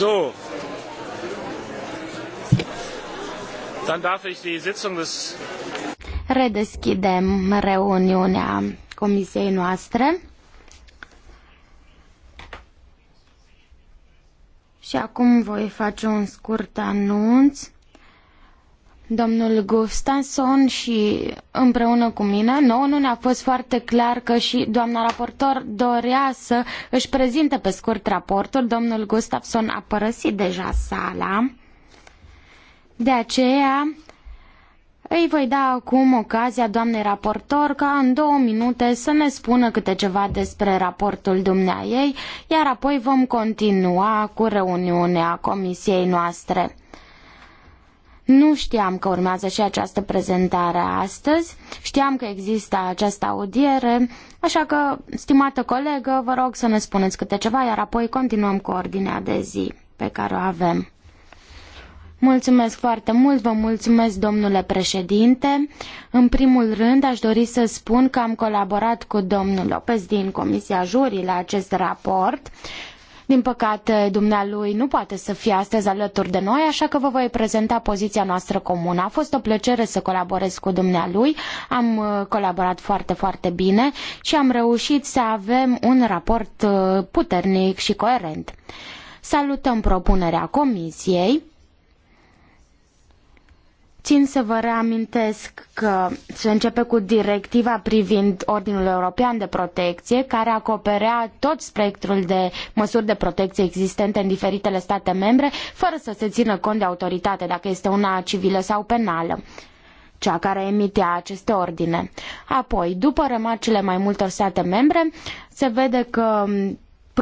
So. Dann darf ich die Sitzung des Redeschidem reuniunea comisiei noastre. Și acum voi face un scurt anunț domnul Gustafsson și împreună cu mine. Nouă nu ne-a fost foarte clar că și doamna raportor dorea să își prezinte pe scurt raportul. Domnul Gustafsson a părăsit deja sala. De aceea îi voi da acum ocazia doamnei raportor ca în două minute să ne spună câte ceva despre raportul dumneaei, iar apoi vom continua cu reuniunea comisiei noastre. Nu știam că urmează și această prezentare astăzi, știam că există această audiere, așa că, stimată colegă, vă rog să ne spuneți câte ceva, iar apoi continuăm cu ordinea de zi pe care o avem. Mulțumesc foarte mult, vă mulțumesc domnule președinte. În primul rând aș dori să spun că am colaborat cu domnul Lopez din Comisia Jurii la acest raport din păcate, dumnealui nu poate să fie astăzi alături de noi, așa că vă voi prezenta poziția noastră comună. A fost o plăcere să colaborez cu dumnealui, am uh, colaborat foarte, foarte bine și am reușit să avem un raport uh, puternic și coerent. Salutăm propunerea Comisiei Țin să vă reamintesc că se începe cu directiva privind Ordinul European de Protecție, care acoperea tot spectrul de măsuri de protecție existente în diferitele state membre, fără să se țină cont de autoritate, dacă este una civilă sau penală cea care emitea aceste ordine. Apoi, după remarcile mai multor state membre, se vede că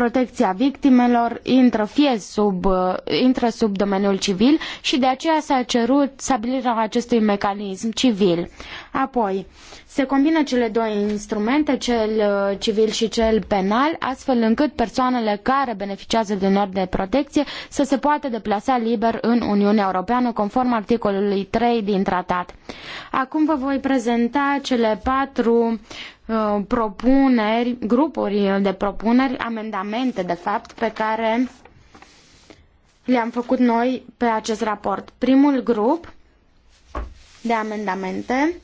protecția victimelor intră fie sub, uh, intră sub domeniul civil și de aceea s-a cerut stabilirea acestui mecanism civil. Apoi, se combină cele două instrumente, cel uh, civil și cel penal, astfel încât persoanele care beneficiază de nord de protecție să se poată deplasa liber în Uniunea Europeană, conform articolului 3 din tratat. Acum vă voi prezenta cele patru Uh, propuneri, grupuri de propuneri, amendamente, de fapt, pe care le-am făcut noi pe acest raport. Primul grup de amendamente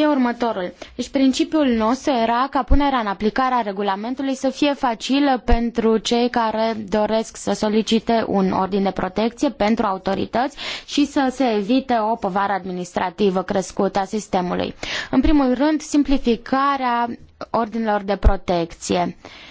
e următorul. Deci principiul nostru era ca punerea în aplicare a regulamentului să fie facilă pentru cei care doresc să solicite un ordin de protecție pentru autorități și să se evite o povară administrativă crescută a sistemului. În primul rând, simplificarea ordinelor de protecție. Uh,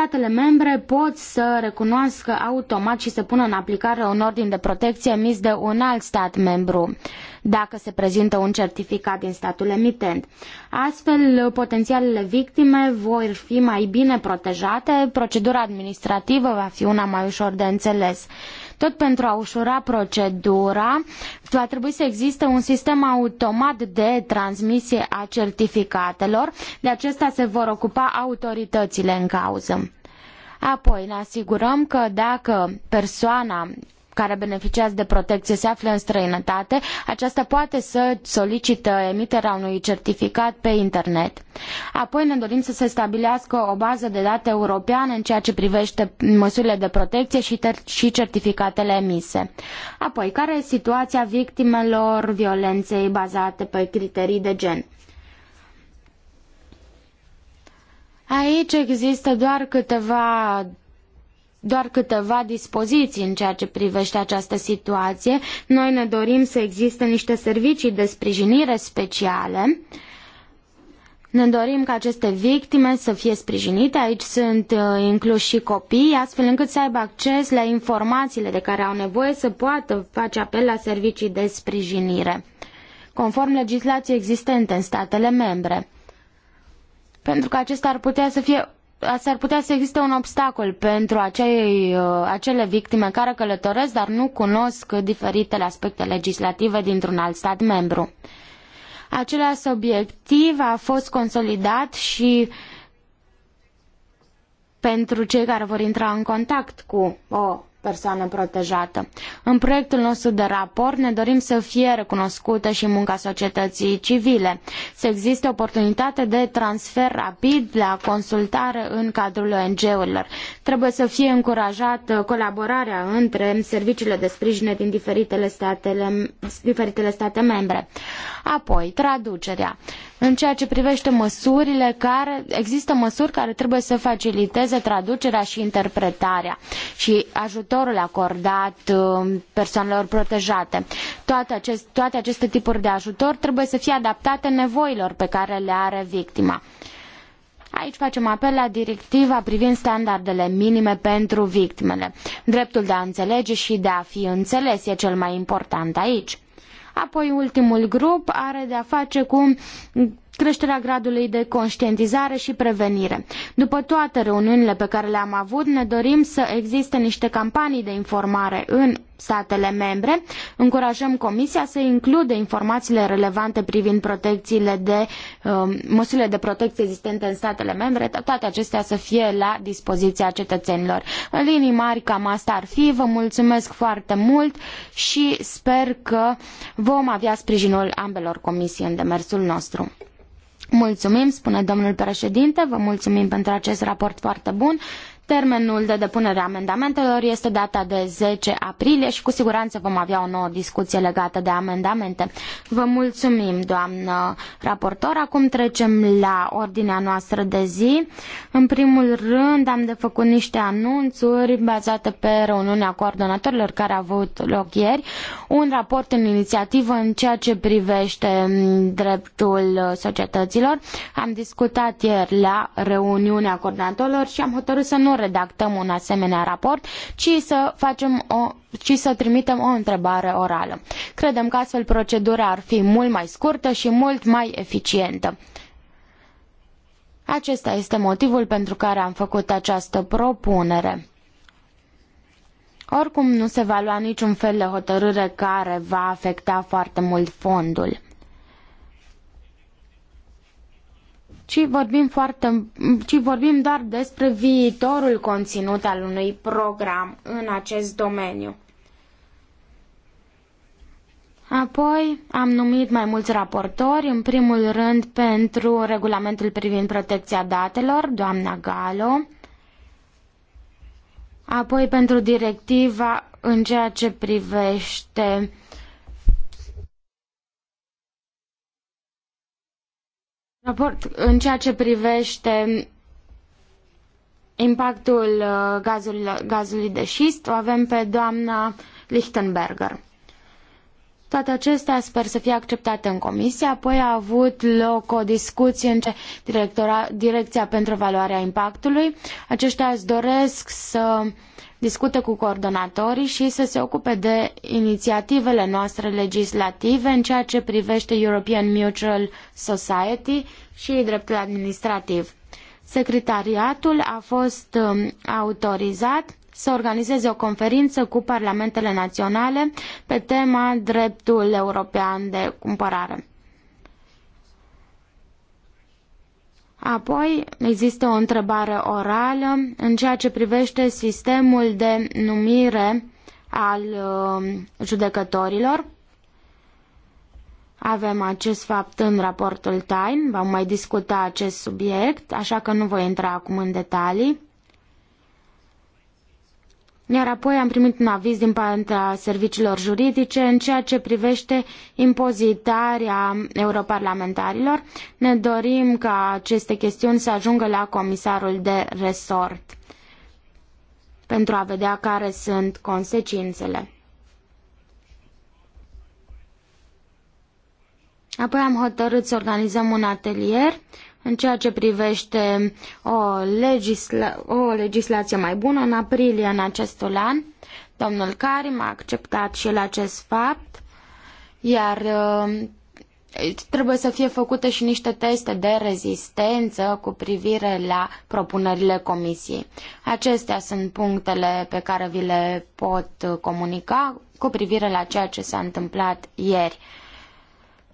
statele membre pot să recunoască automat și să pună în aplicare un ordin de protecție emis de un alt stat membru dacă se prezintă un certificat din statul emitent. Astfel, potențialele victime vor fi mai bine protejate, procedura administrativă va fi una mai ușor de înțeles. Tot pentru a ușura procedura, va trebui să existe un sistem automat de transmisie a certificatelor, de acesta se vor ocupa autoritățile în cauză. Apoi ne asigurăm că dacă persoana care beneficiază de protecție se află în străinătate, aceasta poate să solicită emiterea unui certificat pe internet. Apoi ne dorim să se stabilească o bază de date europeană în ceea ce privește măsurile de protecție și, și certificatele emise. Apoi, care este situația victimelor violenței bazate pe criterii de gen? Aici există doar câteva doar câteva dispoziții în ceea ce privește această situație. Noi ne dorim să existe niște servicii de sprijinire speciale. Ne dorim ca aceste victime să fie sprijinite, aici sunt uh, incluși și copii, astfel încât să aibă acces la informațiile de care au nevoie să poată face apel la servicii de sprijinire, conform legislației existente în statele membre pentru că acesta ar putea să fie s-ar putea să existe un obstacol pentru acei, uh, acele victime care călătoresc, dar nu cunosc diferitele aspecte legislative dintr-un alt stat membru. Același obiectiv a fost consolidat și pentru cei care vor intra în contact cu o persoană protejată. În proiectul nostru de raport ne dorim să fie recunoscută și munca societății civile, să existe oportunitate de transfer rapid la consultare în cadrul ONG-urilor. Trebuie să fie încurajată colaborarea între serviciile de sprijin din diferitele, statele, diferitele state membre. Apoi, traducerea. În ceea ce privește măsurile care, există măsuri care trebuie să faciliteze traducerea și interpretarea și ajutorul acordat uh, persoanelor protejate. Toate, acest, toate aceste tipuri de ajutor trebuie să fie adaptate nevoilor pe care le are victima. Aici facem apel la directiva privind standardele minime pentru victimele. Dreptul de a înțelege și de a fi înțeles e cel mai important aici. Apoi ultimul grup are de a face cu creșterea gradului de conștientizare și prevenire. După toate reuniunile pe care le-am avut, ne dorim să existe niște campanii de informare în statele membre. Încurajăm Comisia să includă informațiile relevante privind protecțiile de, um, măsurile de protecție existente în statele membre, toate acestea să fie la dispoziția cetățenilor. În linii mari, cam asta ar fi. Vă mulțumesc foarte mult și sper că vom avea sprijinul ambelor comisii în demersul nostru. Mulțumim, spune domnul președinte, vă mulțumim pentru acest raport foarte bun Termenul de depunere a amendamentelor este data de 10 aprilie și cu siguranță vom avea o nouă discuție legată de amendamente. Vă mulțumim, doamnă raportor. Acum trecem la ordinea noastră de zi. În primul rând am de făcut niște anunțuri bazate pe reuniunea coordonatorilor care a avut loc ieri, un raport în inițiativă în ceea ce privește mm, dreptul societăților. Am discutat ieri la reuniunea coordonatorilor și am hotărât să nu redactăm un asemenea raport, ci să, facem o, ci să trimitem o întrebare orală. Credem că astfel procedura ar fi mult mai scurtă și mult mai eficientă. Acesta este motivul pentru care am făcut această propunere. Oricum nu se va lua niciun fel de hotărâre care va afecta foarte mult fondul. ci vorbim, foarte, ci vorbim doar despre viitorul conținut al unui program în acest domeniu. Apoi am numit mai mulți raportori, în primul rând pentru regulamentul privind protecția datelor, doamna Galo, apoi pentru directiva în ceea ce privește uh, Raport în ceea ce privește impactul uh, gazului, de șist, o avem pe doamna Lichtenberger. Toate acestea sper să fie acceptate în comisie, apoi a avut loc o discuție în Direcția pentru Valoarea Impactului. Aceștia îți doresc să discute cu coordonatorii și să se ocupe de inițiativele noastre legislative în ceea ce privește European Mutual Society și dreptul administrativ. Secretariatul a fost um, autorizat să organizeze o conferință cu parlamentele naționale pe tema dreptul european de cumpărare. Apoi există o întrebare orală în ceea ce privește sistemul de numire al uh, judecătorilor. Avem acest fapt în raportul Time, vom mai discuta acest subiect, așa că nu voi intra acum în detalii. Iar apoi am primit un aviz din partea serviciilor juridice în ceea ce privește impozitarea europarlamentarilor. Ne dorim ca aceste chestiuni să ajungă la comisarul de resort pentru a vedea care sunt consecințele. Apoi am hotărât să organizăm un atelier în ceea ce privește o, legisla- o legislație mai bună. În aprilie în acestul an, domnul Karim a acceptat și el acest fapt, iar uh, trebuie să fie făcute și niște teste de rezistență cu privire la propunerile comisiei. Acestea sunt punctele pe care vi le pot uh, comunica cu privire la ceea ce s-a întâmplat ieri.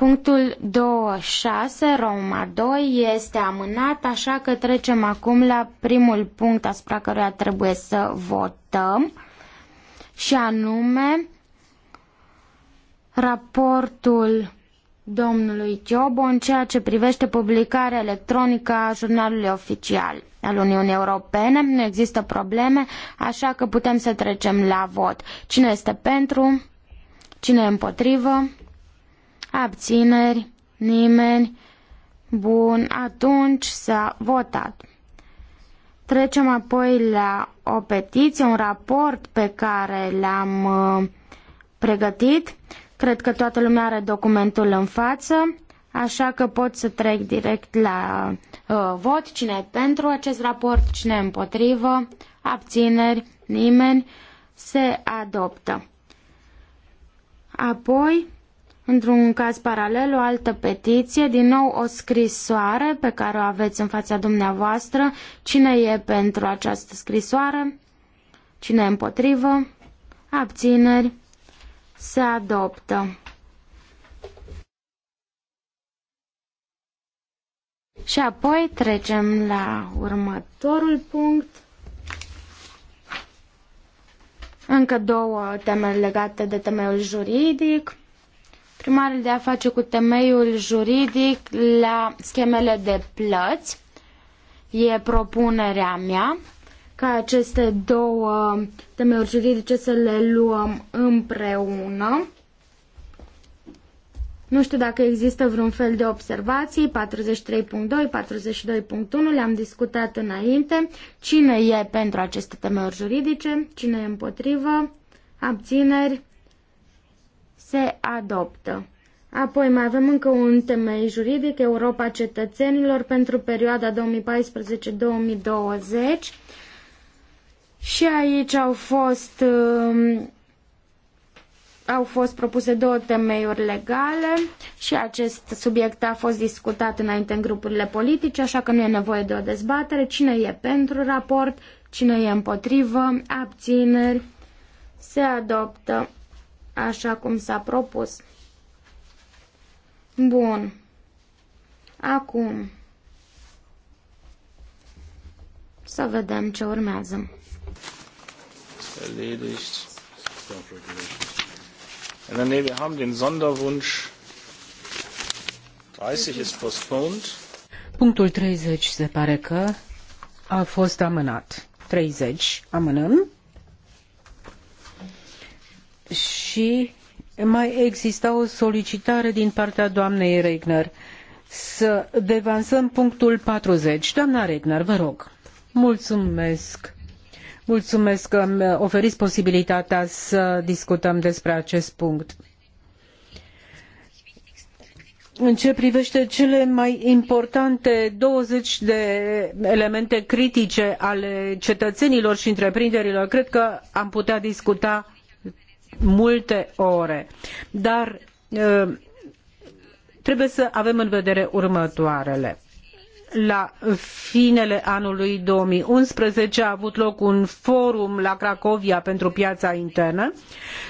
Punctul 26, Roma 2, este amânat, așa că trecem acum la primul punct asupra căruia trebuie să votăm, și anume raportul domnului Ciobo în ceea ce privește publicarea electronică a jurnalului oficial al Uniunii Europene. Nu există probleme, așa că putem să trecem la vot. Cine este pentru? Cine e împotrivă? Abțineri? Nimeni? Bun, atunci s-a votat. Trecem apoi la o petiție, un raport pe care l-am uh, pregătit. Cred că toată lumea are documentul în față, așa că pot să trec direct la uh, vot. Cine e pentru acest raport, cine e împotrivă, abțineri, nimeni, se adoptă. Apoi Într-un caz paralel, o altă petiție, din nou o scrisoare pe care o aveți în fața dumneavoastră. Cine e pentru această scrisoare? Cine e împotrivă? Abțineri? Se adoptă. Și apoi trecem la următorul punct. Încă două teme legate de temeiul juridic. Primarul de a face cu temeiul juridic la schemele de plăți. E propunerea mea ca aceste două temeiuri juridice să le luăm împreună. Nu știu dacă există vreun fel de observații, 43.2, 42.1 le-am discutat înainte. Cine e pentru aceste temeuri juridice? Cine e împotrivă? Abțineri? se adoptă. Apoi mai avem încă un temei juridic, Europa cetățenilor pentru perioada 2014-2020 și aici au fost, um, au fost propuse două temeiuri legale și acest subiect a fost discutat înainte în grupurile politice, așa că nu e nevoie de o dezbatere. Cine e pentru raport, cine e împotrivă, abțineri, se adoptă așa cum s-a propus. Bun. Acum. Să vedem ce urmează. Erledigt. der Nähe, wir haben den Sonderwunsch 30 ist postponed. Punctul 30 se pare că a fost amânat. 30 amânăm și mai exista o solicitare din partea doamnei Regner să devansăm punctul 40. Doamna Regner, vă rog. Mulțumesc. Mulțumesc că îmi oferiți posibilitatea să discutăm despre acest punct. În ce privește cele mai importante 20 de elemente critice ale cetățenilor și întreprinderilor, cred că am putea discuta multe ore. Dar eh, trebuie să avem în vedere următoarele la finele anului unsprezece a avut loc un forum la Cracovia pentru piaa internă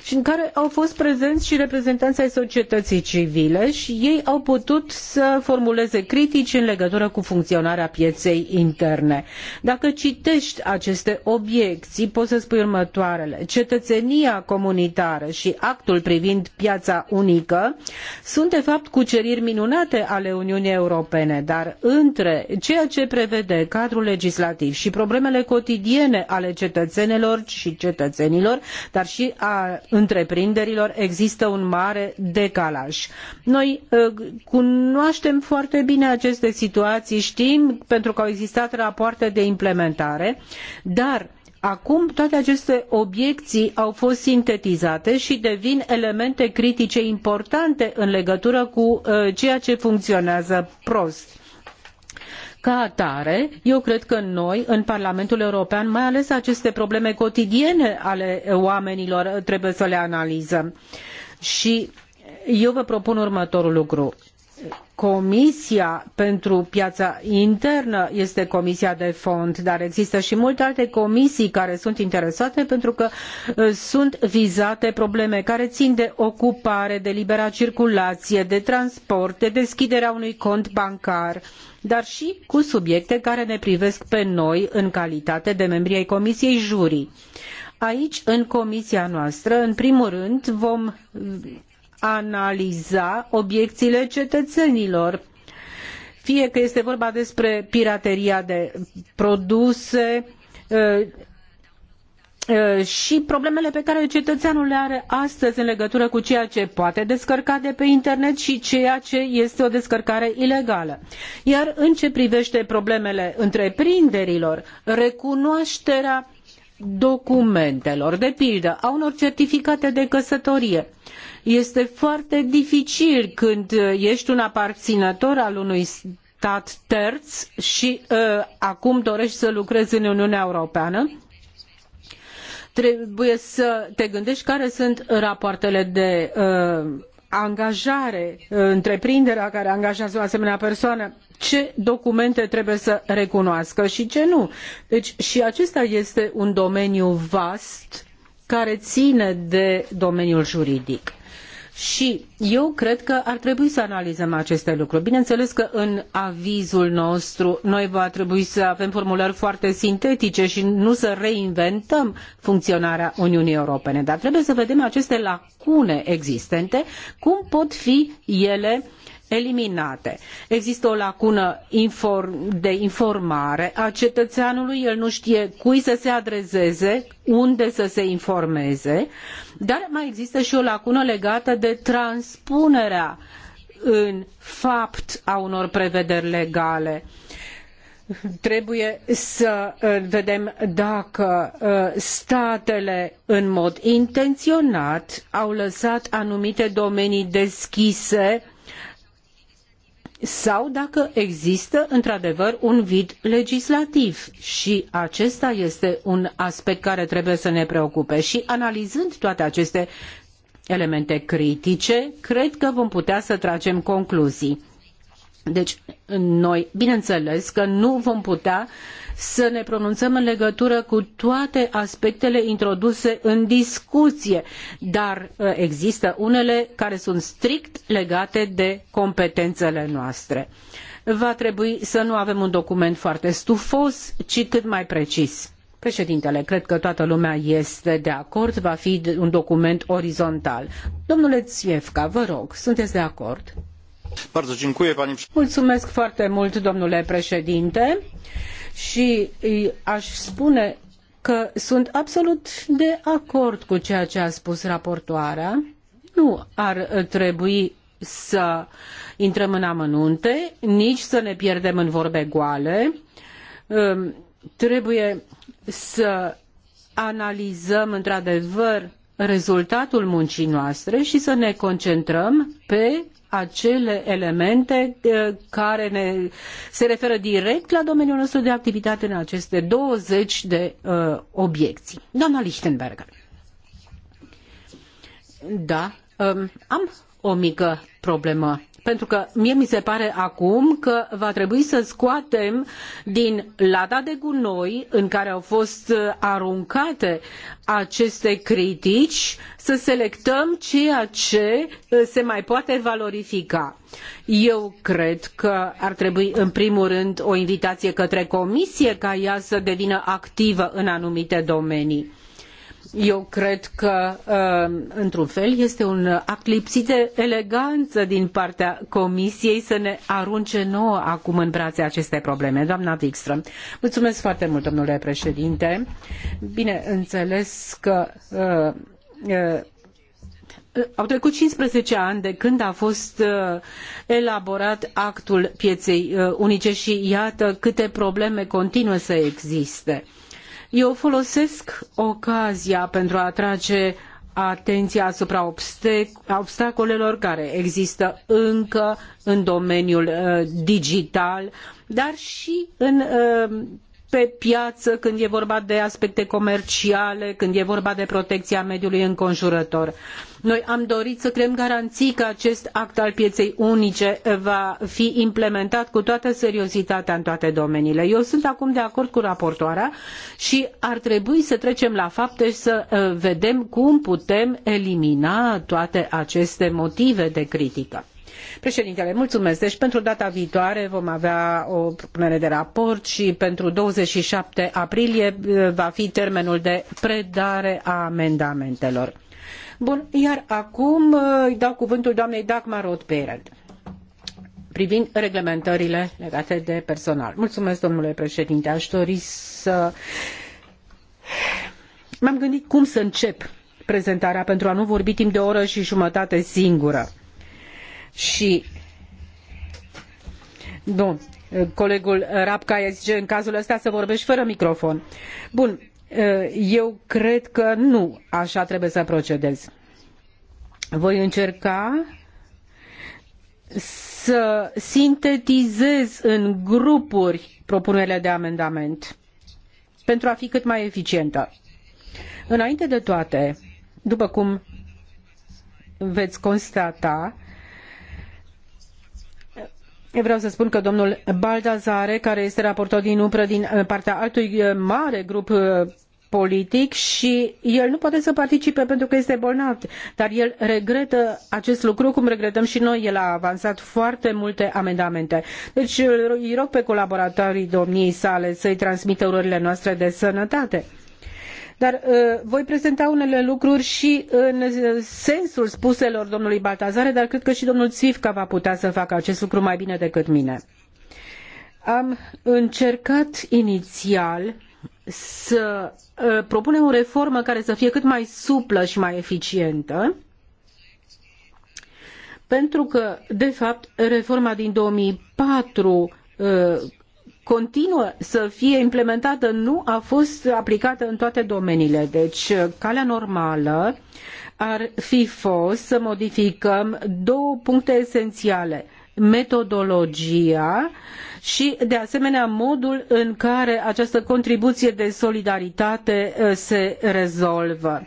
și în care au fost prezeni și reprezentanții ai societății civile și ei au putut să formuleze critici în legătură cu funcționarea pieței interne. Dacă citeti aceste obiecii poți să spui următoarele. Cetățenia comunitară și actul privind piaa unică sunt de fapt cuceriri minunate ale Uniunii Europene, dar între între ceea ce prevede cadrul legislativ și problemele cotidiene ale cetățenilor și cetățenilor, dar și a întreprinderilor, există un mare decalaj. Noi ă, cunoaștem foarte bine aceste situații, știm pentru că au existat rapoarte de implementare, dar Acum toate aceste obiecții au fost sintetizate și devin elemente critice importante în legătură cu uh, ceea ce funcționează prost ca atare, eu cred că noi, în Parlamentul European, mai ales aceste probleme cotidiene ale oamenilor, trebuie să le analizăm. Și eu vă propun următorul lucru Comisia pentru piața internă este comisia de fond, dar există și multe alte comisii care sunt interesate pentru că uh, sunt vizate probleme care țin de ocupare, de libera circulație, de transport, de deschiderea unui cont bancar, dar și cu subiecte care ne privesc pe noi în calitate de membri ai comisiei juri. Aici, în comisia noastră, în primul rând, vom analiza obiecțiile cetățenilor. Fie că este vorba despre pirateria de produse, uh, uh, și problemele pe care cetățeanul le are astăzi în legătură cu ceea ce poate descărca de pe internet și ceea ce este o descărcare ilegală. Iar în ce privește problemele întreprinderilor, recunoașterea documentelor, de pildă, a unor certificate de căsătorie. Este foarte dificil când uh, ești un aparținător al unui stat terț și uh, acum dorești să lucrezi în Uniunea Europeană, trebuie să te gândești care sunt rapoartele de uh, angajare, întreprinderea care angajează o asemenea persoană, ce documente trebuie să recunoască și ce nu. Deci și acesta este un domeniu vast care ține de domeniul juridic. Și eu cred că ar trebui să analizăm aceste lucruri. Bineînțeles că în avizul nostru noi va trebui să avem formulări foarte sintetice și nu să reinventăm funcționarea Uniunii Europene, dar trebuie să vedem aceste lacune existente, cum pot fi ele uh, eliminate. Există o lacună de informare a cetățeanului, el nu știe cui să se adreseze, unde să se informeze, dar mai există și o lacună legată de transpunerea în fapt a unor prevederi legale trebuie să uh, vedem dacă uh, statele în mod intenționat au lăsat anumite domenii deschise sau dacă există într-adevăr un vid legislativ. Și acesta este un aspect care trebuie să ne preocupe. Și analizând toate aceste elemente critice, cred că vom putea să tragem concluzii. Deci, noi, bineînțeles că nu vom putea să ne pronunțăm în legătură cu toate aspectele introduse în discuție, dar uh, există unele care sunt strict legate de competențele noastre. Va trebui să nu avem un document foarte stufos, ci cât mai precis. Președintele, cred că toată lumea este de acord, va fi un document orizontal. Domnule Țiefca, vă rog, sunteți de acord? Mulțumesc foarte mult, domnule președinte, și aș spune că sunt absolut de acord cu ceea ce a spus raportoarea. Nu ar trebui să intrăm în amănunte, nici să ne pierdem în vorbe goale. Trebuie să analizăm într-adevăr rezultatul muncii noastre și să ne concentrăm pe acele elemente eh, care ne, se referă direct la domeniul nostru de activitate în aceste 20 de uh, obiecții. Doamna Lichtenberger. Da, um, am o mică problemă pentru că mie mi se pare acum că va trebui să scoatem din lada de gunoi în care au fost uh, aruncate aceste critici, să selectăm ceea ce uh, se mai poate valorifica. Eu cred că ar trebui în primul rând o invitație către comisie ca ea să devină activă în anumite domenii eu cred că, um, într-un fel, este un act lipsit de eleganță din partea Comisiei să ne arunce nouă acum în brațe aceste probleme. Doamna Wikström, mulțumesc foarte mult, domnule președinte. Bineînțeles că uh, uh, au trecut 15 ani de când a fost uh, elaborat actul pieței unice și iată câte probleme continuă să existe eu folosesc ocazia pentru a atrage atenția asupra obstacolelor care există încă în domeniul uh, digital, dar și în uh, pe piață când e vorba de aspecte comerciale, când e vorba de protecția mediului înconjurător. Noi am dorit să creăm garanții că acest act al pieței unice va fi implementat cu toată seriozitatea în toate domeniile. Eu sunt acum de acord cu raportoarea și ar trebui să trecem la fapte și să eh, vedem cum putem elimina toate aceste motive de critică. Președintele, mulțumesc. Deci pentru data viitoare vom avea o propunere de raport și pentru 27 aprilie eh, va fi termenul de predare a amendamentelor. Bun, iar acum eh, îi dau cuvântul doamnei Dagmar Rothberg privind reglementările legate de personal. Mulțumesc, domnule președinte. Aș dori să... M-am gândit cum să încep prezentarea pentru a nu vorbi timp de o oră și jumătate singură și nu, colegul Rapkay zice în cazul ăsta să vorbești fără microfon. Bun, eh, eu cred că nu așa trebuie să procedez. Voi încerca să sintetizez în grupuri propunerile de amendament pentru a fi cât mai eficientă. Înainte de toate, după cum veți constata, eu vreau să spun că domnul Baldazare, care este raportor din umbră din eh, partea altui eh, mare grup eh, politic și el nu poate să participe pentru că este bolnav, dar el regretă acest lucru cum regretăm și noi. El a avansat foarte multe amendamente. Deci îi rog pe colaboratorii domniei sale să-i transmită urările noastre de sănătate. Dar uh, voi prezenta unele lucruri și în sensul spuselor domnului Baltazare, dar cred că și domnul Țivca va putea să facă acest lucru mai bine decât mine. Am încercat inițial să uh, propunem o reformă care să fie cât mai suplă și mai eficientă, pentru că, de fapt, reforma din 2004 continuă să fie implementată nu a fost aplicată în toate domeniile. Deci, calea normală ar fi fost să modificăm două puncte esențiale metodologia și, de asemenea, modul în care această contribuție de solidaritate uh, se rezolvă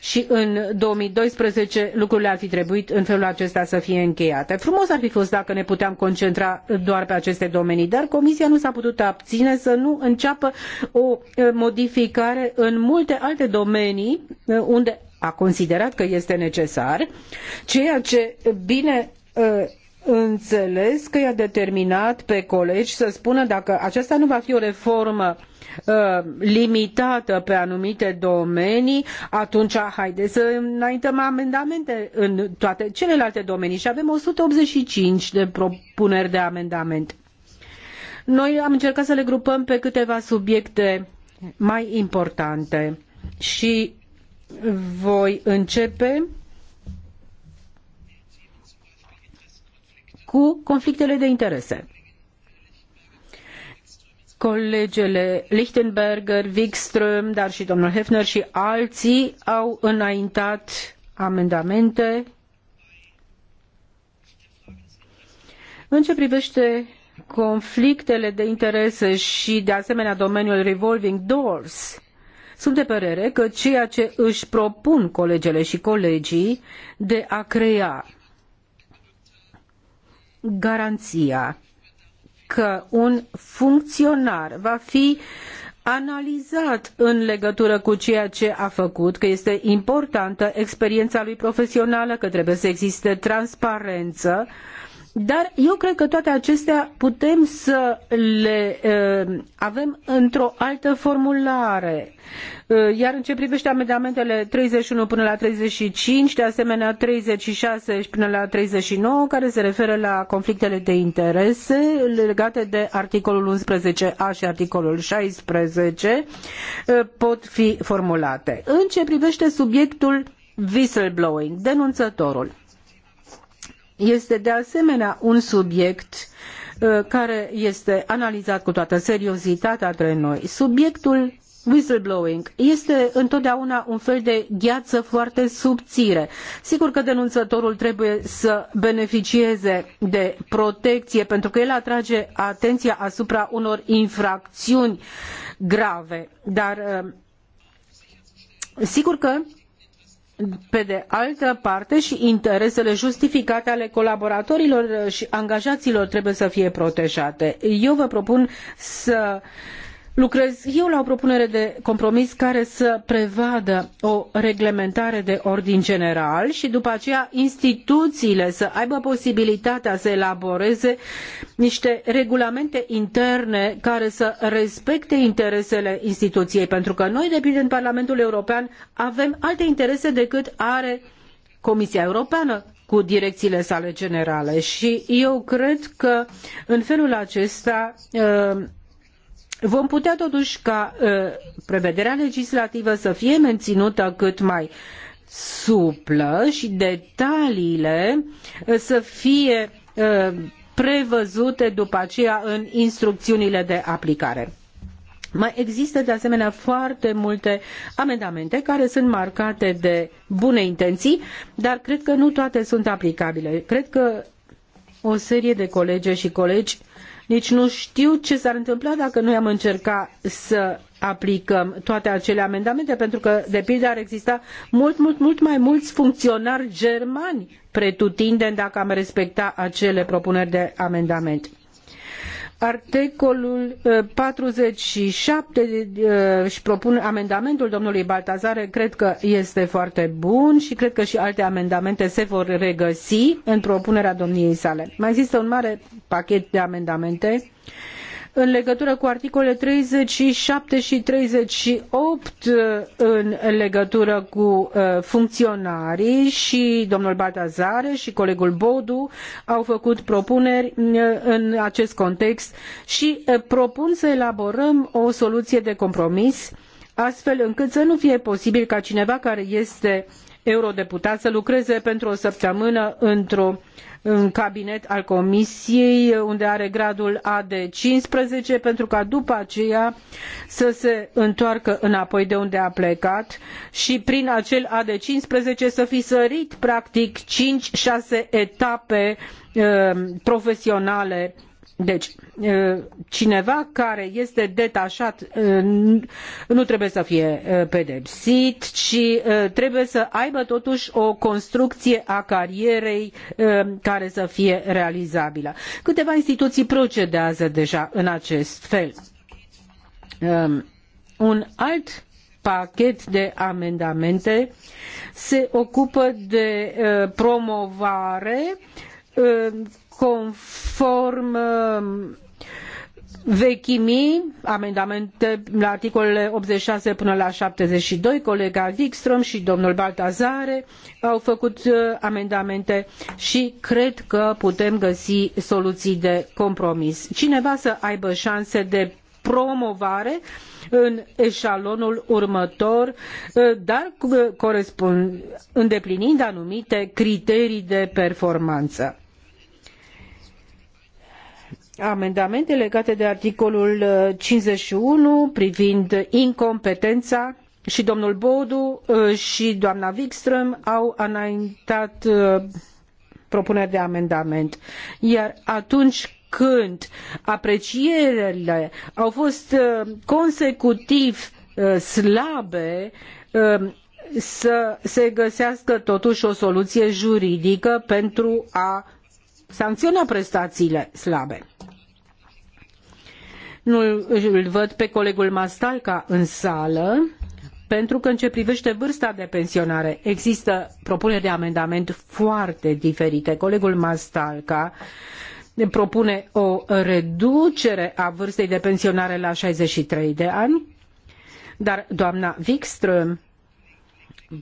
și în 2012 lucrurile ar fi trebuit în felul acesta să fie încheiate. Frumos ar fi fost dacă ne puteam concentra doar pe aceste domenii, dar Comisia nu s-a putut abține să nu înceapă o modificare în multe alte domenii unde a considerat că este necesar, ceea ce bine înțeles că i-a determinat pe colegi să spună dacă aceasta nu va fi o reformă Uh, limitată pe anumite domenii, atunci haideți să înaintăm amendamente în toate celelalte domenii și avem 185 de propuneri de amendament. Noi am încercat să le grupăm pe câteva subiecte mai importante și voi începe cu conflictele de interese colegele Lichtenberger, Wikström, dar și domnul Hefner și alții au înaintat amendamente în ce privește conflictele de interese și de asemenea domeniul revolving doors. Sunt de părere că ceea ce își propun colegele și colegii de a crea garanția că un funcționar va fi analizat în legătură cu ceea ce a făcut, că este importantă experiența lui profesională, că trebuie să existe transparență uh, dar eu cred că toate acestea putem să le uh, avem într-o altă formulare. Uh, iar în ce privește amendamentele 31 până la 35, de asemenea 36 până la 39, care se referă la conflictele de interese legate de articolul 11a și articolul 16, uh, eh, pot fi formulate. În ce privește subiectul whistleblowing, denunțătorul este de asemenea un subiect uh, care este analizat cu toată seriozitatea între noi. Subiectul whistleblowing este întotdeauna un fel de gheață foarte subțire. Sigur că denunțătorul trebuie să beneficieze de protecție pentru că el atrage atenția asupra unor infracțiuni grave, dar uh, sigur că pe de altă parte și interesele justificate ale colaboratorilor și angajaților trebuie să fie protejate. Eu vă propun să uh, lucrez eu la o propunere de compromis care să prevadă o reglementare de ordin general și după aceea instituțiile să aibă posibilitatea să elaboreze niște regulamente interne care să respecte interesele instituției, pentru că noi, de pildă, în Parlamentul European avem alte interese decât are Comisia Europeană cu direcțiile sale generale și eu cred că în felul acesta ă, vom putea totuși ca ă, prevederea legislativă să fie menținută cât mai suplă și detaliile ă, să fie ă, prevăzute după aceea în instrucțiunile de aplicare. Mai există de asemenea foarte multe amendamente care sunt marcate de bune intenții, dar cred că nu toate sunt aplicabile. Cred că o serie de colege și colegi nici deci nu știu ce s-ar întâmpla dacă noi am încerca să aplicăm toate acele amendamente, pentru că, de pildă, ar exista mult, mult, mult mai mulți funcționari germani pretutindeni dacă am respecta acele propuneri de amendament. Articolul 47 uh, și uh, propun amendamentul domnului Baltazare, cred că este foarte bun și cred că și alte amendamente se vor regăsi în propunerea domniei sale. Mai există un mare pachet de amendamente în legătură cu articolele 37 și 38 uh, în legătură cu uh, funcționarii și domnul Baltazare și colegul Bodu au făcut propuneri uh, în acest context și propun să elaborăm o soluție de compromis astfel încât să nu fie posibil ca cineva care este eurodeputat să lucreze pentru o săptămână într-o în cabinet al comisiei unde are gradul A de 15 pentru ca după aceea să se întoarcă înapoi de unde a plecat și prin acel A de 15 să fi sărit practic 5-6 etape eh, profesionale uh, deci, cineva care este detașat nu trebuie să fie pedepsit, ci trebuie să aibă totuși o construcție a carierei care să fie realizabilă. Câteva instituții procedează deja în acest fel. Un alt pachet de amendamente se ocupă de promovare conform um, vechimii, amendamente la articolele 86 până la 72, colega Wikström și domnul Baltazare au făcut uh, amendamente și cred că putem găsi soluții de compromis. Cineva să aibă șanse de promovare în eșalonul următor, uh, dar uh, îndeplinind anumite criterii de performanță amendamente legate de articolul 51 uh, privind incompetența și domnul Bodu uh, și doamna Wikström au înaintat uh, propuneri de amendament. Iar atunci când aprecierile au fost consecutiv slabe, um, să se găsească totuși o soluție juridică pentru a sancționa prestațiile slabe. Nu îl văd pe colegul Mastalca în sală, pentru că în ce privește vârsta de pensionare există propuneri de amendament foarte diferite. Colegul Mastalca propune o reducere a vârstei de pensionare la 63 de ani, dar doamna Wikström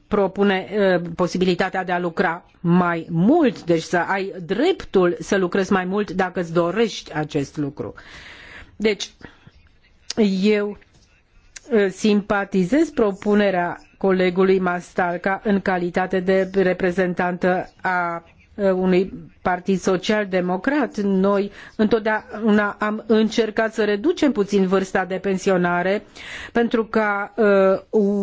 propune uh, posibilitatea de a lucra mai mult, deci să ai dreptul să lucrezi mai mult dacă îți dorești acest lucru. Uh, deci, eu uh, simpatizez propunerea colegului Mastalca în calitate de reprezentantă a Uh, unui partid social-democrat. Noi întotdeauna am încercat să reducem puțin vârsta de pensionare pentru ca uh,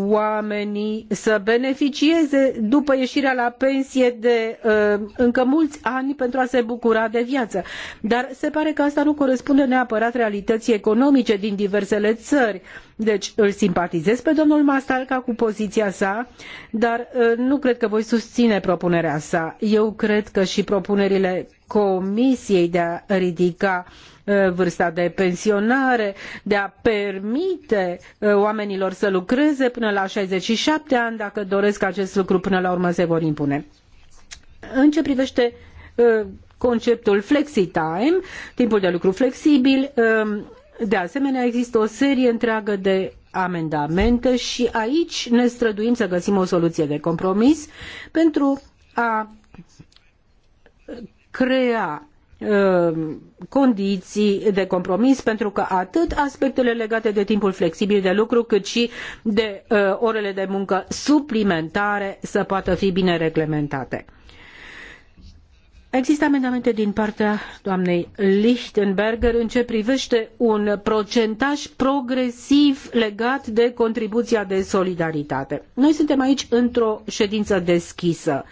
oamenii să beneficieze după ieșirea la pensie de uh, încă mulți ani pentru a se bucura de viață. Dar se pare că asta nu corespunde neapărat realității economice din diversele țări. Uh, deci îl simpatizez pe domnul Mastalca cu poziția sa, dar uh, nu cred că voi susține propunerea sa. Eu cred că și propunerile Comisiei de a ridica uh, vârsta de pensionare, de a permite uh, oamenilor să lucreze până la 67 ani, dacă doresc acest lucru, până la urmă se vor impune. În ce privește conceptul flexi time, timpul de lucru flexibil, de asemenea, există o serie întreagă de amendamente și aici ne străduim să găsim o soluție de compromis pentru a crea uh, condiții de compromis pentru că atât aspectele legate de timpul flexibil de lucru cât și de uh, orele de muncă suplimentare să poată fi bine reglementate. Există amendamente din partea doamnei Lichtenberger în ce privește un procentaj progresiv legat de contribuția de solidaritate. Noi suntem aici într-o ședință deschisă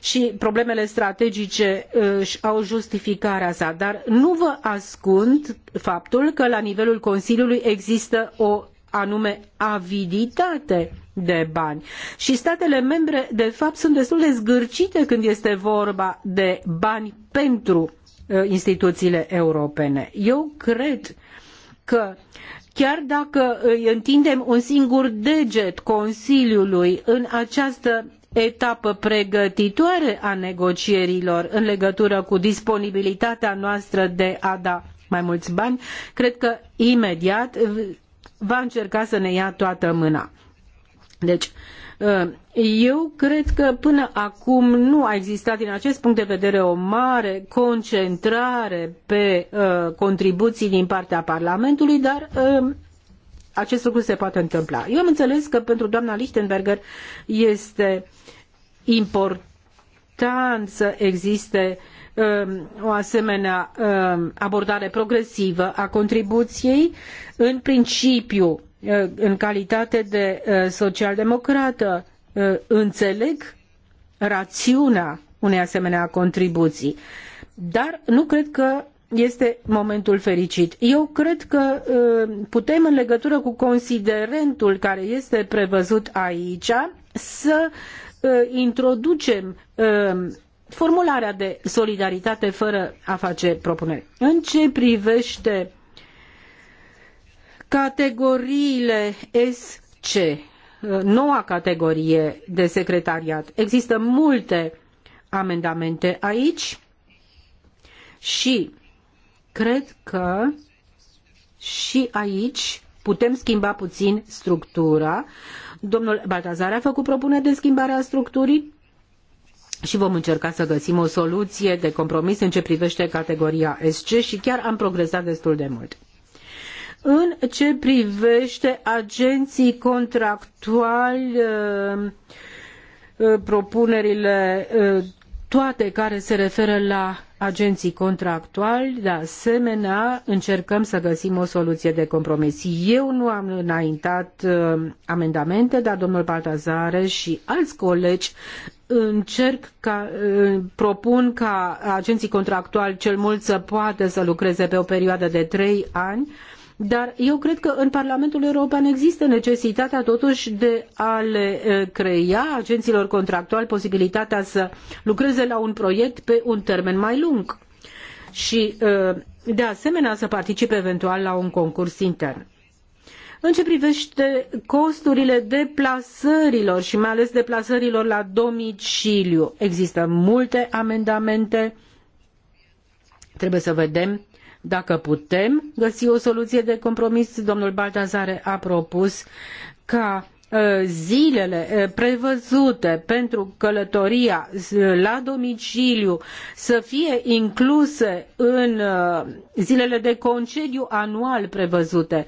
și problemele strategice își au justificarea sa, dar nu vă ascund faptul că la nivelul Consiliului există o anume aviditate de bani. Și statele membre, de fapt, sunt destul de zgârcite când este vorba de bani pentru uh, instituțiile europene. Eu cred că chiar dacă îi întindem un singur deget Consiliului în această etapă pregătitoare a negocierilor în legătură cu disponibilitatea noastră de a da mai mulți bani, cred că imediat va încerca să ne ia toată mâna. Deci, uh, eu cred că până acum nu a existat din acest punct de vedere o mare concentrare pe uh, contribuții din partea Parlamentului, dar uh, acest lucru se poate întâmpla. Eu am înțeles că pentru doamna Lichtenberger este important să existe um, o asemenea um, abordare progresivă a contribuției. În principiu, Eh, în calitate de eh, democrată eh, înțeleg rațiunea unei asemenea contribuții, dar nu cred că este momentul fericit. Eu cred că putem, în legătură cu considerentul care este prevăzut aici, să introducem formularea de solidaritate fără a face propuneri. În ce privește Categoriile SC, noua categorie de secretariat. Există multe amendamente aici și cred că și aici putem schimba puțin structura. Domnul Baltazar a făcut propuneri de schimbare a structurii și vom încerca să găsim o soluție de compromis în ce privește categoria SC și chiar am progresat destul de mult. În ce privește agenții contractuali, uh, uh, propunerile uh, toate care se referă la agenții contractuali, de asemenea, încercăm să găsim o soluție de compromis. Eu nu am înaintat amendamente, dar domnul Baltazare și alți colegi încerc ca, propun ca agenții contractuali cel mult să poată să lucreze pe o perioadă de trei ani dar eu cred că în Parlamentul European există necesitatea totuși de a le crea agenților contractuali posibilitatea să lucreze la un proiect pe un termen mai lung și de asemenea să participe eventual la un concurs intern. În ce privește costurile deplasărilor și mai ales deplasărilor la domiciliu, există multe amendamente. Trebuie să vedem dacă putem găsi o soluție de compromis. Domnul Baltazare a propus ca uh, zilele uh, prevăzute pentru călătoria uh, la domiciliu să fie incluse în zilele de concediu anual prevăzute.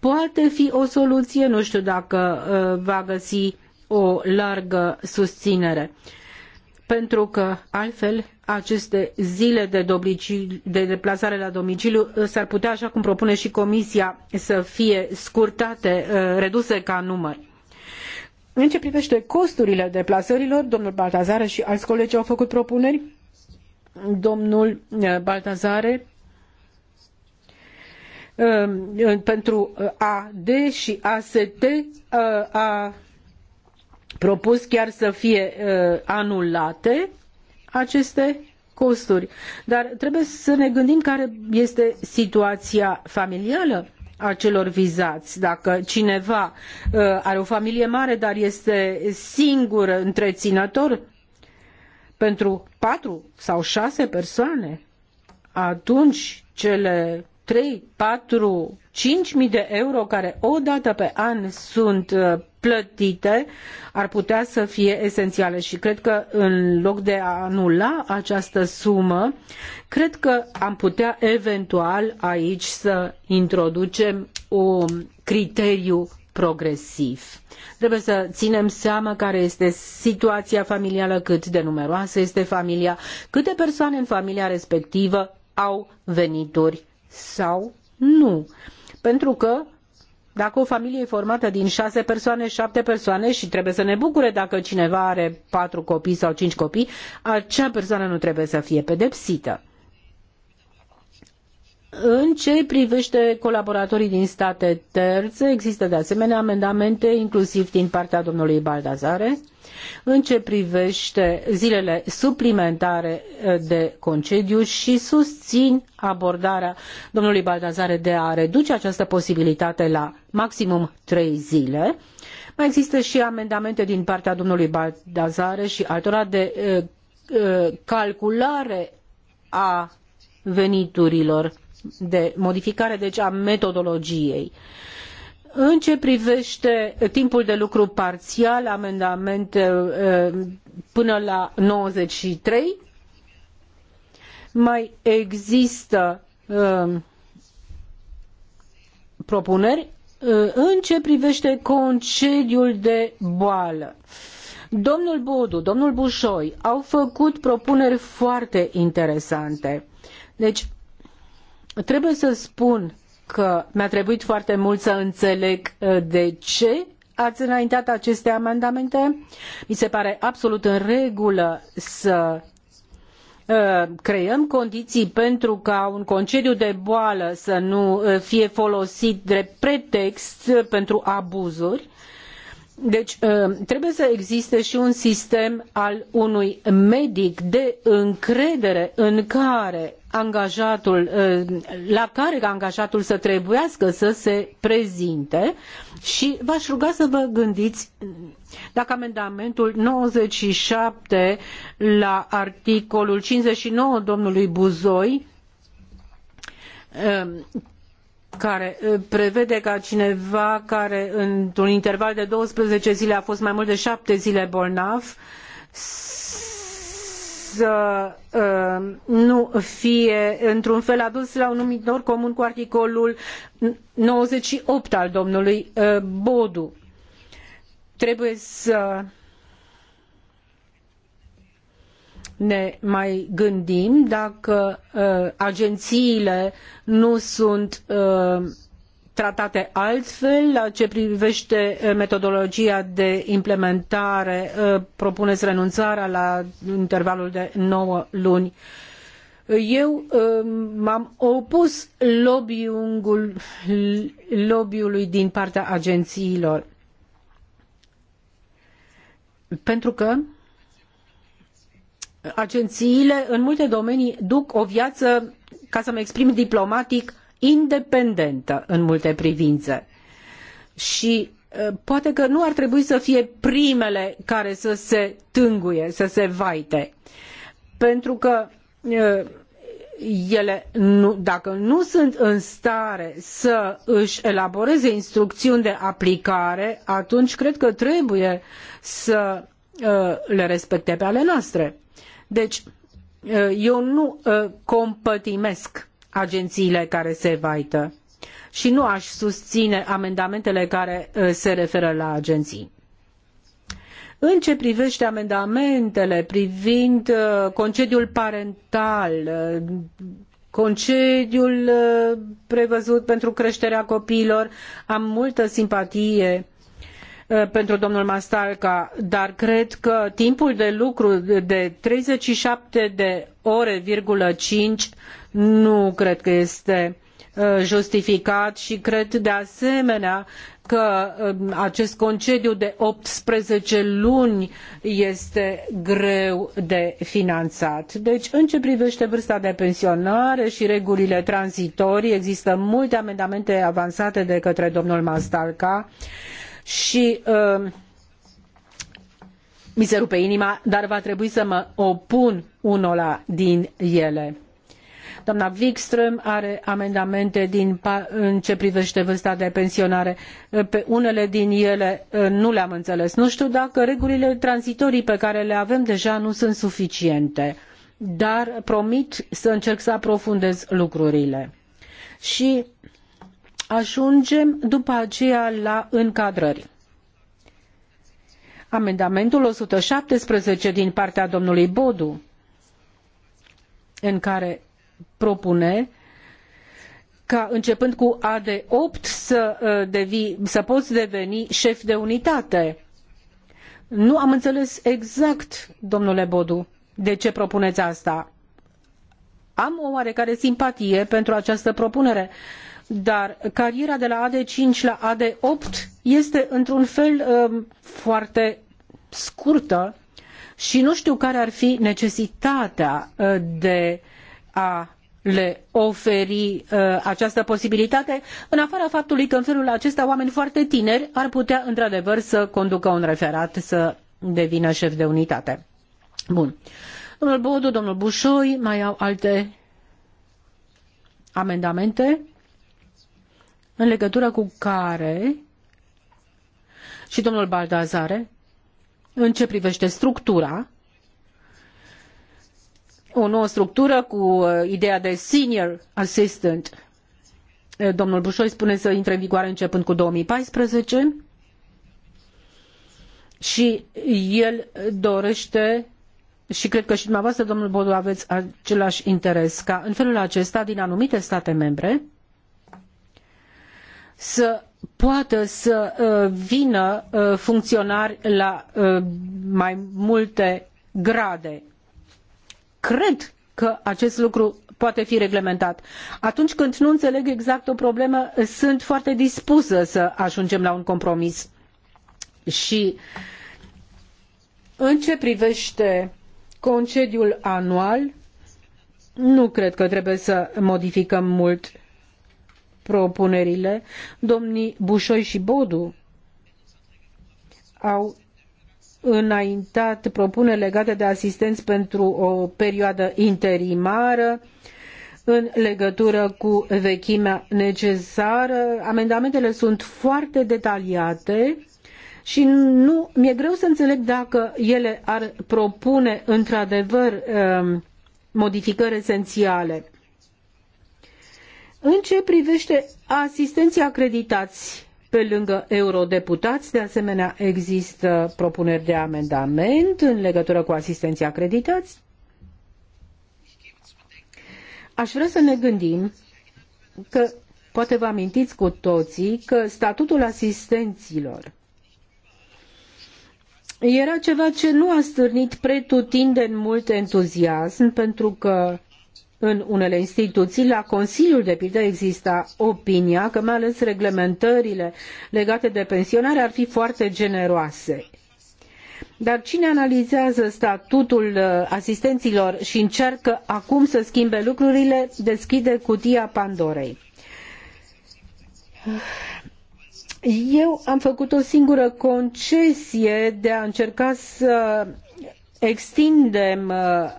Poate fi o soluție, nu știu dacă va găsi o largă susținere. Uh, pentru că altfel aceste zile de, de deplasare la domiciliu uh, s-ar putea, așa cum propune și Comisia, să fie scurtate, uh, reduse ca număr. În ce privește costurile deplasărilor, domnul Baltazare și alți colegi au făcut propuneri. Domnul uh, Baltazare pentru AD și AST a propus chiar să fie uh, anulate aceste costuri. Dar trebuie să ne gândim care este situația familială a celor vizați. Dacă cineva uh, are o familie mare, dar este singur întreținător pentru patru sau șase persoane, atunci cele trei, patru, cinci mii de euro care o dată pe an sunt uh, plătite ar putea să fie esențiale și cred că în loc de a anula această sumă, cred că am putea eventual aici să introducem un criteriu progresiv. Trebuie să ținem seama care este situația familială, cât de numeroasă este familia, câte persoane în familia respectivă au venituri sau nu. Pentru că dacă o familie e formată din șase persoane, șapte persoane și trebuie să ne bucure dacă cineva are patru copii sau cinci copii, acea persoană nu trebuie să fie pedepsită. În ce privește colaboratorii din state terțe, există de asemenea amendamente, inclusiv din partea domnului Baldazare în ce privește zilele suplimentare eh, de concediu și susțin abordarea domnului Baldazare de a reduce această posibilitate la maximum trei zile. Mai există și amendamente din partea domnului Baldazare și altora de eh, eh, calculare a veniturilor, de modificare deci a metodologiei. Uh, în ce privete timpul de lucru parțial, amendamente uh, până la 93, mai există uh, propuneri uh, în ce privește concediul de boală. Domnul Bodu, domnul Bușoi au făcut propuneri foarte interesante. Deci, trebuie să spun că mi-a trebuit foarte mult să înțeleg uh, de ce ați înaintat aceste amendamente. Mi se pare absolut în regulă să uh, creăm condiții pentru ca un concediu de boală să nu uh, fie folosit drept pretext pentru abuzuri. Deci trebuie să existe și un sistem al unui medic de încredere în care angajatul, ă, la care angajatul să trebuiască să se prezinte și v-aș ruga să vă gândiți dacă amendamentul 97 la articolul 59 domnului Buzoi ă, care ă, prevede ca cineva care într-un interval de 12 zile a fost mai mult de 7 zile bolnav să uh, nu fie într-un fel adus la un numitor comun cu articolul 98 al domnului uh, Bodu. Trebuie să ne mai gândim dacă uh, agențiile nu sunt uh, tratate altfel. ceea ce privește eh, metodologia de implementare, eh, propuneți renunțarea la intervalul de nouă luni. Eu eh, m-am opus lobby-ului din partea agențiilor. Pentru că agențiile în multe domenii duc o viață, ca să mă exprim diplomatic, independentă în multe privințe. Și poate că nu ar trebui să fie primele care să se tânguie, să se vaite. Pentru că ele, nu, dacă nu sunt în stare să își elaboreze instrucțiuni de aplicare, atunci cred că trebuie să le respecte pe ale noastre. Deci, eu nu compătimesc agențiile care se vaită Și nu aș susține amendamentele care uh, se referă la agenții. În ce privește amendamentele privind uh, concediul parental, uh, concediul prevăzut pentru creșterea copiilor, am multă simpatie pentru domnul Mastalca, dar cred că timpul de lucru de 37 de ore, cinci nu cred că este uh, justificat și cred de asemenea că um, acest concediu de 18 luni este greu de finanțat. Deci, în ce privește vârsta de pensionare și regulile tranzitorii, există multe amendamente avansate de către domnul Mastalca și uh, mi se rupe inima, dar va trebui să mă opun unora din ele Doamna Wikström are amendamente din, în ce privete vârsta de pensionare. Pe unele din ele ă, nu le-am înțeles. Nu tiu dacă regulile tranzitorii pe care le avem deja nu sunt suficiente, dar promit să încerc să aprofundez lucrurile. Și ajungem după aceea la încadrări. Amendamentul 117 din partea domnului Bodu, în care propune ca începând cu AD8 să, uh, devii, să poți deveni șef de unitate. Nu am înțeles exact, domnule Bodu, de ce propuneți asta. Am o oarecare simpatie pentru această propunere, dar cariera de la AD5 la AD8 este într-un fel um, foarte scurtă și nu știu care ar fi necesitatea uh, de uh, a le oferi uh, această posibilitate, în afara faptului că în felul acesta oameni foarte tineri ar putea într-adevăr să conducă un referat, să devină șef de unitate. Bun. Domnul Bodu, domnul Bușoi, mai au alte amendamente în legătură cu care și domnul Baldazare, în ce privește structura, o nouă structură cu uh, ideea de senior assistant. Uh, domnul Bușoi spune să intre în vigoare începând cu 2014 și el dorește și cred că și dumneavoastră, domnul Bodu, aveți același interes ca în felul acesta, din anumite state membre, să poată să uh, vină funcționari la mai multe grade cred că acest lucru poate fi reglementat. Atunci când nu înțeleg exact o problemă, sunt foarte dispusă să ajungem la un compromis. Și în ce privește concediul anual, nu cred că trebuie să modificăm mult propunerile. Domnii Bușoi și Bodu au înaintat propuneri legate de asistenți pentru o perioadă interimară în legătură cu vechimea necesară. Amendamentele sunt foarte detaliate și nu mi-e greu să înțeleg dacă ele ar propune într-adevăr um, modificări esențiale. În ce privește asistenții acreditați, pe lângă eurodeputați, de asemenea, există propuneri de amendament în legătură cu asistenția acreditați. Aș vrea să ne gândim că poate vă amintiți cu toții că statutul asistenților era ceva ce nu a stârnit pretutindeni mult entuziasm, pentru că în unele instituții, la Consiliul de Pildă exista opinia că mai ales reglementările legate de pensionare ar fi foarte generoase. Dar cine analizează statutul uh, asistenților și încearcă acum să schimbe lucrurile, deschide cutia Pandorei. Eu am făcut o singură concesie de a încerca să extindem uh,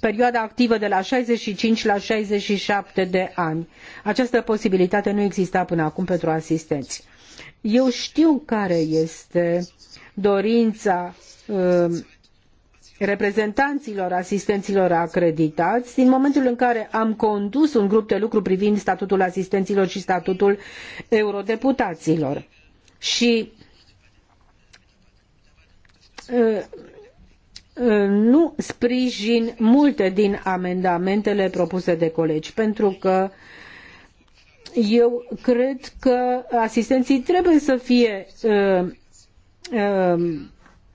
perioada activă de la 65 la 67 de ani. Această posibilitate nu exista până acum pentru asistenți. Eu știu care este dorința um, reprezentanților asistenților acreditați din momentul în care am condus un grup de lucru privind statutul asistenților și statutul eurodeputaților. Și uh, Uh, nu sprijin multe din amendamentele propuse de colegi, pentru că eu cred că asistenții trebuie să fie uh, uh,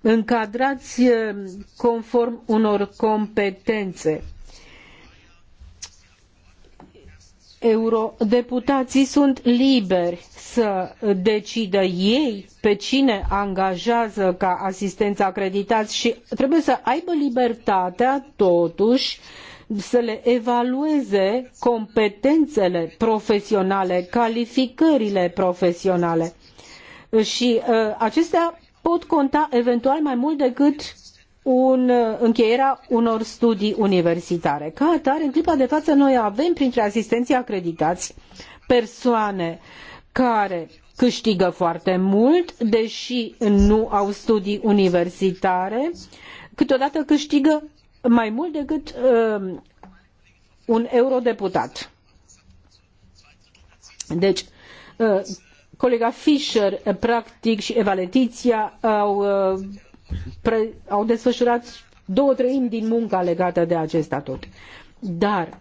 încadrați uh, conform unor competențe eurodeputații sunt liberi să decidă ei pe cine angajează ca asistență acreditați și trebuie să aibă libertatea totuși să le evalueze competențele profesionale, calificările profesionale. Și uh, acestea pot conta eventual mai mult decât un, încheierea unor studii universitare. Ca atare, în clipa de față, noi avem printre asistenții acreditați persoane care câștigă foarte mult, deși nu au studii universitare, câteodată câștigă mai mult decât uh, un eurodeputat. Deci, uh, colega Fischer, practic, și Eva Letizia au uh, au desfășurat două treimi din munca legată de acest statut. Dar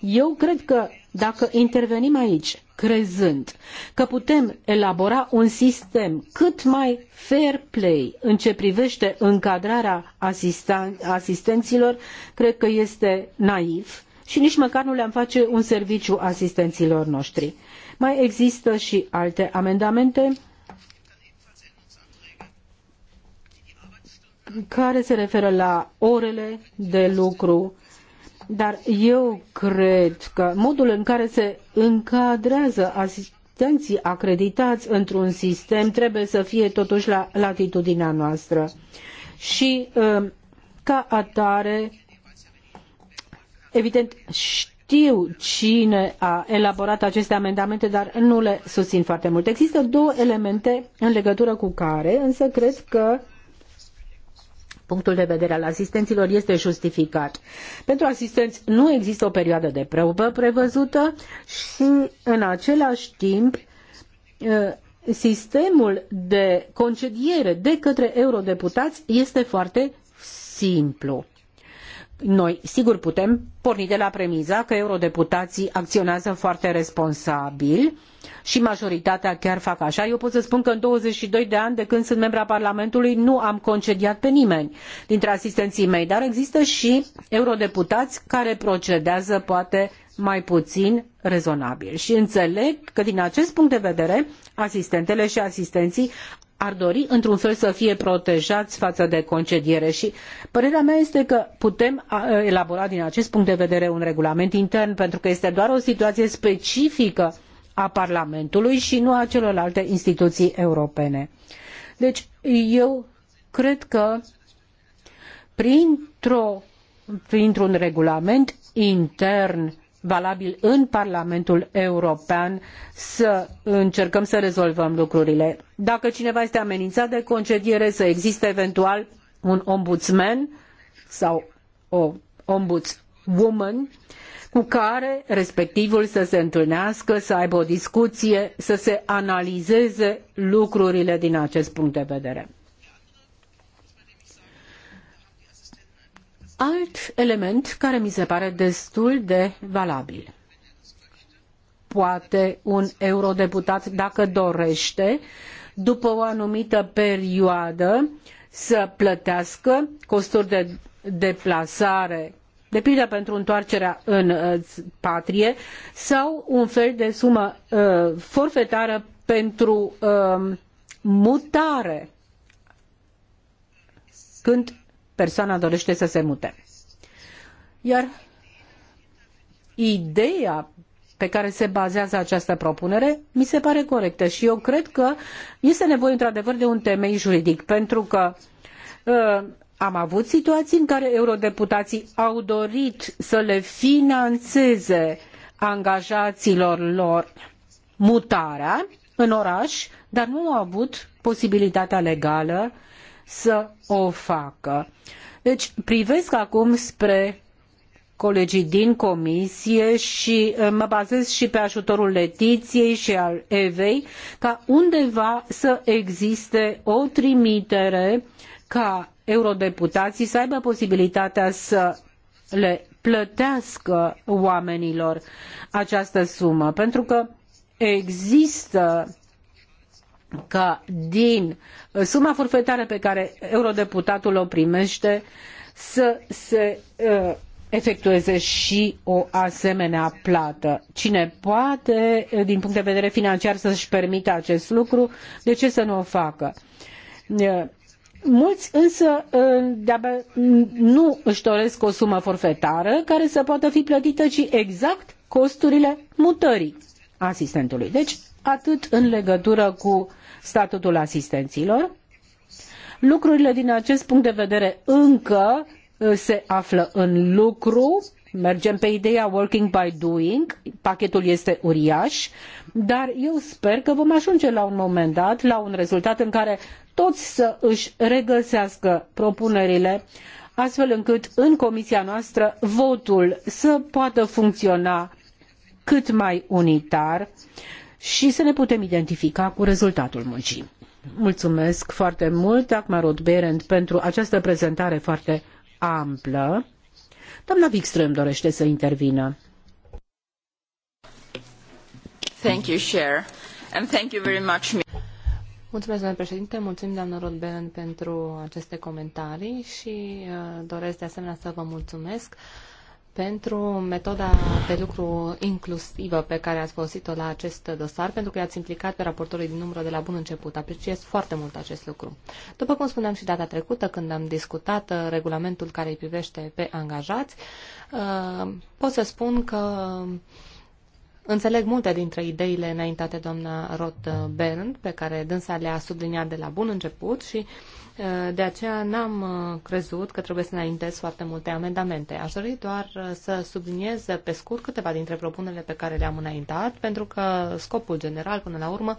eu cred că dacă intervenim aici crezând că putem elabora un sistem cât mai fair play în ce privește încadrarea asistan- asistenților, cred că este naiv și nici măcar nu le-am face un serviciu asistenților noștri. Mai există și alte amendamente care se referă la orele de lucru, dar eu cred că modul în care se încadrează asistenții acreditați într-un sistem trebuie să fie totuși la latitudinea noastră. Și um, ca atare, evident, știu cine a elaborat aceste amendamente, dar nu le susțin foarte mult. Există două elemente în legătură cu care, însă cred că punctul de vedere al asistenților este justificat. Pentru asistenți nu există o perioadă de probă prevăzută și în același timp eh, sistemul de concediere de către eurodeputați este foarte simplu. Noi, sigur, putem porni de la premiza că eurodeputații acționează foarte responsabil și majoritatea chiar fac așa. Eu pot să spun că în 22 de ani de când sunt membra Parlamentului nu am concediat pe nimeni dintre asistenții mei, dar există și eurodeputați care procedează poate mai puțin rezonabil. Și înțeleg că din acest punct de vedere asistentele și asistenții ar dori într-un fel să fie protejați față de concediere și părerea mea este că putem elabora din acest punct de vedere un regulament intern pentru că este doar o situație specifică a Parlamentului și nu a celorlalte instituții europene. Deci eu cred că printr-un regulament intern valabil în Parlamentul European să încercăm să rezolvăm lucrurile. Dacă cineva este amenințat de concediere, să existe eventual un ombudsman sau o ombudswoman cu care respectivul să se întâlnească, să aibă o discuție, să se analizeze lucrurile din acest punct de vedere. alt element care mi se pare destul de valabil. Poate un eurodeputat, dacă dorește, după o anumită perioadă, să plătească costuri de deplasare, de pildă pentru întoarcerea în uh, patrie, sau un fel de sumă uh, forfetară pentru uh, mutare când persoana dorește să se mute. Iar ideea pe care se bazează această propunere mi se pare corectă și eu cred că este nevoie într-adevăr de un temei juridic pentru că uh, am avut situații în care eurodeputații au dorit să le finanțeze angajaților lor mutarea în oraș, dar nu au avut posibilitatea legală uh, să o facă. Deci privesc acum spre colegii din comisie și eh, mă bazez și pe ajutorul Letiției și al Evei ca undeva să existe o trimitere ca eurodeputații să aibă posibilitatea să le plătească oamenilor această sumă, pentru că există ca din suma forfetară pe care eurodeputatul o primește să se uh, efectueze și o asemenea plată. Cine poate, uh, din punct de vedere financiar, să-și permită acest lucru, de ce să nu o facă? Uh, mulți însă nu își doresc o sumă forfetară care să poată fi plătită, ci exact costurile mutării asistentului. Deci, atât în legătură cu statutul asistenților. Lucrurile din acest punct de vedere încă uh, se află în lucru, mergem pe ideea working by doing, pachetul este uriaș, dar eu sper că vom ajunge la un moment dat la un rezultat în care toți să își regăsească propunerile astfel încât în comisia noastră votul să poată funcționa cât mai unitar și să ne putem identifica cu rezultatul muncii. Mulțumesc foarte mult, Dagmar Berend, pentru această prezentare foarte amplă. Doamna Wikström dorește să intervină. Thank you, Cher. And thank you very much. Mulțumesc, doamnă președinte, mulțumim, doamnă Rodberen, pentru aceste comentarii și uh, doresc de asemenea să vă mulțumesc uh, pentru metoda de lucru inclusivă pe care ați folosit-o la acest dosar, pentru că i-ați implicat pe raportorii din umbră de la bun început. Apreciez foarte mult acest lucru. După cum spuneam și data trecută, când am discutat uh, regulamentul care îi privește pe angajați, uh, pot să spun că Înțeleg multe dintre ideile înaintate doamna Roth Bernd, pe care dânsa le-a subliniat de la bun început și Eh, de aceea n-am eh, crezut că trebuie să înaintez foarte multe amendamente. Aș dori doar eh, să subliniez pe scurt câteva dintre propunerile pe care le-am înaintat, pentru că scopul general, până la urmă,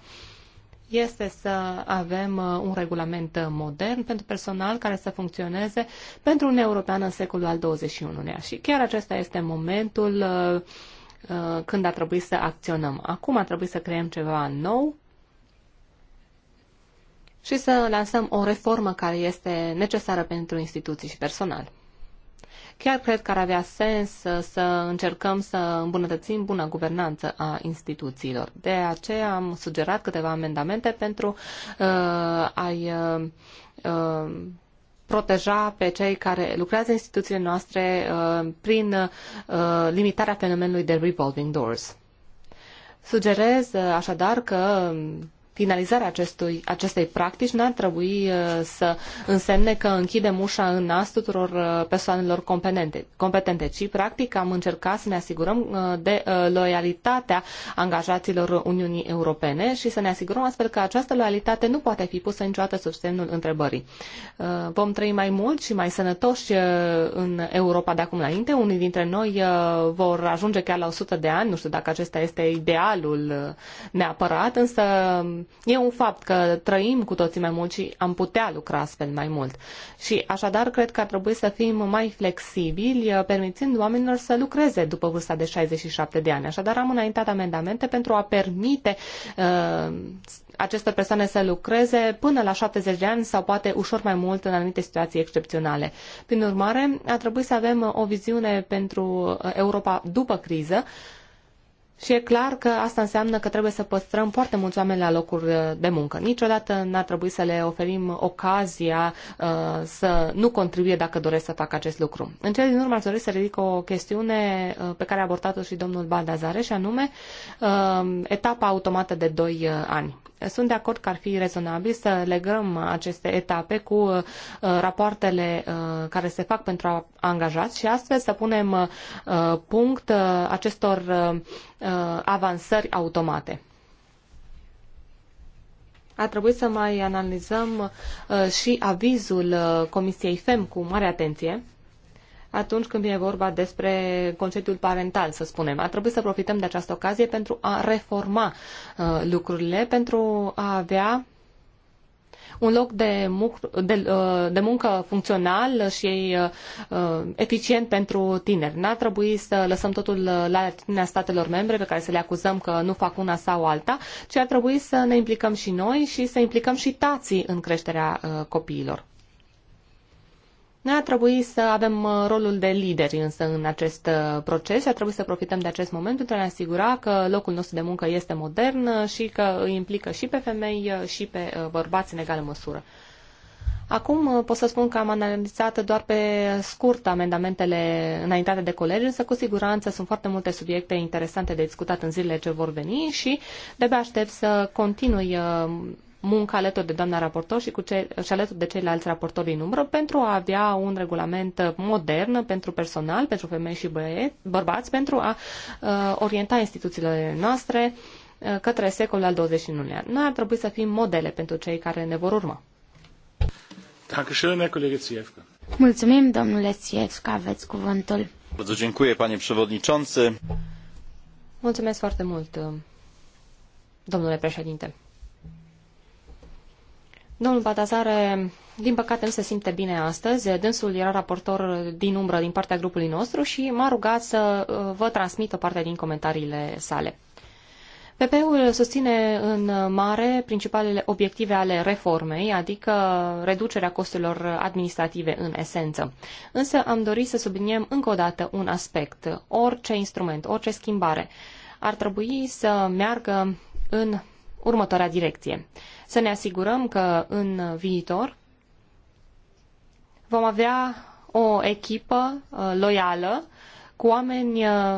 este să avem un regulament modern pentru personal care să funcționeze pentru un european în secolul al XXI-lea. Și chiar acesta este momentul când ar trebui să acționăm. Acum ar trebui să creăm ceva nou și să lansăm o reformă care este necesară pentru instituții și personal. Chiar cred că ar avea sens să încercăm să îmbunătățim buna guvernanță a instituțiilor. De aceea am sugerat câteva amendamente pentru uh, a-i uh, uh, proteja pe cei care lucrează în instituțiile noastre uh, prin uh, limitarea fenomenului de revolving doors. Sugerez uh, așadar că finalizarea acestui, acestei practici n-ar trebui uh, să însemne că închidem ușa în nas tuturor uh, persoanelor competente, competente ci practic am încercat să ne asigurăm uh, de loialitatea angajaților Uniunii Europene și să ne asigurăm astfel că această loialitate nu poate fi pusă niciodată sub semnul întrebării. Vom trăi mai mult și mai sănătoși în Europa de acum înainte. Unii dintre noi vor ajunge chiar la 100 de ani, nu știu dacă acesta este idealul neapărat, însă E un fapt că trăim cu toții mai mult și am putea lucra astfel mai mult. Și așadar cred că ar trebui să fim mai flexibili, uh, permițând oamenilor să lucreze după vârsta de 67 de ani. Așadar am înaintat amendamente pentru a permite uh, acestor persoane să lucreze până la 70 de ani sau poate ușor mai mult în anumite situații excepționale. Prin urmare, ar trebui să avem o viziune pentru uh, Europa după criză, uh, și e clar că asta înseamnă că trebuie să păstrăm foarte mulți oameni la locuri uh, de muncă. Niciodată n-ar trebui să le oferim ocazia uh, să nu contribuie dacă doresc să facă acest lucru. În cele din urmă aș dori să ridic o chestiune uh, pe care a abordat-o și domnul Baldazare și anume uh, etapa automată de 2 uh, ani. Sunt de acord că ar fi rezonabil să legăm aceste etape cu uh, rapoartele uh, care se fac pentru angajați și astfel să punem uh, punct acestor avansări automate a trebuit să mai analizăm uh, și avizul uh, Comisiei FEM cu mare atenție atunci când e vorba despre concediul parental, să spunem. Ar trebui să profităm de această ocazie pentru a reforma uh, lucrurile, pentru a avea un loc de, muc- de, uh, de muncă funcțional și uh, uh eficient pentru tineri. N-ar trebui să lăsăm totul uh, la atitudinea statelor membre pe care să le acuzăm că nu fac una sau alta, ci ar trebui să ne implicăm și noi și să implicăm și tații în creșterea uh, copiilor. Noi a trebuit să avem uh, rolul de lideri însă în acest uh, proces și a trebuit să profităm de acest moment pentru a ne asigura că locul nostru de muncă este modern uh, și că îi implică și pe femei și pe bărbați în egală măsură. Acum pot să spun că am analizat doar pe scurt amendamentele înaintate de colegi, însă cu siguranță sunt foarte multe subiecte interesante de discutat în zilele ce vor veni și de aștept să continui munca alături de doamna raportor și, cu ce, și alături de ceilalți raportori din umbră pentru a avea un regulament modern pentru personal, pentru femei și băie, bărbați, pentru a uh, orienta instituțiile noastre uh, către secolul al XXI-lea. Noi ar trebui să fim modele pentru cei care ne vor urma. Mulțumim, domnule Țiefca, aveți cuvântul. Mulțumesc foarte mult, domnule președinte. Domnul Batazare, din păcate, nu se simte bine astăzi. Dânsul era raportor din umbră din partea grupului nostru și m-a rugat să uh, vă transmit o parte din comentariile sale. PP-ul susține în mare principalele obiective ale reformei, adică reducerea costurilor administrative în esență. Însă am dorit să subliniem încă o dată un aspect. Orice instrument, orice schimbare ar trebui să meargă în următoarea direcție. Să ne asigurăm că în viitor vom avea o echipă uh, loială cu oameni uh,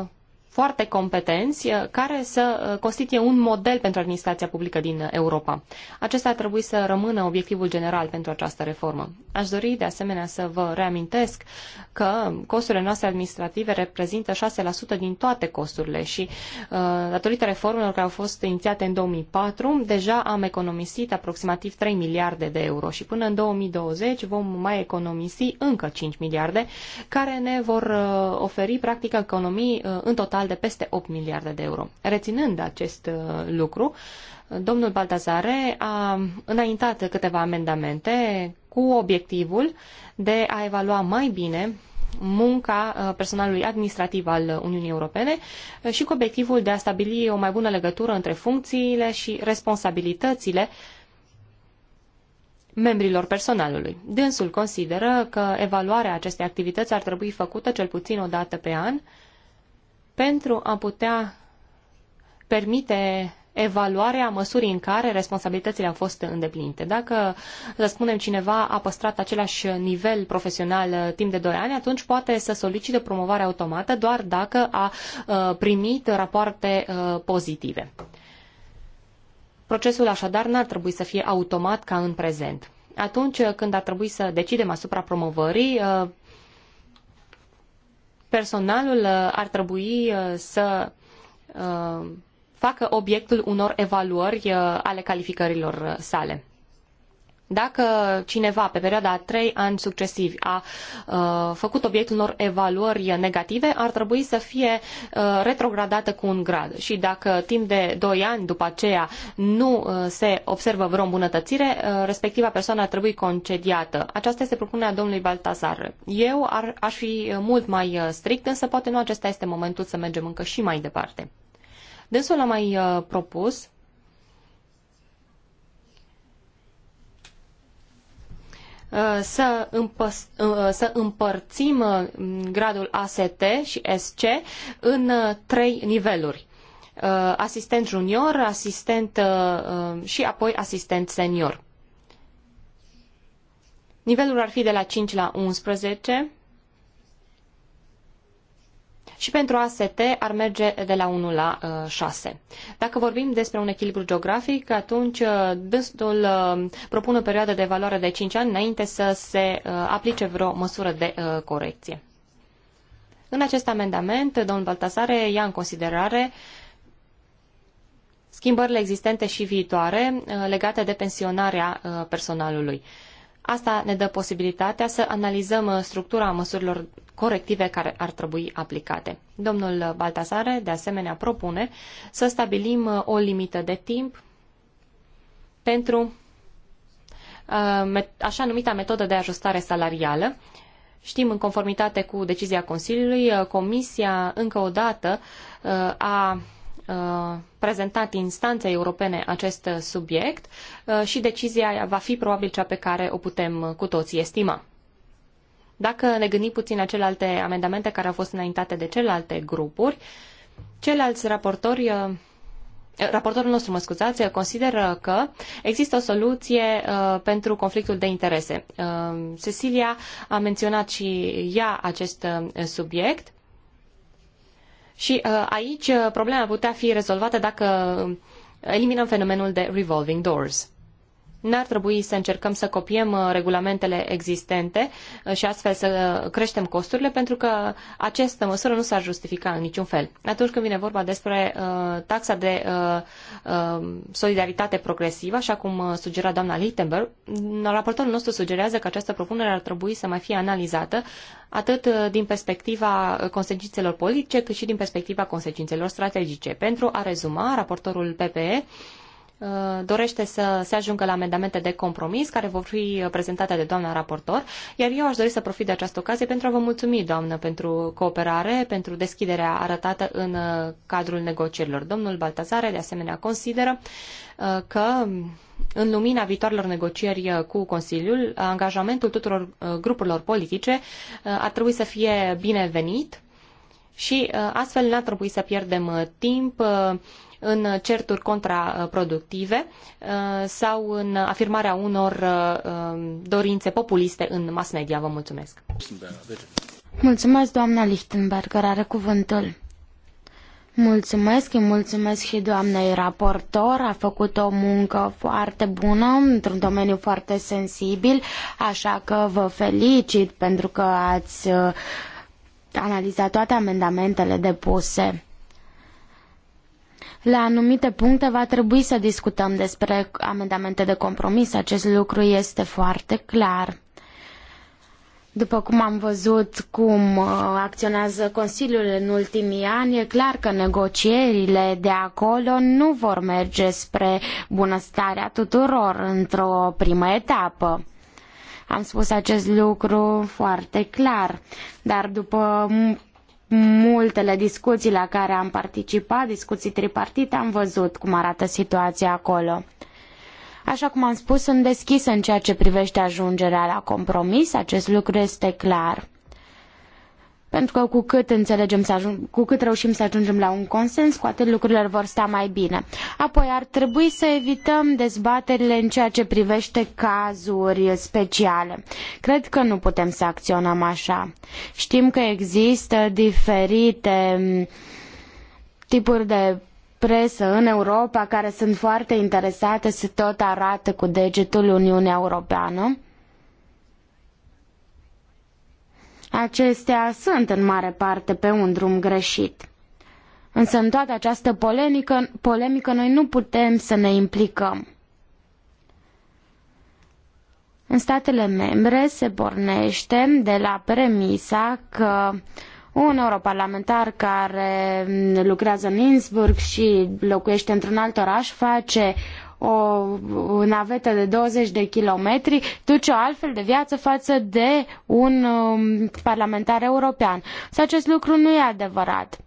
foarte competenți uh, care să uh, constituie un model pentru administrația publică din uh, Europa. Acesta ar trebui să rămână obiectivul general pentru această reformă. Aș dori de asemenea să vă reamintesc că costurile noastre administrative reprezintă 6% din toate costurile și datorită reformelor care au fost inițiate în 2004, deja am economisit aproximativ 3 miliarde de euro și până în 2020 vom mai economisi încă 5 miliarde care ne vor oferi practic economii în total total de peste 8 miliarde de euro. Reținând acest uh, lucru, domnul Baltazare a înaintat câteva amendamente cu obiectivul de a evalua mai bine munca uh, personalului administrativ al Uniunii Europene uh, și cu obiectivul de a stabili o mai bună legătură între funcțiile și responsabilitățile membrilor personalului. Dânsul consideră că evaluarea acestei activități ar trebui făcută cel puțin o dată pe an pentru a putea permite evaluarea măsurii în care responsabilitățile au fost îndeplinite. Dacă, să spunem, cineva a păstrat același nivel profesional uh, timp de 2 ani, atunci poate să solicite promovare automată doar dacă a uh, primit rapoarte uh, pozitive. Procesul așadar n-ar trebui să fie automat ca în prezent. Atunci când ar trebui să decidem asupra promovării, personalul uh, ar trebui uh, să uh, facă obiectul unor evaluări ale calificărilor sale. Dacă cineva pe perioada a trei ani succesivi a uh, făcut obiectul unor evaluări negative, ar trebui să fie uh, retrogradată cu un grad. Și dacă timp de doi ani după aceea nu uh, se observă vreo îmbunătățire, uh, respectiva persoană ar trebui concediată. Aceasta este propunerea domnului Baltazar. Eu ar, aș fi mult mai uh, strict, însă poate nu acesta este momentul să mergem încă și mai departe. Dânsul a mai uh, propus Uh, să, împăs, uh, să împărțim uh, gradul AST și SC în trei niveluri. Asistent junior, asistent și apoi asistent senior. Nivelul ar fi de la 5 la 11 și pentru AST ar merge de la 1 la 6. Uh, Dacă vorbim despre un echilibru geografic, atunci uh, dânsul uh, propune o perioadă de valoare de 5 ani înainte să se aplice vreo măsură de corecție. În acest amendament, domnul Baltasare ia în considerare schimbările existente și viitoare legate de pensionarea personalului. Asta ne dă posibilitatea să analizăm uh, structura măsurilor corective care ar trebui aplicate. Domnul uh, Baltasare, de asemenea, propune să stabilim uh, o limită de timp pentru așa numita metodă de ajustare salarială. Știm, în conformitate cu decizia Consiliului, Comisia încă o dată a Uh, prezentat instanței europene acest subiect uh, și decizia va fi probabil cea pe care o putem uh, cu toții estima. Dacă ne gândim puțin la celelalte amendamente care au fost înaintate de celelalte grupuri, ceilalți raportori Raportorul nostru, mă scuzați, consideră că există o soluție pentru conflictul de interese. Cecilia a menționat și ea acest subiect și uh, aici uh, problema putea fi rezolvată dacă eliminăm fenomenul de revolving doors. N-ar trebui să încercăm să copiem uh, regulamentele existente uh, și astfel să uh, creștem costurile, pentru că această măsură nu s-ar justifica în niciun fel. Atunci când vine vorba despre uh, taxa de uh, solidaritate progresivă, așa cum sugera doamna Lichtenberg, mm, raportorul nostru sugerează că această propunere ar trebui să mai fie analizată atât din perspectiva consecințelor politice, cât și din perspectiva consecințelor strategice. Pentru a rezuma, raportorul PPE Uh, dorește să se ajungă la amendamente de compromis care vor fi prezentate de doamna raportor, iar eu aș dori să profit de această ocazie pentru a vă mulțumi, doamnă, pentru cooperare, pentru deschiderea arătată în uh, cadrul negocierilor. Domnul Baltazare, de asemenea, consideră uh, că în lumina viitoarelor negocieri cu Consiliul, angajamentul tuturor grupurilor politice ar trebui să fie binevenit și astfel n-ar trebui să pierdem timp în certuri contraproductive uh, sau în afirmarea unor uh, um, dorințe populiste în mass media. Vă mulțumesc! Mulțumesc, doamna Lichtenberger, are cuvântul. Mulțumesc, îi mulțumesc și doamnei raportor, a făcut o muncă foarte bună, într-un domeniu foarte sensibil, așa că vă felicit pentru că ați uh, analizat toate amendamentele depuse. La anumite puncte va trebui să discutăm despre amendamente de compromis. Acest lucru este foarte clar. După cum am văzut cum uh, acționează Consiliul în ultimii ani, e clar că negocierile de acolo nu vor merge spre bunăstarea tuturor într-o primă etapă. Am spus acest lucru foarte clar, dar după multele discuții la care am participat, discuții tripartite, am văzut cum arată situația acolo. Așa cum am spus, sunt deschisă în ceea ce privește ajungerea la compromis, acest lucru este clar. Pentru că cu cât, înțelegem să ajung, cu cât reușim să ajungem la un consens, cu atât lucrurile vor sta mai bine. Apoi ar trebui să evităm dezbaterile în ceea ce privește cazuri speciale. Cred că nu putem să acționăm așa. Știm că există diferite mm, tipuri de presă în Europa care sunt foarte interesate să tot arată cu degetul Uniunea Europeană. Acestea sunt în mare parte pe un drum greșit. Însă în toată această polemică, polemică noi nu putem să ne implicăm. În statele membre se pornește de la premisa că un europarlamentar care lucrează în Innsbruck și locuiește într-un alt oraș face o navetă de 20 de kilometri duce o altfel de viață față de un um, parlamentar european. Să acest lucru nu e adevărat.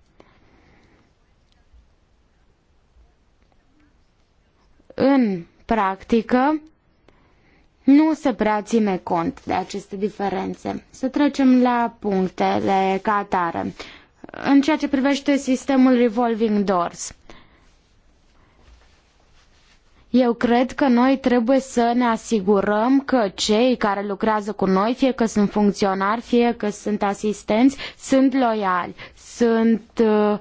În practică, nu se prea ține cont de aceste diferențe. Să trecem la punctele ca atare. În ceea ce privește sistemul revolving doors eu cred că noi trebuie să ne asigurăm că cei care lucrează cu noi, fie că sunt funcționari, fie că sunt asistenți, sunt loiali, sunt uh,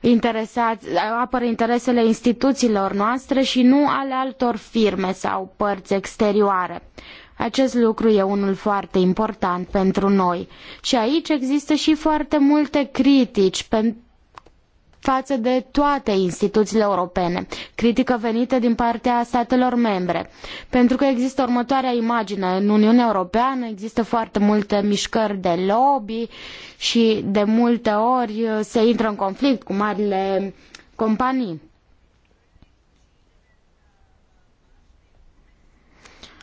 interesați, apără interesele instituțiilor noastre și nu ale altor firme sau părți exterioare. Acest lucru e unul foarte important pentru noi. Și aici există și foarte multe critici pentru față de toate instituțiile europene, critică venită din partea statelor membre. Pentru că există următoarea imagine, în Uniunea Europeană există foarte multe mișcări de lobby și de multe ori se intră în conflict cu marile companii.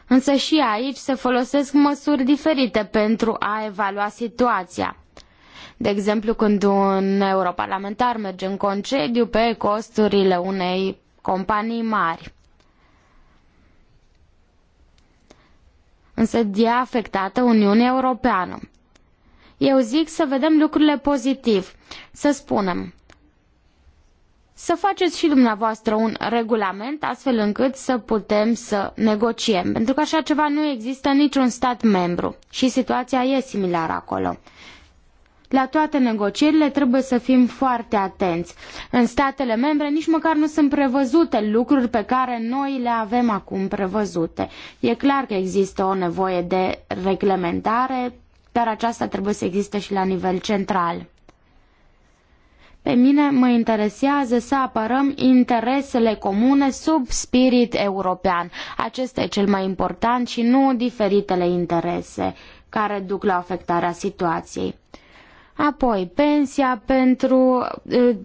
Însă și aici se folosesc măsuri diferite pentru a evalua situația. De exemplu, când un europarlamentar merge în concediu pe costurile unei companii mari. Însă e afectată Uniunea Europeană. Eu zic să vedem lucrurile pozitiv. Să spunem, să faceți și dumneavoastră un regulament astfel încât să putem să negociem, pentru că așa ceva nu există în niciun stat membru și situația e similară acolo. La toate negocierile trebuie să fim foarte atenți. În statele membre nici măcar nu sunt prevăzute lucruri pe care noi le avem acum prevăzute. E clar că există o nevoie de reglementare, dar aceasta trebuie să existe și la nivel central. Pe mine mă interesează să apărăm interesele comune sub spirit european. Acesta e cel mai important și nu diferitele interese care duc la afectarea situației. Apoi, pensia pentru eh,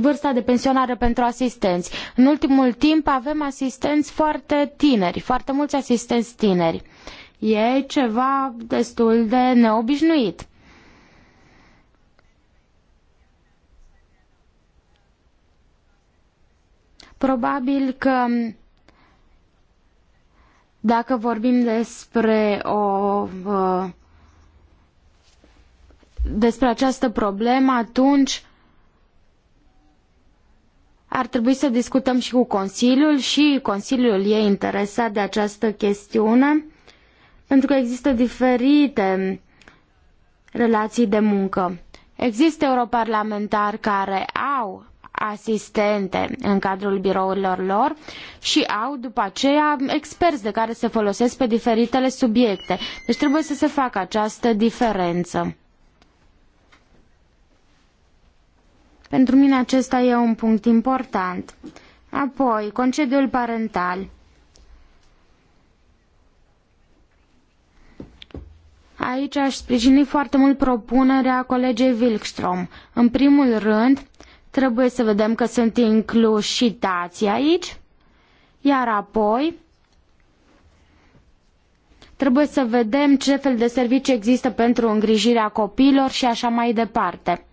vârsta de pensionare pentru asistenți. În ultimul timp avem asistenți foarte tineri, foarte mulți asistenți tineri. E ceva destul de neobișnuit. Probabil că dacă vorbim despre o uh, despre această problemă, atunci ar trebui să discutăm și cu Consiliul și Consiliul e interesat de această chestiune, pentru că există diferite relații de muncă. Există europarlamentari care au asistente în cadrul birourilor lor și au după aceea experți de care se folosesc pe diferitele subiecte. Deci trebuie să se facă această diferență. Pentru mine acesta e un punct important. Apoi, concediul parental. Aici aș sprijini foarte mult propunerea colegei Wilkstrom. În primul rând, trebuie să vedem că sunt incluși și tații aici, iar apoi trebuie să vedem ce fel de servicii există pentru îngrijirea copiilor și așa mai departe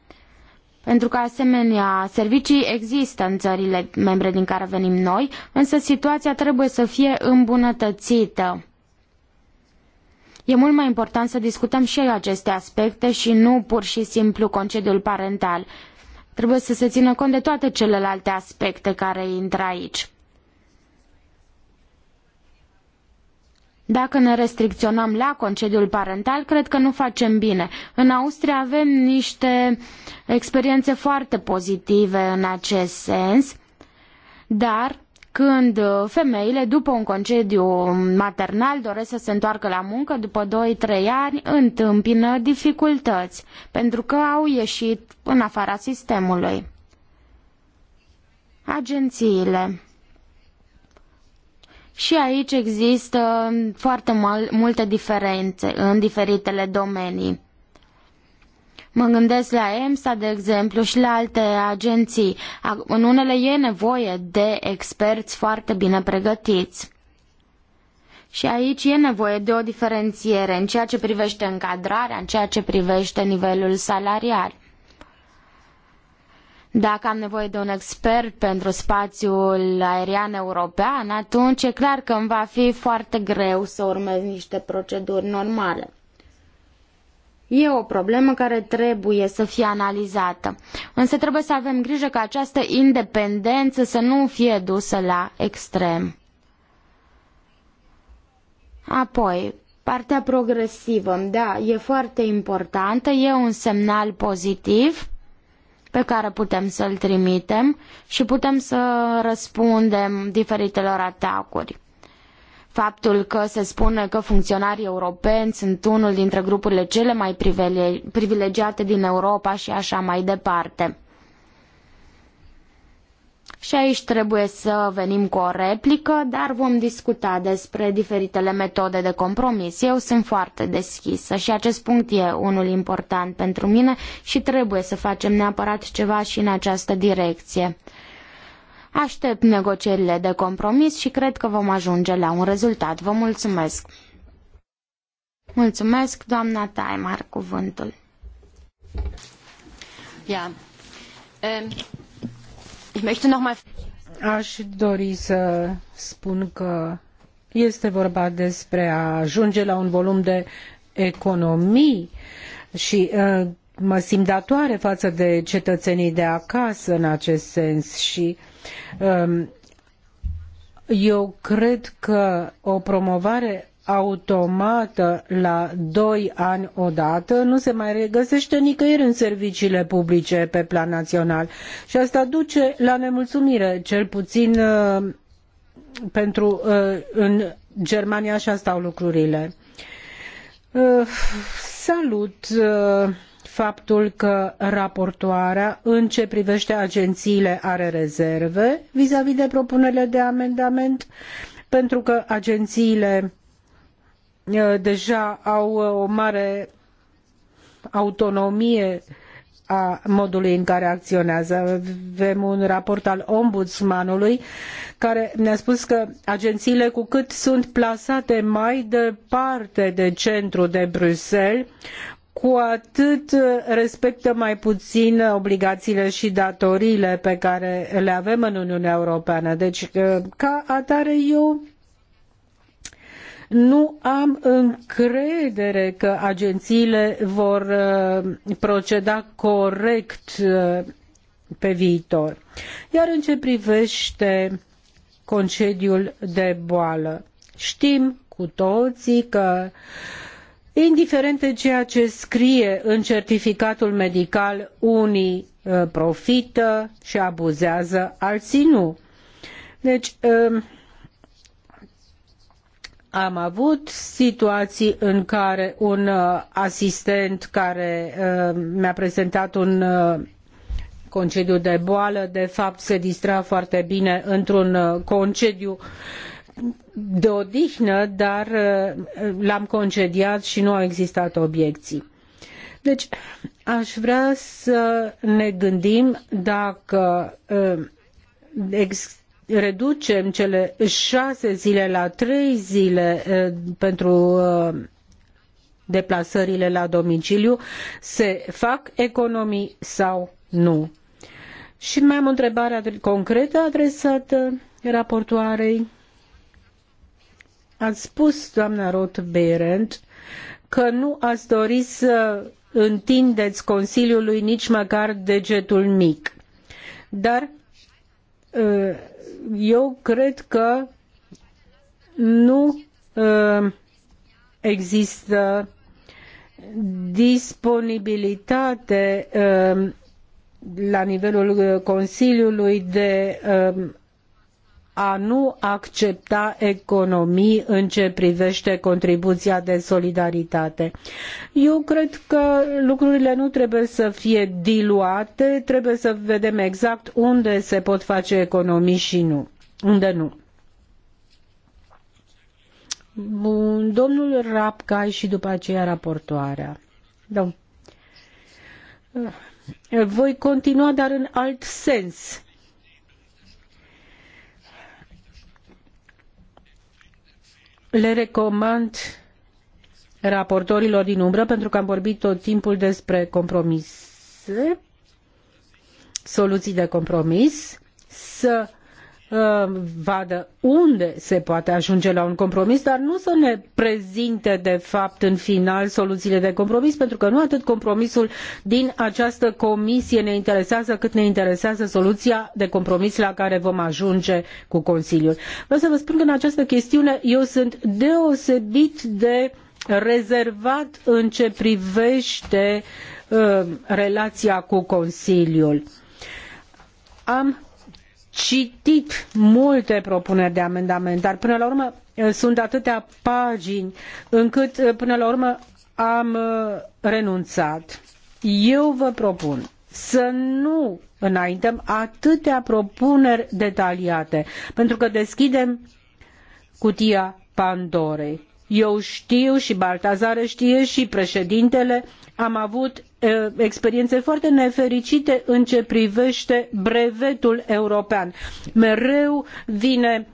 pentru că asemenea servicii există în țările membre din care venim noi, însă situația trebuie să fie îmbunătățită. E mult mai important să discutăm și aceste aspecte și nu pur și simplu concediul parental. Trebuie să se țină cont de toate celelalte aspecte care intră aici. Dacă ne restricționăm la concediul parental, cred că nu facem bine. În Austria avem niște experiențe foarte pozitive în acest sens, dar când femeile, după un concediu maternal, doresc să se întoarcă la muncă după 2-3 ani, întâmpină dificultăți, pentru că au ieșit în afara sistemului. Agențiile și aici există foarte multe diferențe în diferitele domenii. Mă gândesc la EMSA, de exemplu, și la alte agenții. În unele e nevoie de experți foarte bine pregătiți. Și aici e nevoie de o diferențiere în ceea ce privește încadrarea, în ceea ce privește nivelul salarial. Dacă am nevoie de un expert pentru spațiul aerian european, atunci e clar că îmi va fi foarte greu să urmez niște proceduri normale. E o problemă care trebuie să fie analizată. Însă trebuie să avem grijă ca această independență să nu fie dusă la extrem. Apoi, partea progresivă, da, e foarte importantă, e un semnal pozitiv pe care putem să-l trimitem și putem să răspundem diferitelor atacuri. Faptul că se spune că funcționarii europeni sunt unul dintre grupurile cele mai privilegiate din Europa și așa mai departe. Și aici trebuie să venim cu o replică, dar vom discuta despre diferitele metode de compromis. Eu sunt foarte deschisă și acest punct e unul important pentru mine și trebuie să facem neapărat ceva și în această direcție. Aștept negocierile de compromis și cred că vom ajunge la un rezultat. Vă mulțumesc! Mulțumesc, doamna Taimar, cuvântul. Yeah. Um a dori să spun că este vorba despre a ajunge la un volum de economii și uh, mă simt datoare față de cetățenii de acasă în acest sens și um, eu cred că o promovare automată la doi ani odată nu se mai regăsește nicăieri în serviciile publice pe plan național. Și asta duce la nemulțumire, cel puțin uh, pentru uh, în Germania așa stau lucrurile. Uh, salut faptul că raportoarea în ce privește agențiile are rezerve vis a -vis de propunerile de amendament pentru că agențiile Uh, deja au uh, o mare autonomie a modului în care acționează. Avem un raport al ombudsmanului care ne-a spus că agențiile, cu cât sunt plasate mai departe de centru de Bruxelles, cu atât respectă mai puțin obligațiile și datoriile pe care le avem în Uniunea Europeană. Deci, uh, ca atare, eu nu am încredere că agențiile vor uh, proceda corect uh, pe viitor. Iar în ce privește concediul de boală, știm cu toții că indiferent de ceea ce scrie în certificatul medical, unii uh, profită și abuzează, alții nu. Deci, um, am avut situații în care un uh, asistent care uh, mi-a prezentat un uh, concediu de boală, de fapt se distra foarte bine într-un concediu de odihnă, dar l-am concediat și nu au existat obiecții. Deci, aș vrea să ne gândim dacă reducem cele șase zile la trei zile pentru deplasările la domiciliu, se fac economii sau nu? Și mai am o întrebare concretă adresată raportoarei. Ați spus, doamna Roth Berend, că nu ați dori să întindeți Consiliului nici măcar degetul mic. Dar eu cred că nu uh, există disponibilitate uh, la nivelul uh, Consiliului de a nu accepta economii în ce privește contribuția de solidaritate. Eu cred că lucrurile nu trebuie să fie diluate, trebuie să vedem exact unde se pot face economii și nu, unde nu. Bun, domnul Rapcai și după aceea raportoarea. Domn. Da. Voi continua, dar în alt sens le recomand raportorilor din umbră, pentru că am vorbit tot timpul despre compromise, soluții de compromis, să Uh, vadă unde se poate ajunge la un compromis, dar nu să ne prezinte de fapt în final soluțiile de compromis, pentru că nu atât compromisul din această comisie ne interesează, cât ne interesează soluția de compromis la care vom ajunge cu Consiliul. Vreau să vă spun că în această chestiune eu sunt deosebit de rezervat în ce privește uh, relația cu Consiliul. Am citit multe propuneri de amendament, dar până la urmă eh, sunt atâtea pagini încât eh, până la urmă am eh, renunțat. Eu vă propun să nu înaintăm atâtea propuneri detaliate, pentru că deschidem cutia Pandorei. Eu știu și Baltazar știe și președintele, am avut experiențe foarte nefericite în ce privește brevetul european. Mereu vine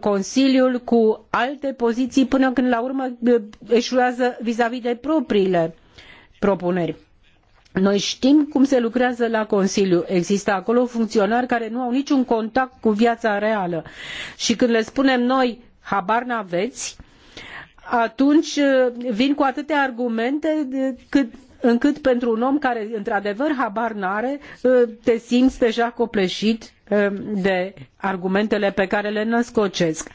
Consiliul cu alte poziții până când la urmă eșuează vis-a-vis de propriile propuneri. Noi știm cum se lucrează la Consiliu. Există acolo funcționari care nu au niciun contact cu viața reală. Și când le spunem noi, habar n-aveți, atunci vin cu atâtea argumente cât încât pentru un om care într-adevăr habar n-are, ă, te simți deja copleșit ă, de argumentele pe care le născocesc.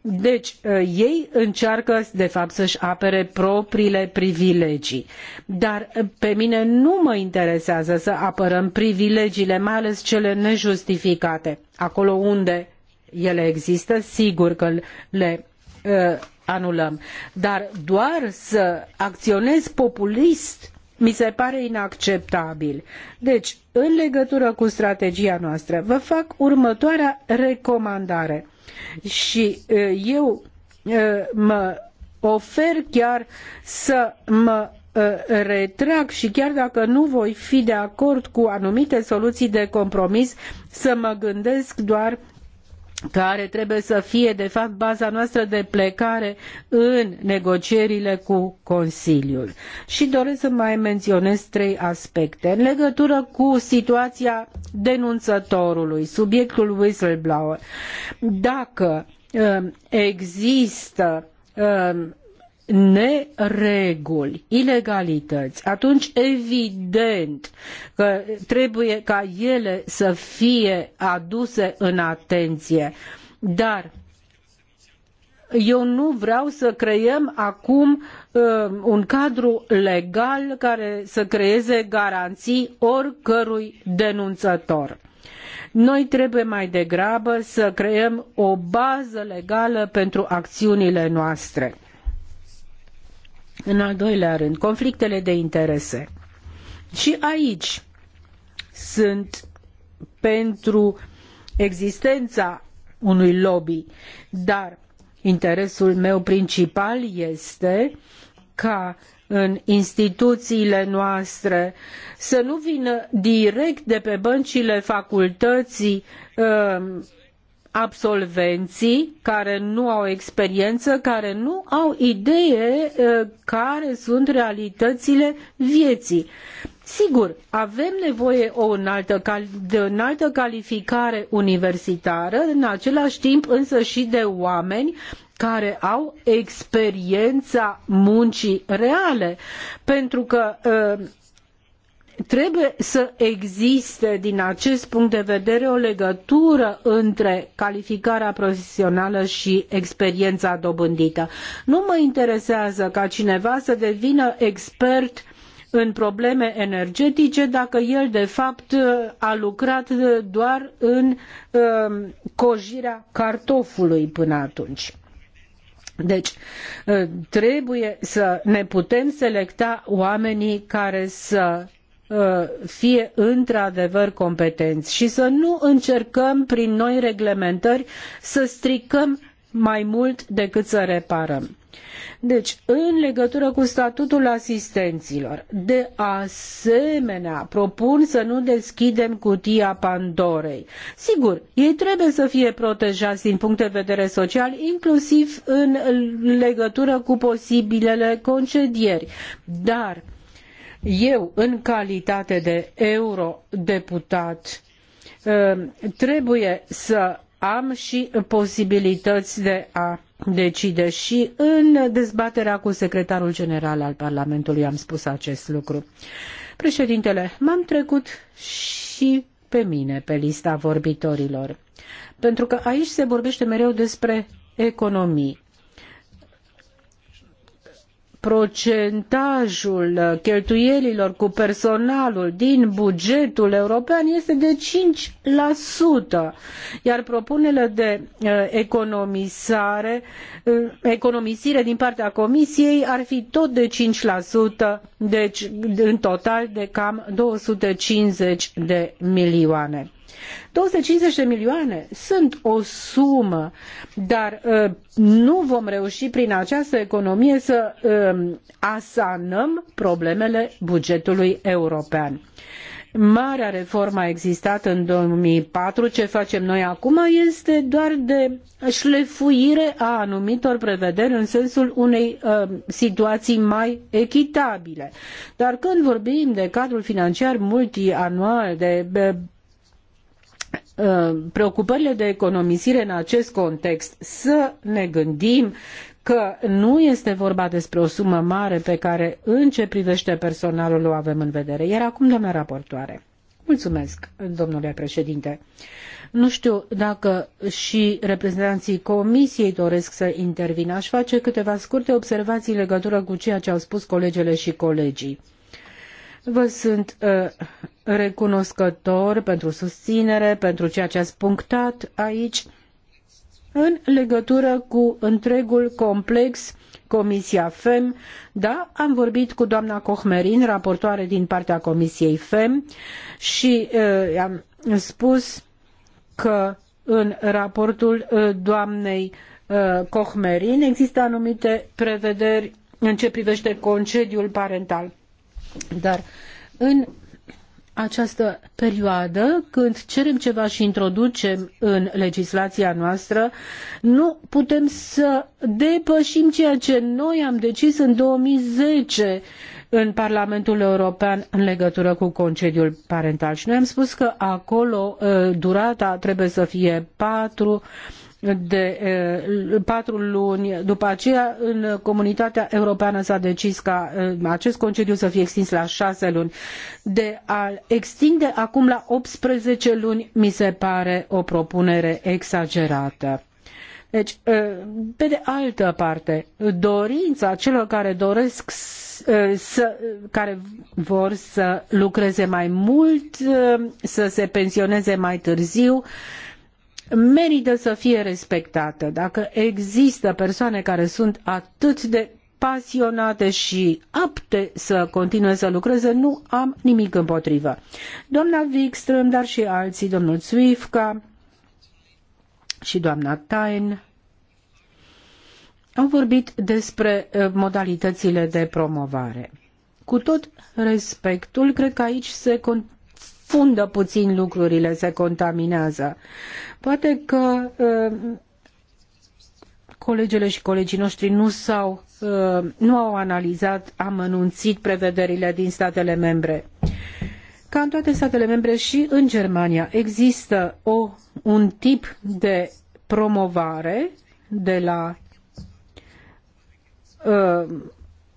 Deci, ă, ei încearcă, de fapt, să-și apere propriile privilegii. Dar pe mine nu mă interesează să apărăm privilegiile, mai ales cele nejustificate. Acolo unde ele există, sigur că le uh, anulăm. Dar doar să acționez populist mi se pare inacceptabil. Deci, în legătură cu strategia noastră, vă fac următoarea recomandare. Și eu mă ofer chiar să mă retrag și chiar dacă nu voi fi de acord cu anumite soluții de compromis, să mă gândesc doar care trebuie să fie, de fapt, baza noastră de plecare în negocierile cu Consiliul. Și doresc să mai menționez trei aspecte. În legătură cu situația denunțătorului, subiectul whistleblower, dacă um, există um, nereguli, ilegalități, atunci evident că trebuie ca ele să fie aduse în atenție. Dar eu nu vreau să creăm acum uh, un cadru legal care să creeze garanții oricărui denunțător. Noi trebuie mai degrabă să creăm o bază legală pentru acțiunile noastre. În al doilea rând, conflictele de interese. Și aici sunt pentru existența unui lobby, dar interesul meu principal este ca în instituțiile noastre să nu vină direct de pe băncile facultății uh, absolvenții care nu au experiență, care nu au idee care sunt realitățile vieții. Sigur, avem nevoie o înaltă, de o înaltă calificare universitară, în același timp însă și de oameni care au experiența muncii reale, pentru că trebuie să existe din acest punct de vedere o legătură între calificarea profesională și experiența dobândită. Nu mă interesează ca cineva să devină expert în probleme energetice dacă el de fapt a lucrat doar în um, cojirea cartofului până atunci. Deci, uh, trebuie să ne putem selecta oamenii care să Uh, fie într-adevăr competenți și să nu încercăm prin noi reglementări să stricăm mai mult decât să reparăm. Deci, în legătură cu statutul asistenților, de asemenea, propun să nu deschidem cutia Pandorei. Sigur, ei trebuie să fie protejați din punct de vedere social, inclusiv în legătură cu posibilele concedieri, dar eu, în calitate de eurodeputat, uh, trebuie să am și posibilități de a decide și în dezbaterea cu secretarul general al Parlamentului am spus acest lucru. Președintele, m-am trecut și pe mine pe lista vorbitorilor, pentru că aici se vorbește mereu despre economii procentajul cheltuielilor cu personalul din bugetul european este de 5%, iar propunerile de eh, economisare, eh, economisire din partea Comisiei ar fi tot de 5%, deci în total de cam 250 de milioane. 250 de milioane sunt o sumă, dar uh, nu vom reuși prin această economie să uh, asanăm problemele bugetului european. Marea reformă a existat în 2004. Ce facem noi acum este doar de șlefuire a anumitor prevederi în sensul unei uh, situații mai echitabile. Dar când vorbim de cadrul financiar multianual, de uh, Uh, preocupările de economisire în acest context, să ne gândim că nu este vorba despre o sumă mare pe care în ce privește personalul o avem în vedere. Iar acum, doamna raportoare. Mulțumesc, domnule președinte. Nu știu dacă și reprezentanții comisiei doresc să intervină. Aș face câteva scurte observații în legătură cu ceea ce au spus colegele și colegii. Vă sunt uh, recunoscător pentru susținere, pentru ceea ce ați punctat aici. În legătură cu întregul complex, Comisia FEM, da, am vorbit cu doamna Cohmerin, raportoare din partea Comisiei FEM, și uh, am spus că în raportul uh, doamnei uh, Cohmerin există anumite prevederi în ce privește concediul parental. Dar în această perioadă când cerem ceva și introducem în legislația noastră, nu putem să depășim ceea ce noi am decis în 2010 în Parlamentul European în legătură cu concediul parental. Și noi am spus că acolo uh, durata trebuie să fie patru de patru luni. După aceea, în comunitatea europeană s-a decis ca acest concediu să fie extins la șase luni. De a extinde acum la 18 luni mi se pare o propunere exagerată. Deci, pe de altă parte, dorința celor care doresc să, care vor să lucreze mai mult, să se pensioneze mai târziu, merită să fie respectată. Dacă există persoane care sunt atât de pasionate și apte să continue să lucreze, nu am nimic împotrivă. Doamna Wikström, dar și alții, domnul Zwifka și doamna Tain au vorbit despre eh, modalitățile de promovare. Cu tot respectul, cred că aici se con- confundă puțin lucrurile, se contaminează. Poate că uh, colegele și colegii noștri nu s-au uh, nu au analizat anunțit prevederile din statele membre. Ca în toate statele membre și în Germania există o, un tip de promovare de la uh,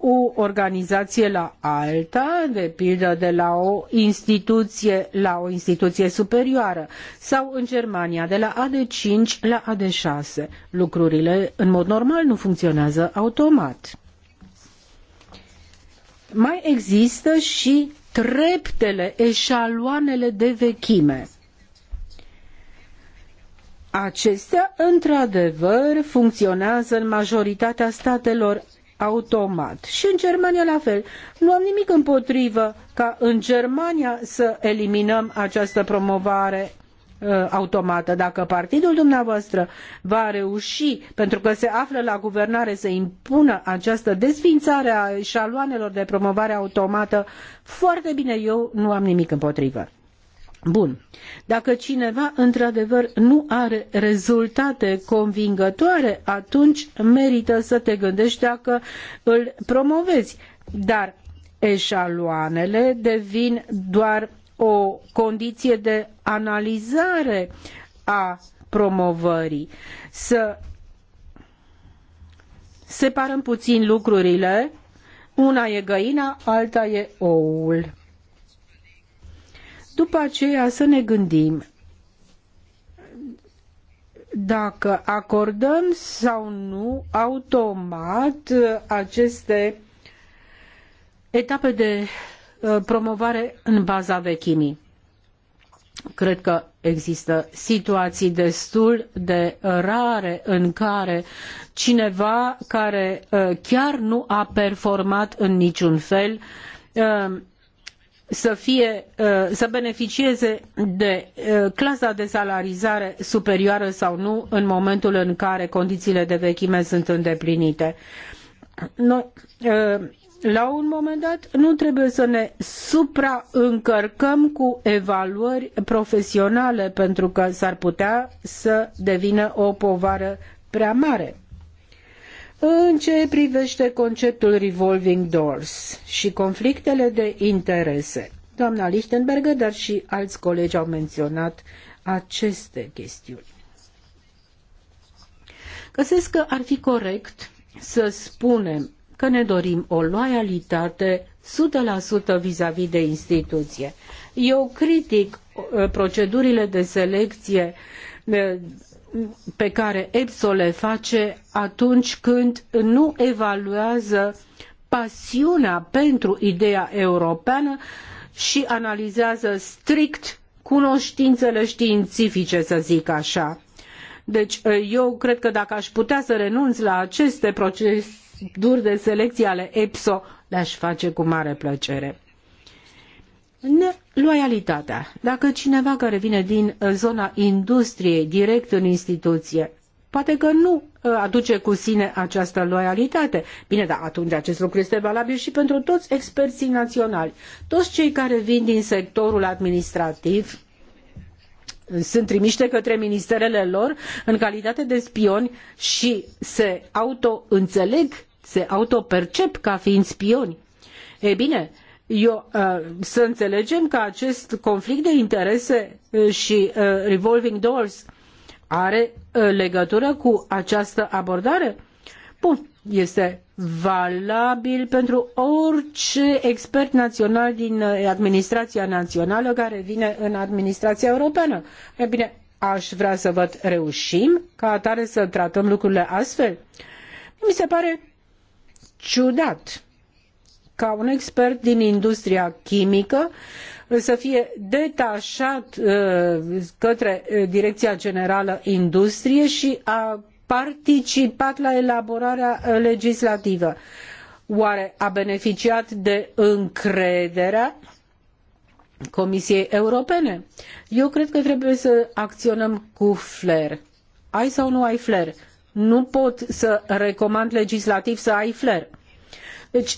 o organizație la alta, de pildă de la o instituție la o instituție superioară, sau în Germania de la AD5 la AD6. Lucrurile în mod normal nu funcționează automat. Mai există și treptele, eșaloanele de vechime. Acestea, într-adevăr, funcționează în majoritatea statelor automat. Și în Germania la fel. Nu am nimic împotrivă ca în Germania să eliminăm această promovare uh, automată. Dacă partidul dumneavoastră va reuși, pentru că se află la guvernare, să impună această desfințare a șaloanelor de promovare automată, foarte bine, eu nu am nimic împotrivă. Bun. Dacă cineva într-adevăr nu are rezultate convingătoare, atunci merită să te gândești dacă îl promovezi. Dar eșaloanele devin doar o condiție de analizare a promovării. Să separăm puțin lucrurile, una e găina, alta e oul. După aceea să ne gândim dacă acordăm sau nu automat aceste etape de uh, promovare în baza vechimii. Cred că există situații destul de rare în care cineva care uh, chiar nu a performat în niciun fel uh, să, fie, uh, să beneficieze de uh, clasa de salarizare superioară sau nu în momentul în care condițiile de vechime sunt îndeplinite. Noi, uh, la un moment dat nu trebuie să ne supraîncărcăm cu evaluări profesionale pentru că s-ar putea să devină o povară prea mare. În ce privește conceptul revolving doors și conflictele de interese, doamna Lichtenberger, dar și alți colegi au menționat aceste chestiuni. Găsesc că ar fi corect să spunem că ne dorim o loialitate 100% vis a -vis de instituție. Eu critic uh, procedurile de selecție uh, pe care EPSO le face atunci când nu evaluează pasiunea pentru ideea europeană și analizează strict cunoștințele științifice, să zic așa. Deci eu cred că dacă aș putea să renunț la aceste proceduri de selecție ale EPSO, le-aș face cu mare plăcere. Loialitatea. Dacă cineva care vine din uh, zona industriei direct în instituție, poate că nu uh, aduce cu sine această loialitate. Bine, dar atunci acest lucru este valabil și pentru toți experții naționali. Toți cei care vin din sectorul administrativ sunt trimiși către ministerele lor în calitate de spioni și se auto-înțeleg, se auto-percep ca fiind spioni. Ei bine, eu, uh, să înțelegem că acest conflict de interese uh, și uh, revolving doors are legătură cu această abordare? Bun, este valabil pentru orice expert național din administrația națională care vine în administrația europeană. E bine, aș vrea să văd reușim ca atare să tratăm lucrurile astfel. Mi se pare ciudat ca un expert din industria chimică uh, să fie detașat uh, către uh, Direcția Generală Industrie și a participat la elaborarea legislativă. Oare a beneficiat de încrederea Comisiei Europene? Eu cred că trebuie să acționăm cu flair. Ai sau nu ai flair? Nu pot să recomand legislativ să ai flair. Deci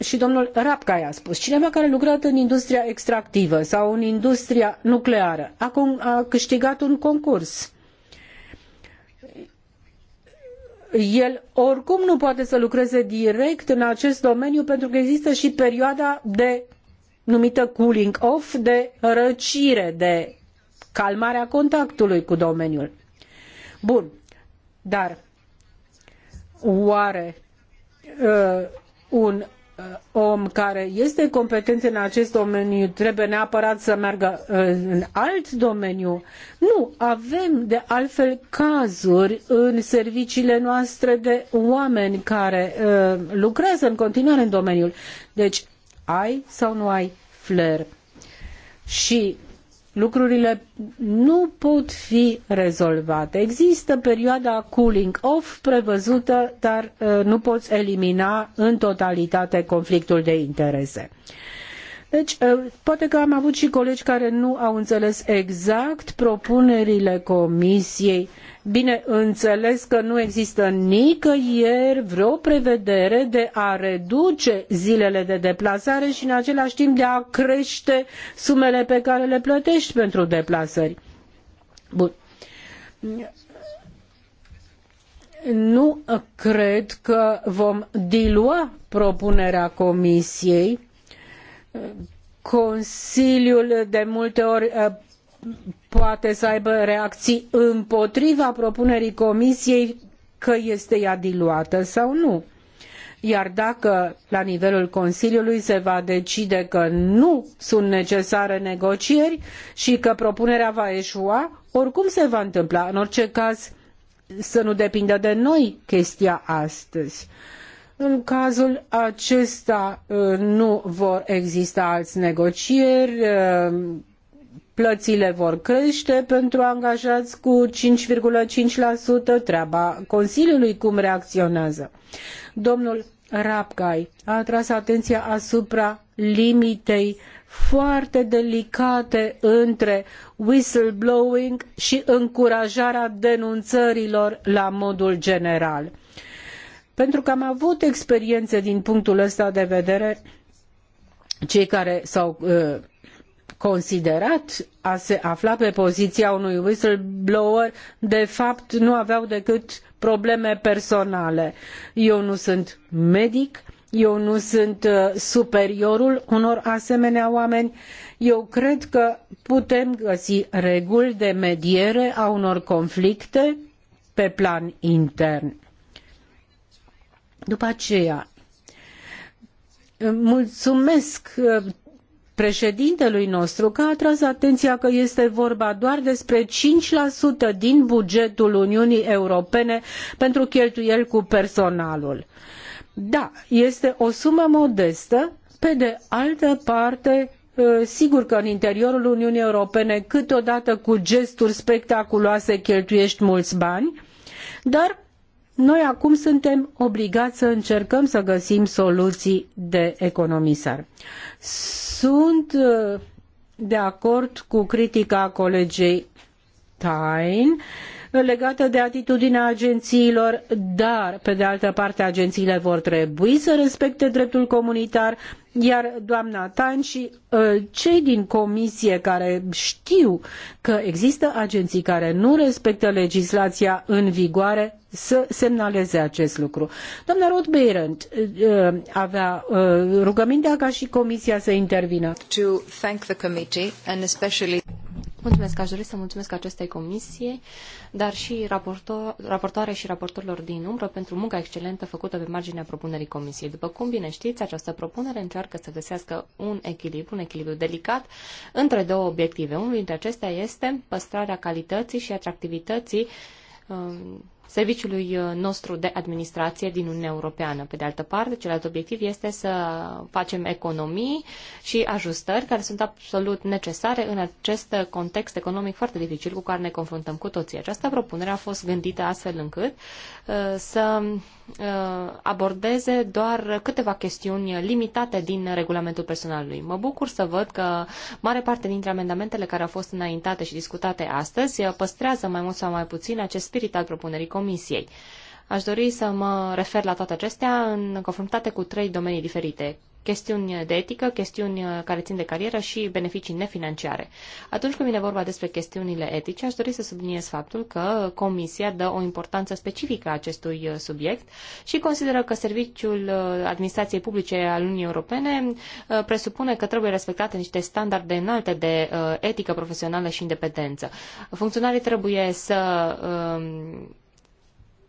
și domnul Rapcai a spus, cineva care a lucrat în industria extractivă sau în industria nucleară a, a câștigat un concurs. El oricum nu poate să lucreze direct în acest domeniu pentru că există și perioada de numită cooling off, de răcire, de calmarea contactului cu domeniul. Bun, dar oare uh, un Uh, om care este competent în acest domeniu trebuie neapărat să meargă uh, în alt domeniu. Nu, avem de altfel cazuri în serviciile noastre de oameni care uh, lucrează în continuare în domeniul. Deci, ai sau nu ai flair? Și lucrurile nu pot fi rezolvate. Există perioada cooling off prevăzută, dar uh, nu poți elimina în totalitate conflictul de interese. Uh, deci, eh, poate că am avut și colegi care nu au înțeles exact propunerile comisiei. Bine, înțeles că nu există nicăieri vreo prevedere de a reduce zilele de deplasare și în același timp de a crește sumele pe care le plătești pentru deplasări. Bun nu cred că vom dilua propunerea comisiei Consiliul de multe ori uh, poate să aibă reacții împotriva propunerii Comisiei că este ea diluată sau nu. Iar dacă la nivelul Consiliului se va decide că nu sunt necesare negocieri și că propunerea va eșua, oricum se va întâmpla. În orice caz, să nu depindă de noi chestia astăzi. Uh, în cazul acesta uh, nu vor exista alți negocieri, uh, plățile vor crește pentru angajați cu 5,5%, treaba Consiliului cum reacționează. Domnul Rapcai a atras atenția asupra limitei foarte delicate între whistleblowing și încurajarea denunțărilor la modul general. Pentru că am avut experiențe din punctul ăsta de vedere, cei care s-au uh, considerat a se afla pe poziția unui whistleblower, de fapt nu aveau decât probleme personale. Eu nu sunt medic, eu nu sunt uh, superiorul unor asemenea oameni. Eu cred că putem găsi reguli de mediere a unor conflicte pe plan intern. După aceea, mulțumesc uh, președintelui nostru că a atras atenția că este vorba doar despre 5% din bugetul Uniunii Europene pentru cheltuieli cu personalul. Da, este o sumă modestă, pe de altă parte, uh, sigur că în interiorul Uniunii Europene câteodată cu gesturi spectaculoase cheltuiești mulți bani, dar noi acum suntem obligați să încercăm să găsim soluții de economisar. Sunt uh, de acord cu critica colegei Tain legată de atitudinea agențiilor, dar, pe de altă parte, agențiile vor trebui să respecte dreptul comunitar, iar doamna Tan și uh, cei din comisie care știu că există agenții care nu respectă legislația în vigoare să semnaleze acest lucru. Doamna Roth Beirent uh, avea uh, rugămintea ca și comisia să intervină. Mulțumesc, aș dori să mulțumesc acestei comisie, dar și raportoare și raportorilor din umbră pentru munca excelentă făcută pe marginea propunerii comisiei. După cum bine știți, această propunere încearcă să găsească un echilibru, un echilibru delicat între două obiective. Unul dintre acestea este păstrarea calității și atractivității um, serviciului uh, nostru de administrație din Uniunea Europeană. Pe de altă parte, celălalt obiectiv este să facem economii și ajustări care sunt absolut necesare în acest context economic foarte dificil cu care ne confruntăm cu toții. Această propunere a fost gândită astfel încât uh, să uh, abordeze doar câteva chestiuni limitate din regulamentul personalului. Mă bucur să văd că mare parte dintre amendamentele care au fost înaintate și discutate astăzi păstrează mai mult sau mai puțin acest spirit al propunerii Comisiei. Aș dori să mă refer la toate acestea în conformitate cu trei domenii diferite chestiuni de etică, chestiuni uh, care țin de carieră și beneficii nefinanciare. Atunci când vine vorba despre chestiunile etice, aș dori să subliniez faptul că Comisia dă o importanță specifică a acestui uh, subiect și consideră că Serviciul uh, Administrației Publice al Uniunii Europene presupune că trebuie respectate niște standarde înalte de etică profesională și independență. Funcționarii trebuie să um,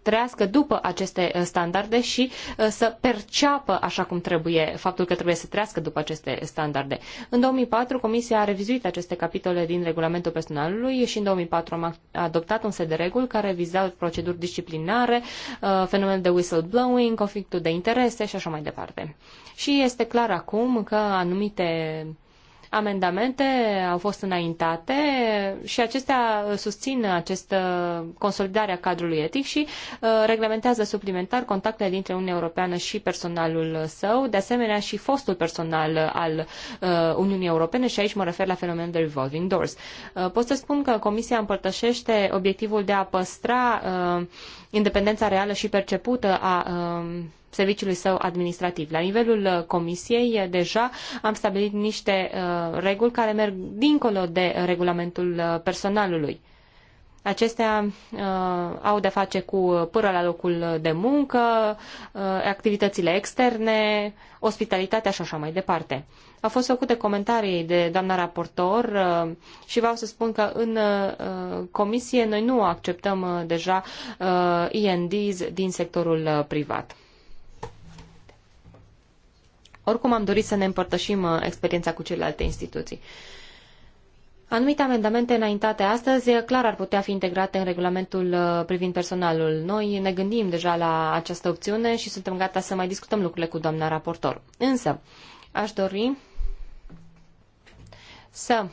trăiască după aceste uh, standarde și uh, să perceapă așa cum trebuie faptul că trebuie să trăiască după aceste standarde. În 2004 Comisia a revizuit aceste capitole din regulamentul personalului și în 2004 am adoptat un set de reguli care vizau proceduri disciplinare, uh, fenomenul de whistleblowing, conflictul de interese și așa mai departe. Și este clar acum că anumite amendamente au fost înaintate și acestea susțin această consolidare a cadrului etic și uh, reglementează suplimentar contactele dintre Uniunea Europeană și personalul său, de asemenea și fostul personal al uh, Uniunii Europene și aici mă refer la fenomenul de revolving doors. Uh, pot să spun că Comisia împărtășește obiectivul de a păstra independența reală și percepută a serviciului său administrativ. La nivelul uh, Comisiei uh, deja am stabilit niște uh, reguli care merg dincolo de regulamentul personalului. Acestea uh, au de face cu pâră la locul de muncă, uh, activitățile externe, ospitalitatea și așa mai departe. Au fost făcute comentarii de doamna raportor uh, și vreau să spun că în uh, comisie noi nu acceptăm uh, deja uh, din sectorul uh, privat. Oricum am dorit să ne împărtășim uh, experiența cu celelalte instituții. Anumite amendamente înaintate astăzi uh, clar ar putea fi integrate în regulamentul uh, privind personalul. Noi ne gândim deja la această opțiune și suntem gata să mai discutăm lucrurile cu doamna raportor. Însă, aș dori să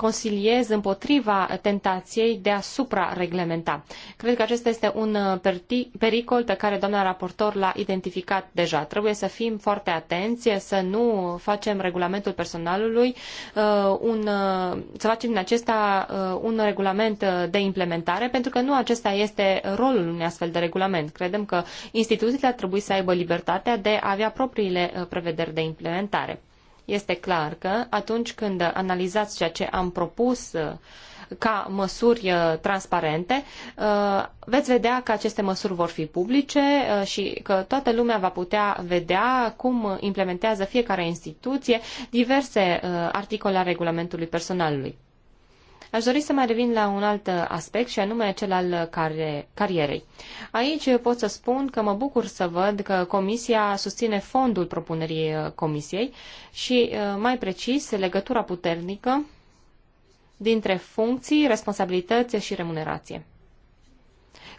consiliez împotriva tentației de a supra-reglementa. Cred că acesta este un uh, pericol pe care doamna raportor l-a identificat deja. Trebuie să fim foarte atenți, să nu facem regulamentul personalului, uh, un, uh, să facem din acesta un regulament de implementare, pentru că nu acesta este rolul unui astfel de regulament. Credem că instituțiile ar trebui să aibă libertatea de a avea propriile prevederi de implementare. Este clar că atunci când analizați ceea ce am propus uh, ca măsuri uh, transparente, uh, veți vedea că aceste măsuri vor fi publice și că toată lumea va putea vedea cum implementează fiecare instituție diverse articole a regulamentului personalului. Aș dori să mai revin la un alt aspect și anume cel al care, carierei. Aici pot să spun că mă bucur să văd că Comisia susține fondul propunerii uh, Comisiei și, uh, mai precis, legătura puternică dintre funcții, responsabilități și remunerație.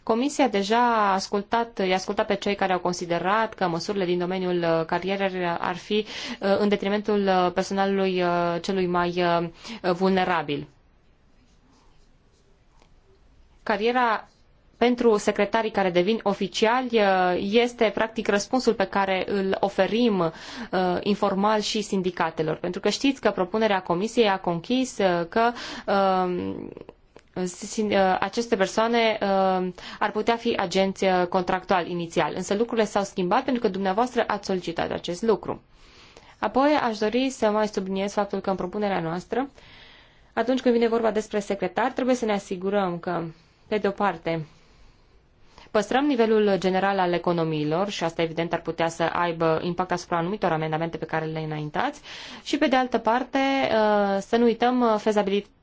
Comisia deja a ascultat, i-a ascultat pe cei care au considerat că măsurile din domeniul uh, carierei ar fi în detrimentul personalului celui mai vulnerabil. Cariera pentru secretarii care devin oficiali uh, este practic răspunsul pe care îl oferim uh, informal și sindicatelor. Pentru că știți că propunerea comisiei a conchis uh, că aceste persoane ar putea fi agenți contractuali inițial. Însă lucrurile s-au schimbat pentru că dumneavoastră ați solicitat acest lucru. Apoi aș dori să mai subliniez faptul că în propunerea noastră, atunci când vine vorba despre secretar, trebuie să ne asigurăm că pe de o parte, păstrăm nivelul general al economiilor și asta evident ar putea să aibă impact asupra anumitor amendamente pe care le înaintați și pe de altă parte uh, să nu uităm uh, fezabilitatea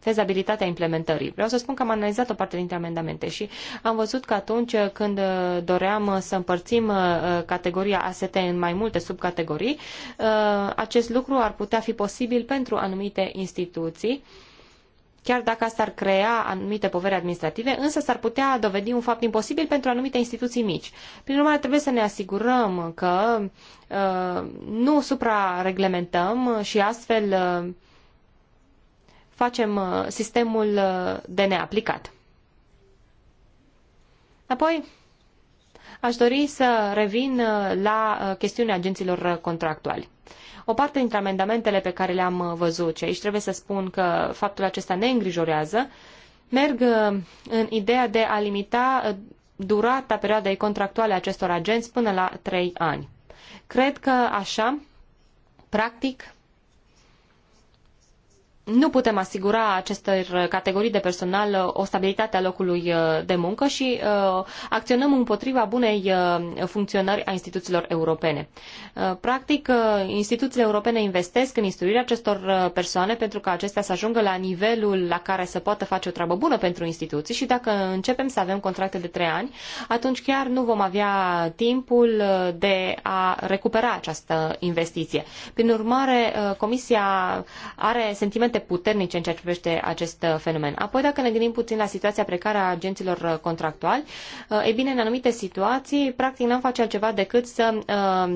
fezabilitatea implementării. Vreau să spun că am analizat o parte dintre amendamente și am văzut că atunci când uh, doream să împărțim categoria AST în mai multe subcategorii, acest lucru ar putea fi posibil pentru anumite instituții chiar dacă asta ar crea anumite povere administrative, însă s-ar putea dovedi un fapt imposibil pentru anumite instituții mici. Prin urmare, trebuie să ne asigurăm că uh, nu suprareglementăm și astfel uh, facem uh, sistemul uh, de neaplicat. Apoi, aș dori să revin uh, la uh, chestiunea agenților contractuali. O parte dintre amendamentele pe care le-am uh, văzut și aici trebuie să spun că faptul acesta ne îngrijorează, merg uh, în ideea de a limita uh, durata perioadei contractuale a acestor agenți până la trei ani. Cred că așa, practic, nu putem asigura acestor categorii de personal uh, o stabilitate a locului uh, de muncă și uh, acționăm împotriva bunei funcționări a instituțiilor europene. Practic, instituțiile europene investesc în instruirea acestor persoane pentru ca acestea să ajungă la nivelul la care să poată face o treabă bună pentru instituții și dacă începem să avem contracte de trei ani, atunci chiar nu vom avea timpul de a recupera această investiție. Prin urmare, Comisia are sentimente argumente puternice în ceea ce privește acest uh, fenomen. Apoi, dacă ne gândim puțin la situația precară a agenților uh, contractuali, uh, e bine, în anumite situații, practic n-am face altceva decât să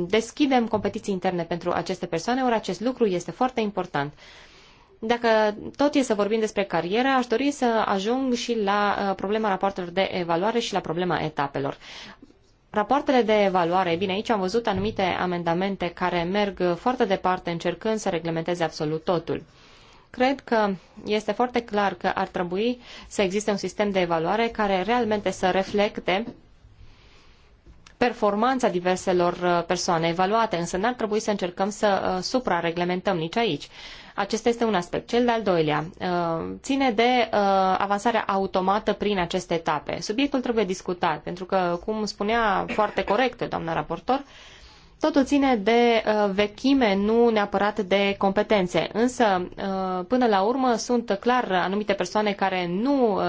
deschidem competiții interne pentru aceste persoane, ori acest lucru este foarte important. Dacă tot e să vorbim despre carieră, aș dori să ajung și la problema rapoartelor de evaluare și la problema etapelor. Rapoartele de evaluare, bine, aici am văzut anumite amendamente care merg foarte departe încercând să reglementeze absolut totul. Cred că este foarte clar că ar trebui să existe un sistem de evaluare care realmente să reflecte performanța diverselor uh, persoane evaluate, însă n-ar trebui să încercăm să uh, suprareglementăm nici aici. Acesta este un aspect. Cel de-al doilea uh, ține de avansarea automată prin aceste etape. Subiectul trebuie discutat, pentru că, cum spunea foarte corect doamna raportor, Totul ține de uh, vechime, nu neapărat de competențe. Însă, uh, până la urmă, sunt clar anumite persoane care nu uh,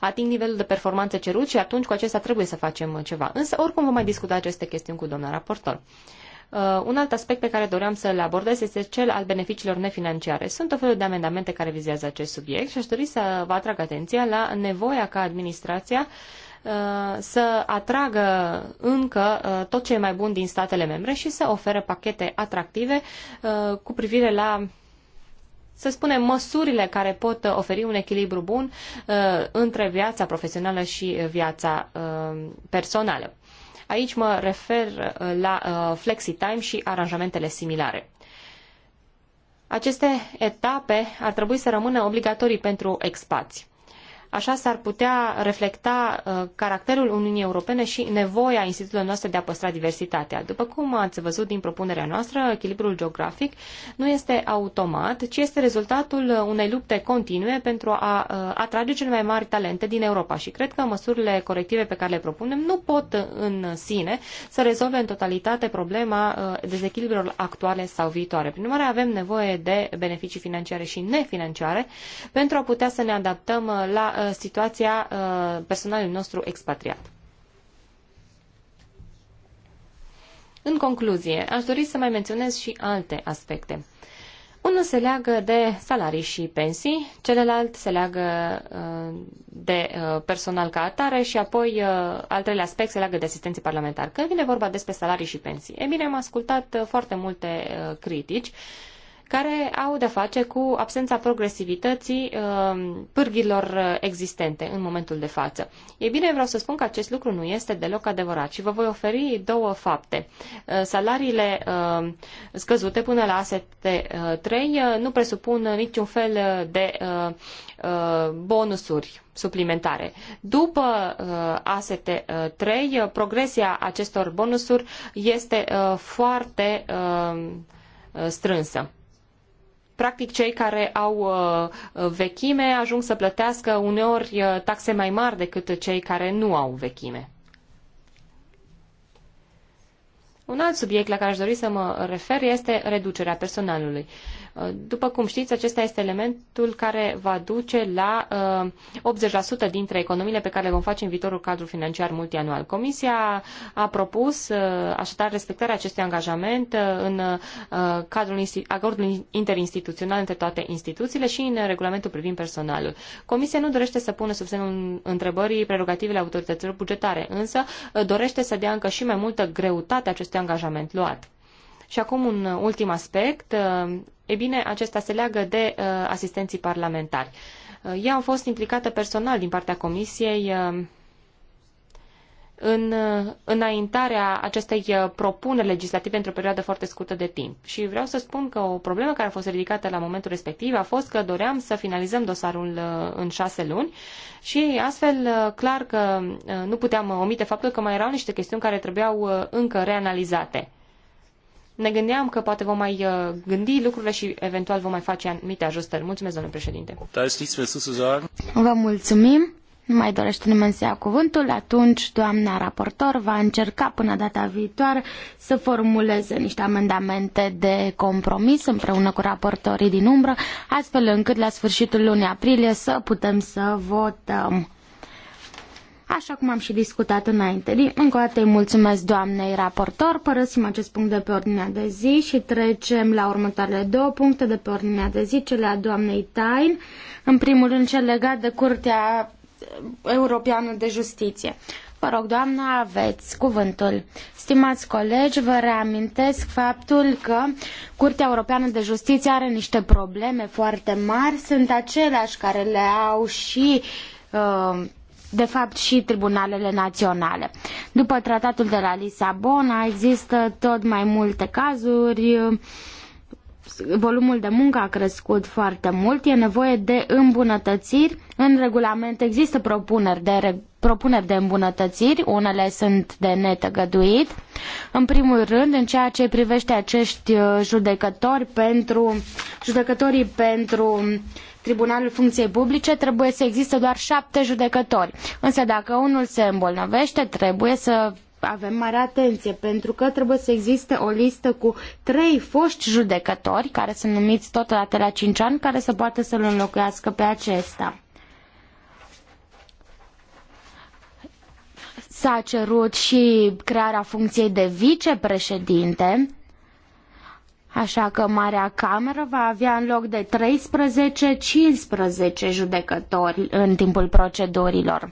ating nivelul de performanță cerut și atunci cu acesta trebuie să facem ceva. Însă, oricum vom mai discuta aceste chestiuni cu doamna raportor. Uh, un alt aspect pe care doream să-l abordez este cel al beneficiilor nefinanciare. Sunt o felul de amendamente care vizează acest subiect și aș dori să vă atrag atenția la nevoia ca administrația uh, Uh, să atragă încă uh, tot ce e mai bun din statele membre și să ofere pachete atractive uh, cu privire la să spunem, măsurile care pot oferi un echilibru bun uh, între viața profesională și viața uh, personală. Aici mă refer la uh, flexi-time și aranjamentele similare. Aceste etape ar trebui să rămână obligatorii pentru expați. Așa s-ar putea reflecta uh, caracterul Uniunii Europene și nevoia instituțiilor noastre de a păstra diversitatea. După cum ați văzut din propunerea noastră, echilibrul geografic nu este automat, ci este rezultatul uh, unei lupte continue pentru a uh, atrage cele mai mari talente din Europa și cred că măsurile corective pe care le propunem nu pot în sine să rezolve în totalitate problema dezechilibrelor actuale sau viitoare. Prin urmare, avem nevoie de beneficii financiare și nefinanciare pentru a putea să ne adaptăm la Uh, situația uh, personalului nostru expatriat. În concluzie, aș dori să mai menționez și alte aspecte. Unul se leagă de salarii și pensii, celălalt se leagă uh, de personal ca atare și apoi al treilea aspect se leagă de asistenții parlamentari. Când vine vorba despre salarii și pensii, e bine, am ascultat foarte multe critici care au de-a face cu absența progresivității uh, pârghilor existente în momentul de față. Ei bine, vreau să spun că acest lucru nu este deloc adevărat și vă voi oferi două fapte. Uh, salariile uh, scăzute până la AST3 nu presupun niciun fel de bonusuri suplimentare. După AST3, progresia acestor bonusuri este foarte strânsă practic cei care au uh, vechime ajung să plătească uneori uh, taxe mai mari decât cei care nu au vechime. Un alt subiect la care aș dori să mă refer este reducerea personalului. După cum știți, acesta este elementul care va duce la 80% uh, dintre economiile pe care le vom face în viitorul cadru financiar multianual. Comisia a propus uh, așadar respectarea acestui angajament uh, în cadrul acordului interinstituțional între toate instituțiile și în regulamentul privind personalul. Comisia nu dorește să pună sub semnul întrebării prerogativele autorităților bugetare, însă dorește să dea încă și mai multă greutate acestui angajament luat. Și acum un ultim aspect. E bine, acesta se leagă de uh, asistenții parlamentari. Uh, Eu am fost implicată personal din partea Comisiei uh, în înaintarea acestei propuneri legislative într-o perioadă foarte scurtă de timp. Și vreau să spun că o problemă care a fost ridicată la momentul respectiv a fost că doream să finalizăm dosarul în șase luni și astfel clar că nu puteam omite faptul că mai erau niște chestiuni care trebuiau încă reanalizate ne gândeam că poate vom mai uh, gândi lucrurile și eventual vom mai face anumite ajustări. Mulțumesc, domnule președinte. Da, Vă mulțumim. Nu mai dorește nimeni să ia cuvântul, atunci doamna raportor va încerca până data viitoare să formuleze niște amendamente de compromis împreună cu raportorii din umbră, astfel încât la sfârșitul lunii aprilie să putem să votăm. Așa cum am și discutat înainte. Încă o dată îi mulțumesc doamnei raportor. Părăsim acest punct de pe ordinea de zi și trecem la următoarele două puncte de pe ordinea de zi, cele a doamnei Tain. În primul rând, cel legat de Curtea Europeană de Justiție. Vă rog, doamna, aveți cuvântul. Stimați colegi, vă reamintesc faptul că Curtea Europeană de Justiție are niște probleme foarte mari, sunt aceleași care le au și uh, de fapt și tribunalele naționale. După tratatul de la Lisabona există tot mai multe cazuri, volumul de muncă a crescut foarte mult, e nevoie de îmbunătățiri. În regulament există propuneri de, propuneri de îmbunătățiri, unele sunt de netăgăduit. În primul rând, în ceea ce privește acești uh, judecători pentru, judecătorii pentru Tribunalul Funcției Publice trebuie să existe doar șapte judecători. Însă dacă unul se îmbolnăvește, trebuie să avem mare atenție, pentru că trebuie să existe o listă cu trei foști judecători, care sunt numiți totodată la cinci ani, care să poată să-l înlocuiască pe acesta. S-a cerut și crearea funcției de vicepreședinte Așa că Marea Cameră va avea în loc de 13-15 judecători în timpul procedurilor.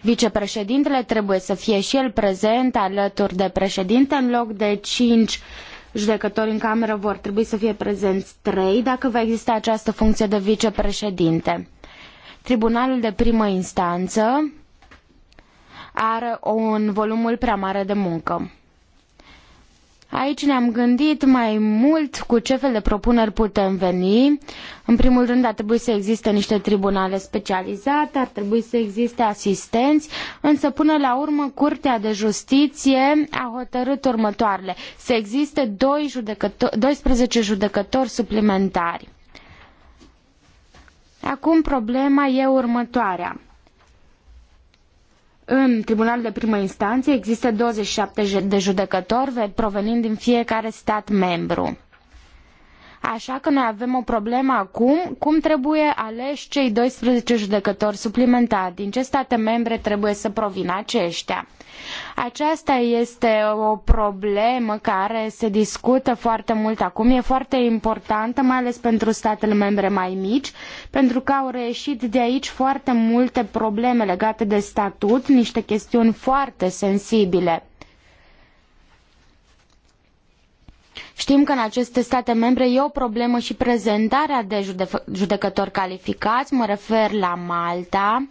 Vicepreședintele trebuie să fie și el prezent alături de președinte în loc de 5 judecători în cameră vor trebui să fie prezenți 3 dacă va exista această funcție de vicepreședinte. Tribunalul de primă instanță are un volum mult prea mare de muncă. Aici ne-am gândit mai mult cu ce fel de propuneri putem veni. În primul rând ar trebui să existe niște tribunale specializate, ar trebui să existe asistenți, însă până la urmă Curtea de Justiție a hotărât următoarele. Să existe 2 judecăto- 12 judecători suplimentari. Acum problema e următoarea. În tribunal de primă instanță există 27 de judecători provenind din fiecare stat membru. Așa că noi avem o problemă acum, cum trebuie aleși cei 12 judecători suplimentari, din ce state membre trebuie să provină aceștia. Aceasta este o problemă care se discută foarte mult acum, e foarte importantă, mai ales pentru statele membre mai mici, pentru că au reieșit de aici foarte multe probleme legate de statut, niște chestiuni foarte sensibile. Știm că în aceste state membre e o problemă și prezentarea de judecători calificați, mă refer la Malta,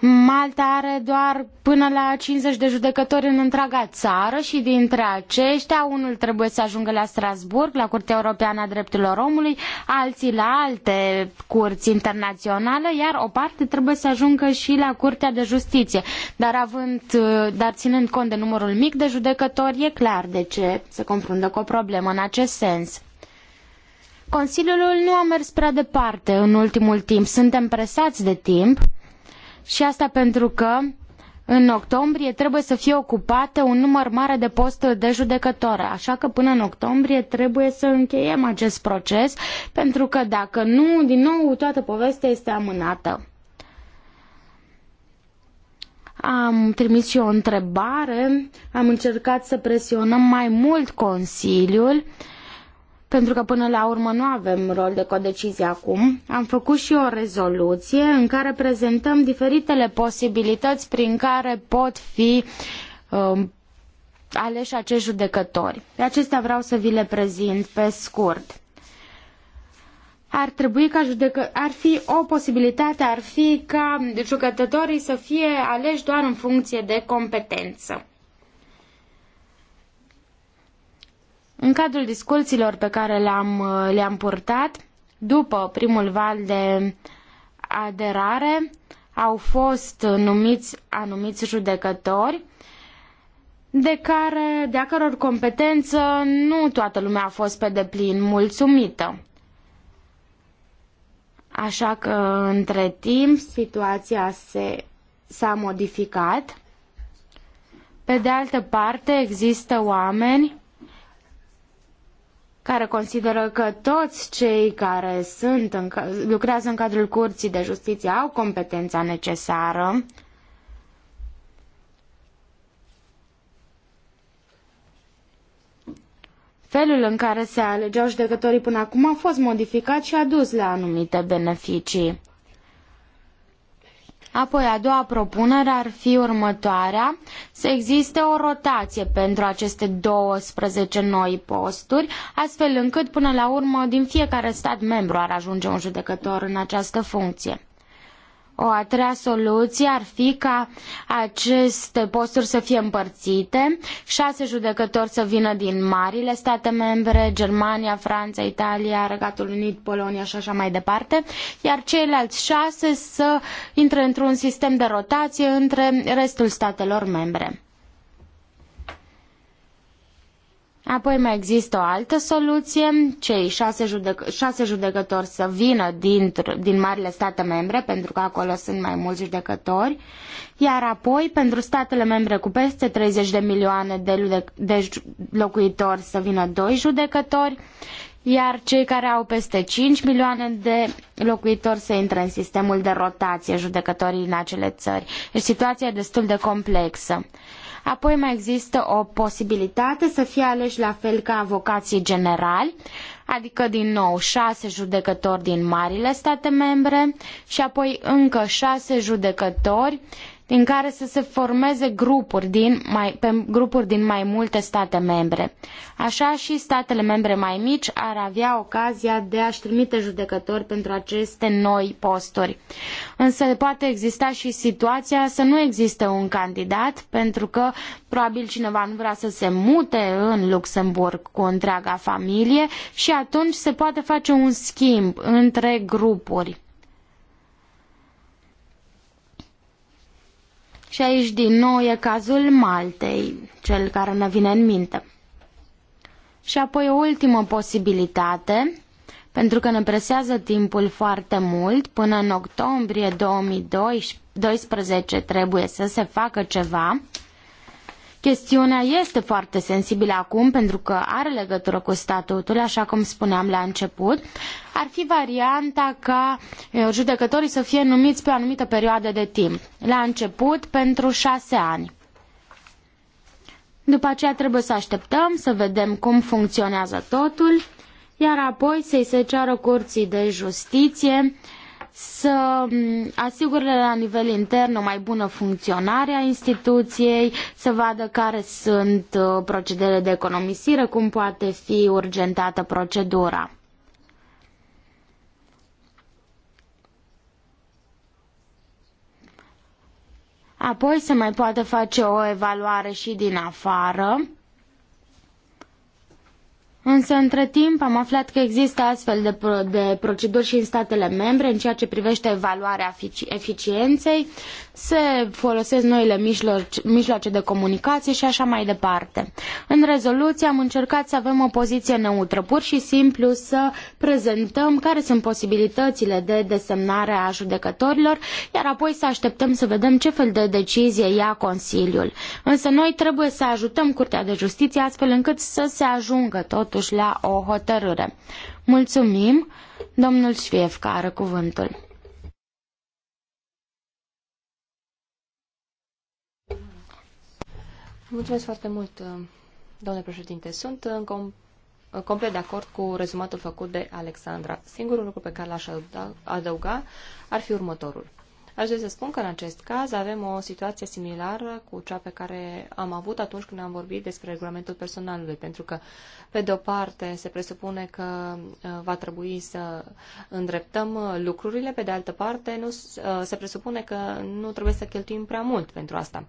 Malta are doar până la 50 de judecători în întreaga țară și dintre aceștia unul trebuie să ajungă la Strasburg, la Curtea Europeană a Drepturilor Omului, alții la alte curți internaționale, iar o parte trebuie să ajungă și la Curtea de Justiție. Dar, având, dar ținând cont de numărul mic de judecători, e clar de ce se confruntă cu o problemă în acest sens. Consiliul nu a mers prea departe în ultimul timp. Suntem presați de timp și asta pentru că în octombrie trebuie să fie ocupate un număr mare de posturi de judecători, așa că până în octombrie trebuie să încheiem acest proces, pentru că dacă nu, din nou toată povestea este amânată. Am trimis și o întrebare, am încercat să presionăm mai mult Consiliul uh, pentru că până la urmă nu avem rol de codecizie acum, am făcut și o rezoluție în care prezentăm diferitele posibilități prin care pot fi uh, aleși acești judecători. Pe acestea vreau să vi le prezint pe scurt. Ar trebui ca judecă... ar fi o posibilitate, ar fi ca jucătătorii să fie aleși doar în funcție de competență. În cadrul discuțiilor pe care le-am uh, le, -am, purtat, după primul val de aderare, au fost numiți anumiți judecători, de, care, de a căror competență nu toată lumea a fost pe deplin mulțumită. Așa că, între timp, situația s-a modificat. Pe de altă parte, există oameni care consideră că toți cei care sunt în, lucrează în cadrul Curții de Justiție au competența necesară Felul în care se alegeau judecătorii până acum a fost modificat și a dus la anumite beneficii. Apoi, a doua propunere ar fi următoarea, să existe o rotație pentru aceste 12 noi posturi, astfel încât până la urmă din fiecare stat membru ar ajunge un judecător în această funcție. O a treia soluție ar fi ca aceste posturi să fie împărțite, șase judecători să vină din marile state membre, Germania, Franța, Italia, Regatul Unit, Polonia și așa mai departe, iar ceilalți șase să intre într-un sistem de rotație între restul statelor membre. Apoi mai există o altă soluție, cei șase, judec- șase judecători să vină din, din marile state membre, pentru că acolo sunt mai mulți judecători, iar apoi pentru statele membre cu peste 30 de milioane de, de locuitori să vină doi judecători, iar cei care au peste 5 milioane de locuitori să intre în sistemul de rotație judecătorii în acele țări. Deci situația e destul de complexă. Apoi mai există o posibilitate să fie aleși la fel ca avocații generali, adică din nou șase judecători din marile state membre și apoi încă șase judecători din care să se formeze grupuri din mai, pe grupuri din mai multe state membre. Așa și statele membre mai mici ar avea ocazia de a-și trimite judecători pentru aceste noi posturi. Însă poate exista și situația să nu existe un candidat, pentru că probabil cineva nu vrea să se mute în Luxemburg cu întreaga familie și atunci se poate face un schimb între grupuri. Și aici din nou e cazul Maltei, cel care ne vine în minte. Și apoi o ultimă posibilitate, pentru că ne presează timpul foarte mult, până în octombrie 2012 trebuie să se facă ceva, Chestiunea este foarte sensibilă acum pentru că are legătură cu statutul, așa cum spuneam la început. Ar fi varianta ca judecătorii să fie numiți pe o anumită perioadă de timp, la început pentru șase ani. După aceea trebuie să așteptăm să vedem cum funcționează totul, iar apoi să-i se ceară curții de justiție să asigure la nivel intern o mai bună funcționare a instituției, să vadă care sunt uh, procedele de economisire, cum poate fi urgentată procedura. Apoi se mai poate face o evaluare și din afară Însă, între timp, am aflat că există astfel de, pro de proceduri și în statele membre în ceea ce privește evaluarea eficienței, se folosesc noile mijloace de comunicație și așa mai departe. În rezoluție am încercat să avem o poziție neutră, pur și simplu să prezentăm care sunt posibilitățile de desemnare a judecătorilor, iar apoi să așteptăm să vedem ce fel de decizie ia Consiliul. Însă noi trebuie să ajutăm Curtea de Justiție astfel încât să se ajungă totuși totuși la o hotărâre. Mulțumim, domnul Șfiefca are cuvântul. Mulțumesc foarte mult, domnule președinte. Sunt în com- complet de acord cu rezumatul făcut de Alexandra. Singurul lucru pe care l-aș adăuga ar fi următorul. Aș dori să spun că în acest caz avem o situație similară cu cea pe care am avut atunci când am vorbit despre regulamentul personalului, pentru că, pe de o parte, se presupune că uh, va trebui să îndreptăm lucrurile, pe de altă parte, nu, uh, se presupune că nu trebuie să cheltuim prea mult pentru asta.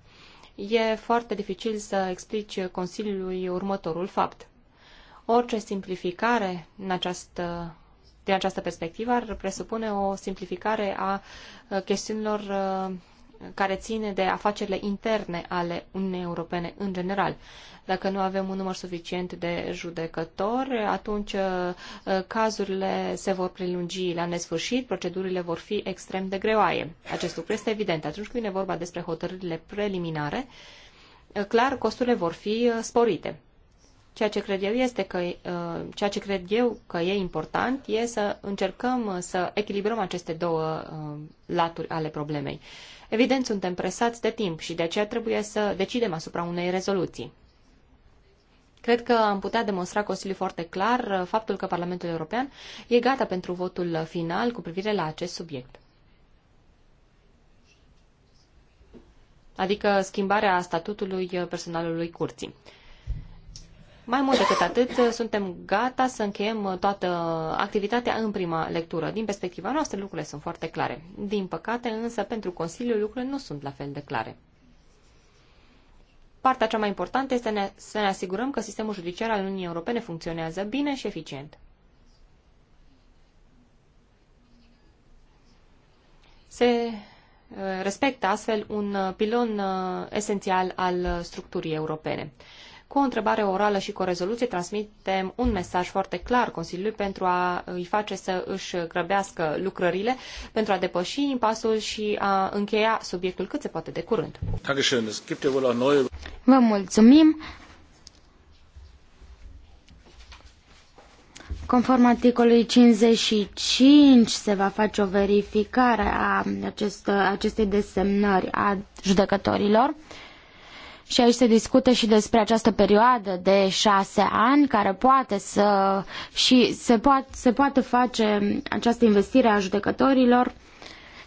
E foarte dificil să explici Consiliului următorul fapt. Orice simplificare în această din această perspectivă ar presupune o simplificare a uh, chestiunilor uh, care ține de afacerile interne ale Uniunii Europene în general. Dacă nu avem un număr suficient de judecători, atunci uh, cazurile se vor prelungi la nesfârșit, procedurile vor fi extrem de greoaie. Acest lucru este evident. Atunci când vine vorba despre hotărârile preliminare, clar, costurile vor fi sporite. Ceea ce cred eu este că uh, ceea ce cred eu că e important e să încercăm să echilibrăm aceste două uh, laturi ale problemei. Evident, suntem presați de timp și de aceea trebuie să decidem asupra unei rezoluții. Cred că am putea demonstra Consiliul foarte clar uh, faptul că Parlamentul European e gata pentru votul final cu privire la acest subiect. Adică schimbarea statutului personalului curții. Mai mult decât atât, suntem gata să încheiem toată activitatea în prima lectură. Din perspectiva noastră, lucrurile sunt foarte clare. Din păcate, însă, pentru Consiliu, lucrurile nu sunt la fel de clare. Partea cea mai importantă este să ne asigurăm că sistemul judiciar al Uniunii Europene funcționează bine și eficient. Se eh, respectă astfel un eh, pilon eh, esențial al structurii europene. Cu o întrebare orală și cu o rezoluție transmitem un mesaj foarte clar Consiliului pentru a îi face să își grăbească lucrările, pentru a depăși impasul și a încheia subiectul cât se poate de curând. Vă mulțumim! Conform articolului 55 se va face o verificare a acest, acestei desemnări a judecătorilor și aici se discută și despre această perioadă de șase ani care poate să și se, poate, se poate face această investire a judecătorilor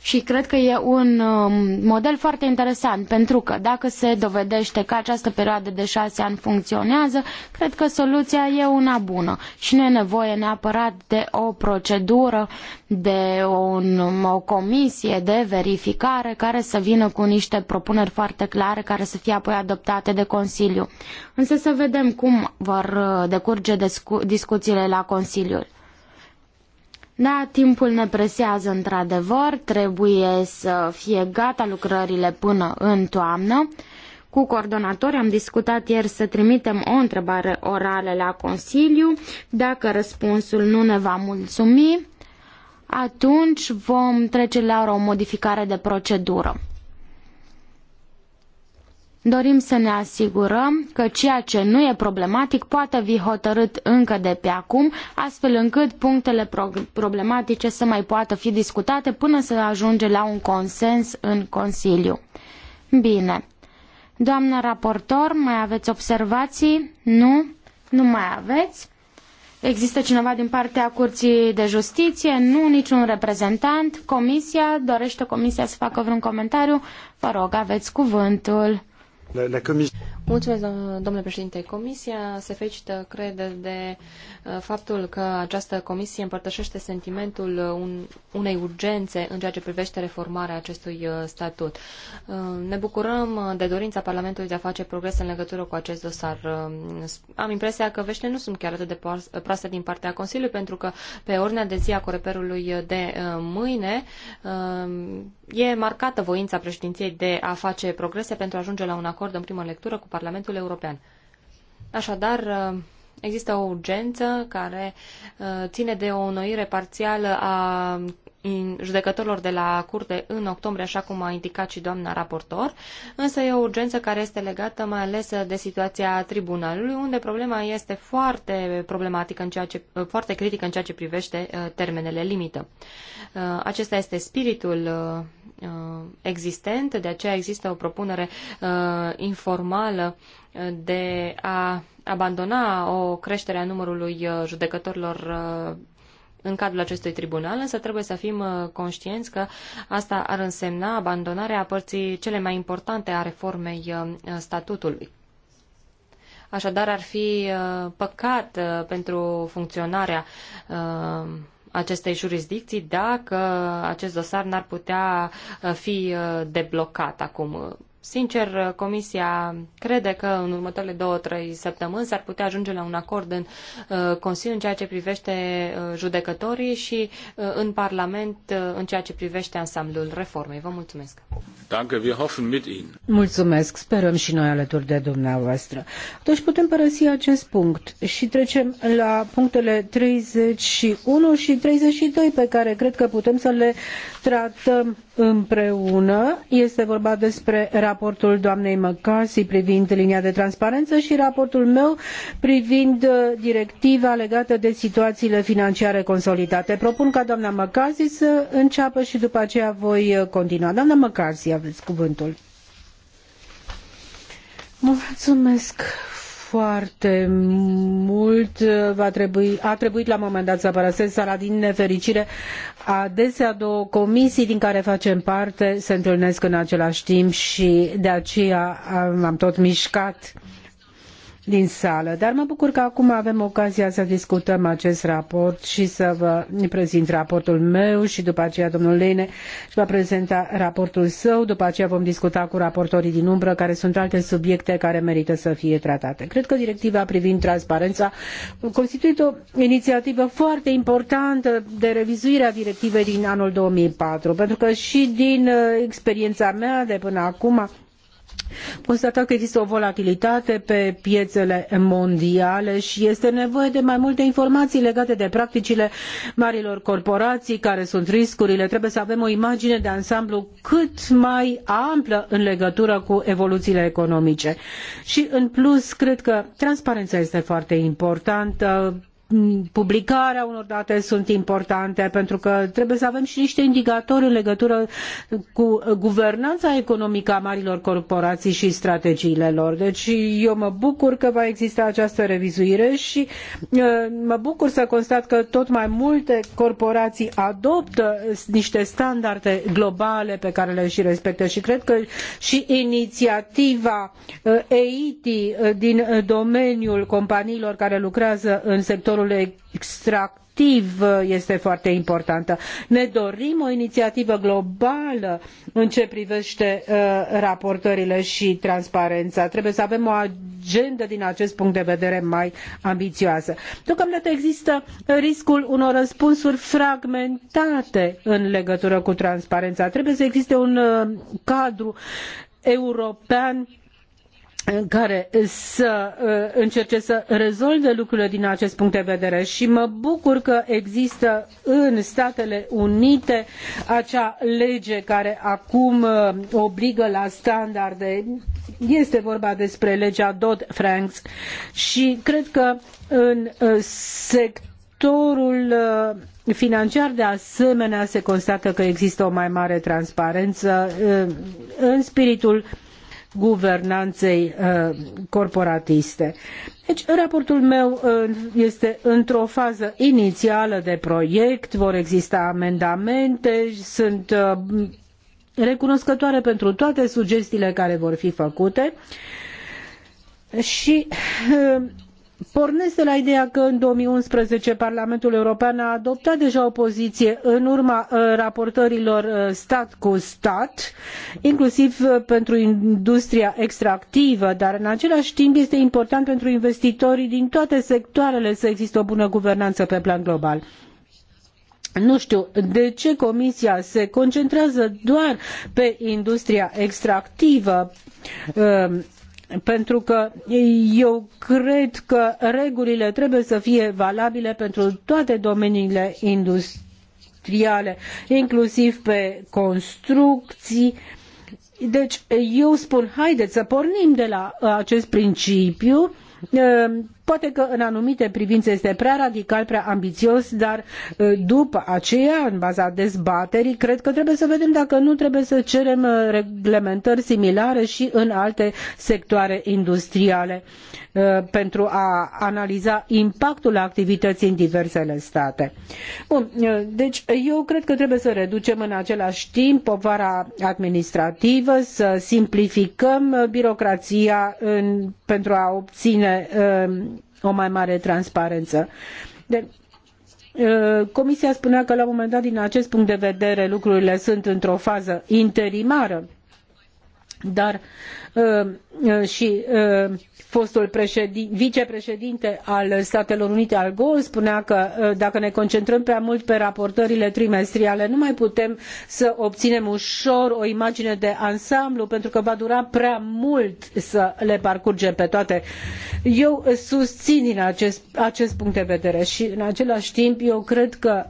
și cred că e un um, model foarte interesant pentru că dacă se dovedește că această perioadă de șase ani funcționează, cred că soluția e una bună și nu e nevoie neapărat de o procedură, de un, um, o comisie de verificare care să vină cu niște propuneri foarte clare care să fie apoi adoptate de Consiliu. Însă să vedem cum vor uh, decurge discuțiile la Consiliul. Da, timpul ne presează într-adevăr, trebuie să fie gata lucrările până în toamnă. Cu coordonatori am discutat ieri să trimitem o întrebare orală la Consiliu. Dacă răspunsul nu ne va mulțumi, atunci vom trece la o modificare de procedură. Dorim să ne asigurăm că ceea ce nu e problematic poate fi hotărât încă de pe acum, astfel încât punctele problematice să mai poată fi discutate până să ajunge la un consens în Consiliu. Bine. Doamnă raportor, mai aveți observații? Nu? Nu mai aveți? Există cineva din partea Curții de Justiție? Nu, niciun reprezentant. Comisia? Dorește Comisia să facă vreun comentariu? Vă rog, aveți cuvântul. La, la comis... Mulțumesc, domnule președinte. Comisia se felicită, cred, de uh, faptul că această comisie împărtășește sentimentul unei urgențe în ceea ce privește reformarea acestui uh, statut. Uh, ne bucurăm de dorința Parlamentului de a face progrese în legătură cu acest dosar. Am impresia că veștile nu sunt chiar atât de proaste din partea Consiliului, pentru că pe ordinea de zi a Coreperului de mâine e marcată voința președinției de a face progrese pentru a ajunge la un acord în primă lectură cu Parlamentul Parlamentul European. Așadar, există o urgență care uh, ține de o înnoire parțială a judecătorilor de la curte în octombrie, așa cum a indicat și doamna raportor, însă e o urgență care este legată mai ales de situația tribunalului, unde problema este foarte problematică, în ceea ce, foarte critică în ceea ce privește uh, termenele limită. Uh, acesta este spiritul uh, existent, de aceea există o propunere informală de a abandona o creștere a numărului judecătorilor în cadrul acestui tribunal, însă trebuie să fim uh, conștienți că asta ar însemna abandonarea părții cele mai importante a reformei uh, statutului. Așadar, ar fi uh, păcat pentru funcționarea acestei jurisdicții dacă acest dosar n-ar putea fi deblocat acum. Sincer, Comisia crede că în următoarele două-trei săptămâni s-ar putea ajunge la un acord în uh, Consiliu în ceea ce privește uh, judecătorii și uh, în Parlament în ceea ce privește ansamblul reformei. Vă mulțumesc! Danke, wir hoffen mit Ihnen. Mulțumesc, sperăm și noi alături de dumneavoastră. Deci putem părăsi acest punct și trecem la punctele 31 și 32 pe care cred că putem să le tratăm împreună. Este vorba despre raportul doamnei McCarthy privind linia de transparență și raportul meu privind uh, directiva legată de situațiile financiare consolidate. Propun ca doamna McCarthy să înceapă și după aceea voi uh, continua. Doamna McCarthy, aveți cuvântul. Mulțumesc foarte mult. Va trebui, a trebuit la un moment dat să părăsesc sala din nefericire. Adesea două comisii din care facem parte se întâlnesc în același timp și de aceea am tot mișcat din sală, dar mă bucur că acum avem ocazia să discutăm acest raport și să vă prezint raportul meu și după aceea domnul Leine își va prezenta raportul său, după aceea vom discuta cu raportorii din umbră care sunt alte subiecte care merită să fie tratate. Cred că directiva privind transparența constituie o inițiativă foarte importantă de revizuire a directivei din anul 2004, pentru că și din uh, experiența mea de până acum constatat că există o volatilitate pe piețele mondiale și este nevoie de mai multe informații legate de practicile marilor corporații, care sunt riscurile. Trebuie să avem o imagine de ansamblu cât mai amplă în legătură cu evoluțiile economice. Și în plus, cred că transparența este foarte importantă publicarea unor date sunt importante pentru că trebuie să avem și niște indicatori în legătură cu guvernanța economică a marilor corporații și strategiile lor. Deci eu mă bucur că va exista această revizuire și uh, mă bucur să constat că tot mai multe corporații adoptă niște standarde globale pe care le și respectă și cred că și inițiativa uh, EITI uh, din domeniul companiilor care lucrează în sectorul sectorul extractiv uh, este foarte importantă. Ne dorim o inițiativă globală în ce privește uh, raportările și transparența. Trebuie să avem o agendă din acest punct de vedere mai ambițioasă. Deocamdată există riscul unor răspunsuri fragmentate în legătură cu transparența. Trebuie să existe un uh, cadru european care să uh, încerce să rezolve lucrurile din acest punct de vedere și mă bucur că există în Statele Unite acea lege care acum uh, obligă la standarde. Este vorba despre legea Dodd-Franks și cred că în uh, sectorul financiar de asemenea se constată că există o mai mare transparență în spiritul guvernanței uh, corporatiste. Deci, raportul meu uh, este într-o fază inițială de proiect, vor exista amendamente, sunt uh, recunoscătoare pentru toate sugestiile care vor fi făcute și pornesc de la ideea că în unsprezece Parlamentul European a adoptat deja o poziie în urma uh, raportărilor uh, stat cu stat, inclusiv uh, pentru industria extractivă, dar în acelai timp este important pentru investitorii din toate sectoarele să existe o bună guvernană pe plan global. Nu știu de ce Comisia se concentrează doar pe industria extractivă pentru că eu cred că regulile trebuie să fie valabile pentru toate domeniile industriale, inclusiv pe construcții. Deci eu spun, haideți să pornim de la acest principiu Poate că în anumite privințe este prea radical, prea ambițios, dar ă, după aceea, în baza dezbaterii, cred că trebuie să vedem dacă nu trebuie să cerem ă, reglementări similare și în alte sectoare industriale ă, pentru a analiza impactul activității în diversele state. Bun, deci eu cred că trebuie să reducem în același timp povara administrativă, să simplificăm birocrația în, pentru a obține o mai mare transparență. De uh, Comisia spunea că la un moment dat, din acest punct de vedere, lucrurile sunt într-o fază interimară dar uh, uh, și uh, fostul președin, vicepreședinte al Statelor Unite al Gore spunea că dacă ne concentrăm prea mult pe raportările trimestriale, nu mai putem să obținem ușor o imagine de ansamblu, pentru că va dura prea mult să le parcurgem pe toate. Eu susțin din acest, acest punct de vedere și în același timp eu cred că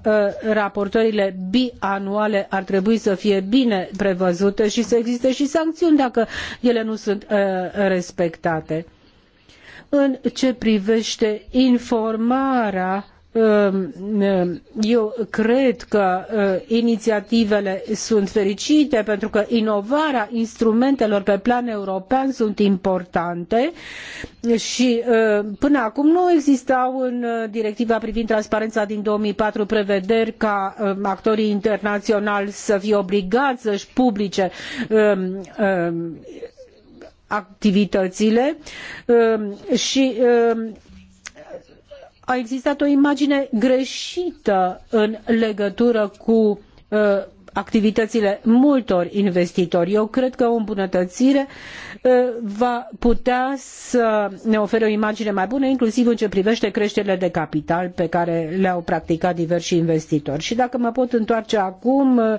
raportările bianuale ar trebui să fie bine prevăzute și să existe și sancțiuni dacă ele nu sunt uh, respectate. În ce privește informarea Ehm, ehm, eu cred că eh, inițiativele sunt fericite pentru că inovarea instrumentelor pe plan european sunt importante și eh, până acum nu existau în eh, directiva privind transparența din 2004 prevederi ca ehm, actorii internaționali să fie obligați să-și publice activitățile și a existat o imagine greșită în legătură cu uh, activitățile multor investitori. Eu cred că o îmbunătățire uh, va putea să ne ofere o imagine mai bună, inclusiv în ce privește creșterile de capital pe care le-au practicat diversi investitori. Și dacă mă pot întoarce acum uh,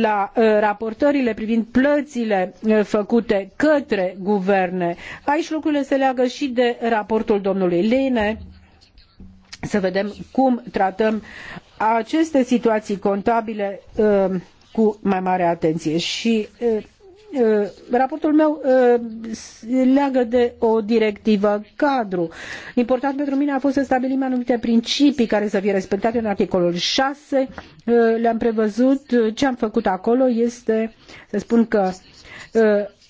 la raportările privind plățile făcute către guverne, aici lucrurile se leagă și de raportul domnului Lene să vedem cum tratăm aceste situații contabile uh, cu mai mare atenție. Și uh, uh, raportul meu leagă de o directivă cadru. Important pentru mine a fost să stabilim anumite principii care să fie respectate în articolul 6. Le-am prevăzut. Ce am făcut acolo este să spun că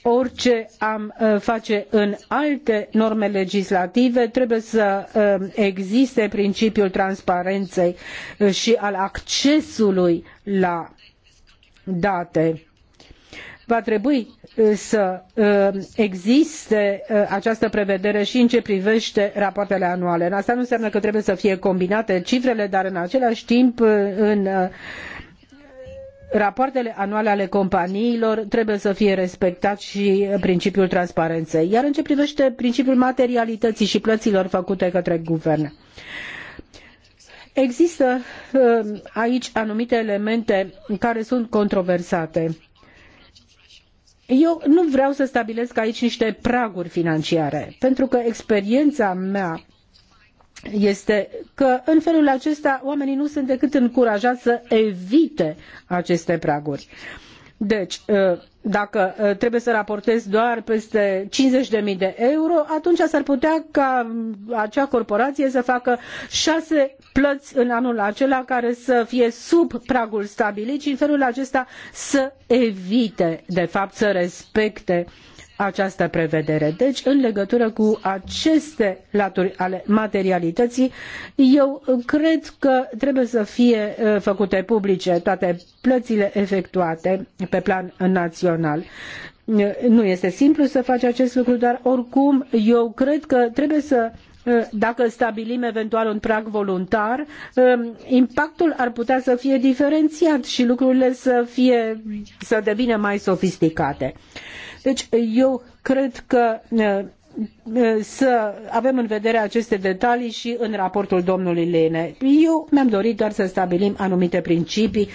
orice am uh, face în alte norme legislative, trebuie să uh, existe principiul transparenței uh, și al accesului la date. Va trebui să existe această prevedere și în ce privește rapoartele anuale. Asta nu înseamnă că trebuie să fie combinate cifrele, dar în același timp în rapoartele anuale ale companiilor trebuie să fie respectat și principiul transparenței. Iar în ce privește principiul materialității și plăților făcute către guvern, există um, aici anumite elemente care sunt controversate. Eu nu vreau să stabilesc aici niște praguri financiare, pentru că experiența mea este că în felul acesta oamenii nu sunt decât încurajați să evite aceste praguri. Deci, ă, dacă ă, trebuie să raportezi doar peste 50.000 de euro, atunci s-ar putea ca acea corporație să facă șase plăți în anul acela care să fie sub pragul stabilit și în felul acesta să evite, de fapt, să respecte uh, această prevedere. Deci, în legătură cu aceste laturi ale materialității, eu cred că trebuie să fie uh, făcute publice toate plățile efectuate pe plan național uh, nu este simplu să faci acest lucru, dar oricum eu cred că trebuie să dacă stabilim eventual un prag voluntar, um, impactul ar putea să fie diferențiat și lucrurile să, fie, să devină mai sofisticate. Deci eu cred că uh, uh, să avem în vedere aceste detalii și în raportul domnului Lene. Eu mi-am dorit doar să stabilim anumite principii,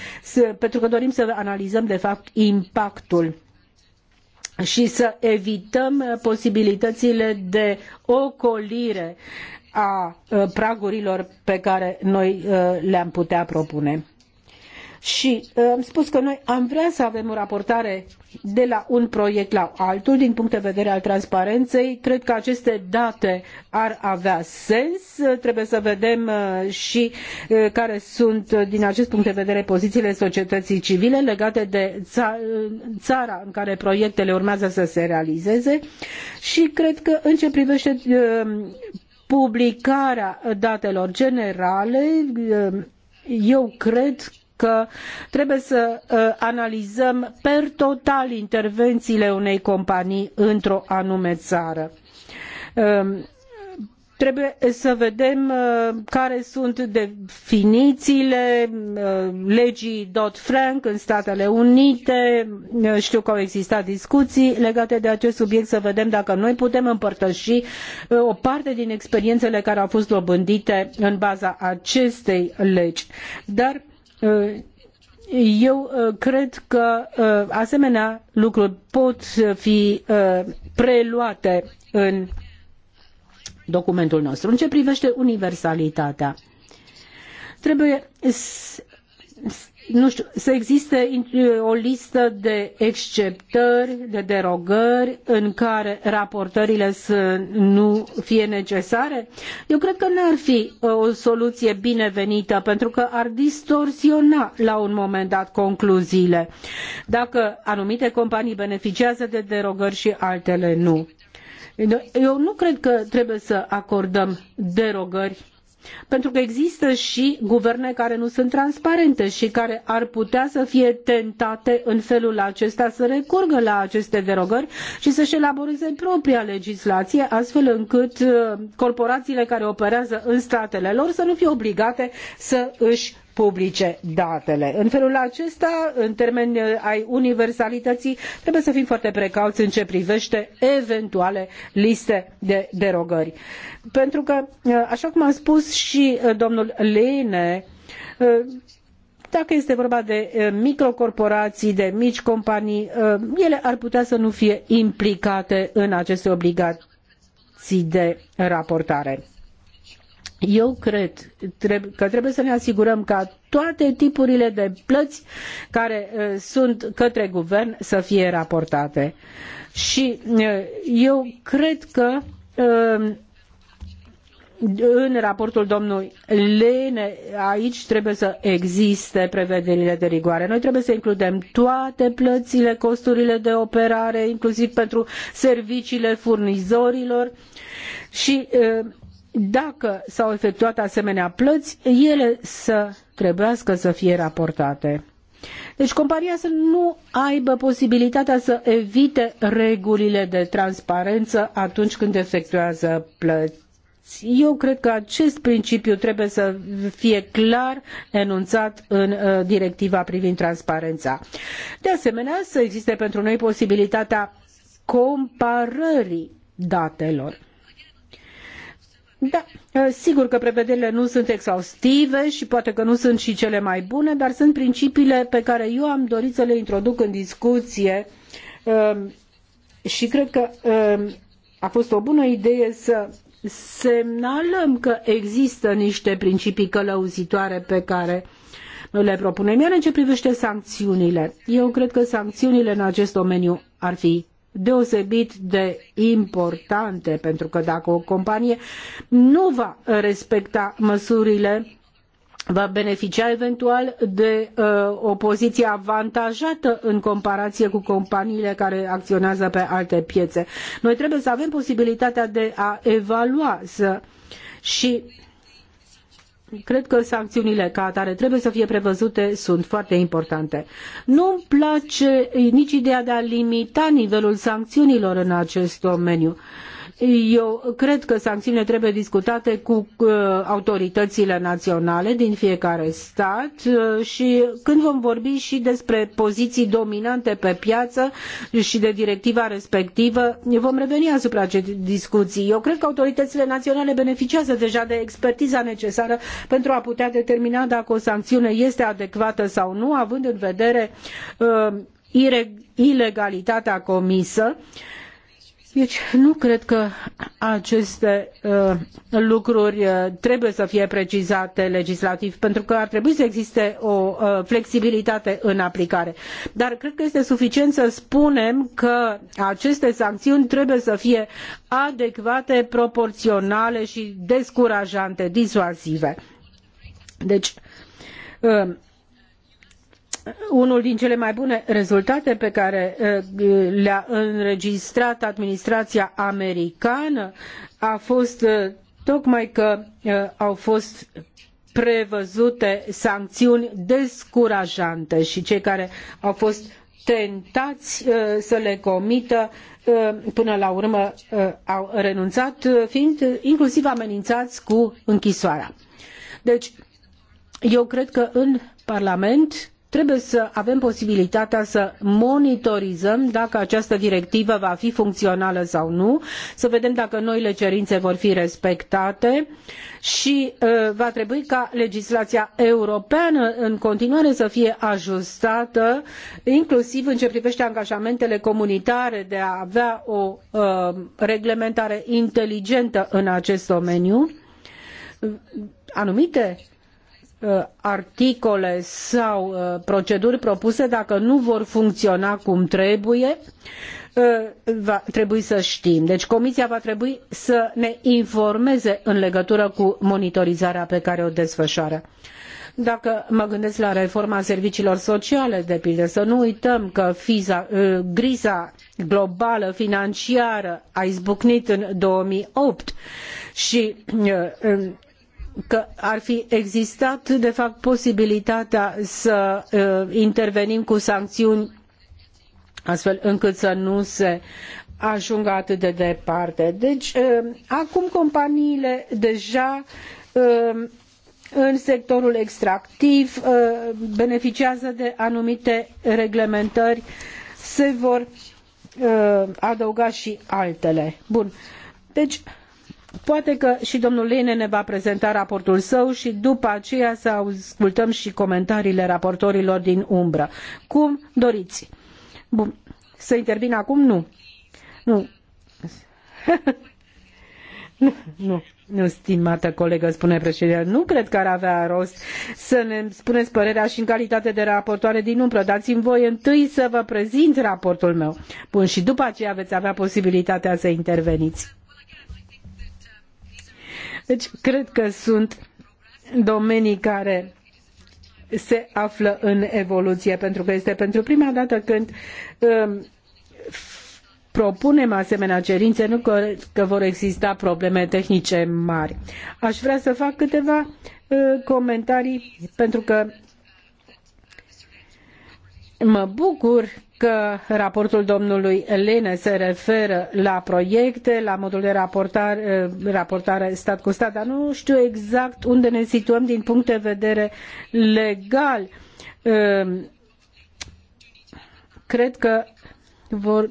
pentru că dorim să analizăm de fapt impactul și să evităm uh, posibilitățile de ocolire a uh, pragurilor pe care noi uh, le-am putea propune. Și uh, am spus că noi am vrea să avem o raportare de la un proiect la altul din punct de vedere al transparenței. Cred că aceste date ar avea sens. Trebuie să vedem uh, și uh, care sunt din acest punct de vedere pozițiile societății civile legate de țara în care proiectele urmează să se realizeze și cred că în ce privește publicarea datelor generale, eu cred că trebuie să uh, analizăm per total intervențiile unei companii într-o anume țară um, trebuie să vedem uh, care sunt definițiile uh, legii Dodd Frank în Statele Unite. Știu că au existat discuții legate de acest subiect, să vedem dacă noi putem împărtăși o parte din experiențele care au fost dobândite în baza acestei legi. Dar Uh, eu uh, cred că uh, asemenea lucruri pot fi preluate în documentul nostru. În ce privește universalitatea, trebuie nu știu, să existe uh, o listă de exceptări, de derogări în care raportările să nu fie necesare? Eu cred că n-ar fi uh, o soluție binevenită pentru că ar distorsiona la un moment dat concluziile. Dacă anumite companii beneficiază de derogări și altele nu. Eu nu cred că trebuie să acordăm derogări pentru că există și guverne care nu sunt transparente și care ar putea să fie tentate în felul acesta să recurgă la aceste derogări și să-și elaboreze propria legislație, astfel încât uh, corporațiile care operează în statele lor să nu fie obligate să își publice datele. În felul acesta, în termeni eh, ai universalității, trebuie să fim foarte precauți în ce privește eventuale liste de derogări. Pentru că, eh, așa cum a spus și eh, domnul Lene, dacă este vorba de microcorporații, de mici companii, ele ar putea să nu fie implicate în aceste obligații de raportare. Eu cred că trebuie să ne asigurăm ca toate tipurile de plăți care uh, sunt către guvern să fie raportate. Și uh, eu cred că uh, în raportul domnului Lene, aici trebuie să existe prevederile de rigoare. Noi trebuie să includem toate plățile, costurile de operare, inclusiv pentru serviciile furnizorilor și uh, dacă s-au efectuat asemenea plăți, ele să trebuiască să fie raportate. Deci compania să nu aibă posibilitatea să evite regulile de transparență atunci când efectuează plăți. Eu cred că acest principiu trebuie să fie clar enunțat în uh, directiva privind transparența. De asemenea, să existe pentru noi posibilitatea comparării datelor. Da, ă, sigur că prevederile nu sunt exhaustive și poate că nu sunt și cele mai bune, dar sunt principiile pe care eu am dorit să le introduc în discuție ă, și cred că ă, a fost o bună idee să semnalăm că există niște principii călăuzitoare pe care le propunem. Iar în ce privește sancțiunile, eu cred că sancțiunile în acest domeniu ar fi deosebit de importante, pentru că dacă o companie nu va respecta măsurile va beneficia eventual de uh, o poziție avantajată în comparație cu companiile care acționează pe alte piețe. Noi trebuie să avem posibilitatea de a evalua să, și cred că sancțiunile ca atare trebuie să fie prevăzute, sunt foarte importante. Nu-mi place nici ideea de a limita nivelul sancțiunilor în acest domeniu. Uh, eu cred că sancțiunile trebuie discutate cu uh, autoritățile naționale din fiecare stat uh, și când vom vorbi și despre poziții dominante pe piață și de directiva respectivă, vom reveni asupra acestei discuții. Eu cred că autoritățile naționale beneficiază deja de expertiza necesară pentru a putea determina dacă o sancțiune este adecvată sau nu, având în vedere uh, ilegalitatea comisă. Uh, deci nu cred că aceste uh, lucruri uh, trebuie să fie precizate legislativ, pentru că ar trebui să existe o uh, flexibilitate în aplicare. Dar cred că este suficient să spunem că aceste sancțiuni trebuie să fie adecvate, proporționale și descurajante, disuasive. Deci, uh, unul din cele mai bune rezultate pe care eh, le-a înregistrat administrația americană a fost eh, tocmai că eh, au fost prevăzute sancțiuni descurajante și cei care au fost tentați să le comită până la urmă au renunțat, fiind inclusiv amenințați cu închisoarea. Deci, eu cred că în Parlament trebuie să avem posibilitatea să monitorizăm dacă această directivă va fi funcțională sau nu, să vedem dacă noile cerințe vor fi respectate și uh, va trebui ca legislația europeană în continuare să fie ajustată, inclusiv în ce privește angajamentele comunitare de a avea o uh, reglementare inteligentă în acest domeniu. Anumite Uh, articole sau uh, proceduri propuse, dacă nu vor funcționa cum trebuie, uh, va trebui să știm. Deci Comisia va trebui să ne informeze în legătură cu monitorizarea pe care o desfășoară. Dacă mă gândesc la reforma serviciilor sociale, de pildă, să nu uităm că fisa griza globală financiară a izbucnit în 2008 și că ar fi existat, de fapt, posibilitatea să uh, intervenim cu sancțiuni astfel încât să nu se ajungă atât de departe. Deci, uh, acum companiile deja uh, în sectorul extractiv beneficiază de anumite reglementări, se vor adăuga și altele. Bun. Deci, Poate că și domnul Lene ne va prezenta raportul său și după aceea să ascultăm și comentariile raportorilor din umbră. Cum doriți? Bun. Să intervin acum? Nu. Nu. nu, nu. Nu, stimată colegă, spune președinte, nu cred că ar avea rost să ne spuneți părerea și în calitate de raportoare din umbră. Dați-mi voi întâi să vă prezint raportul meu. Bun, și după aceea veți avea posibilitatea să interveniți. Deci, cred că sunt domenii care se află în evoluție, pentru că este pentru prima dată când um, propunem asemenea cerințe, nu că vor exista probleme tehnice mari. Aș vrea să fac câteva uh, comentarii, pentru că Mă bucur că raportul domnului Lene se referă la proiecte, la modul de raportare, raportare stat cu stat, dar nu știu exact unde ne situăm din punct de vedere legal. Ehm, cred că vor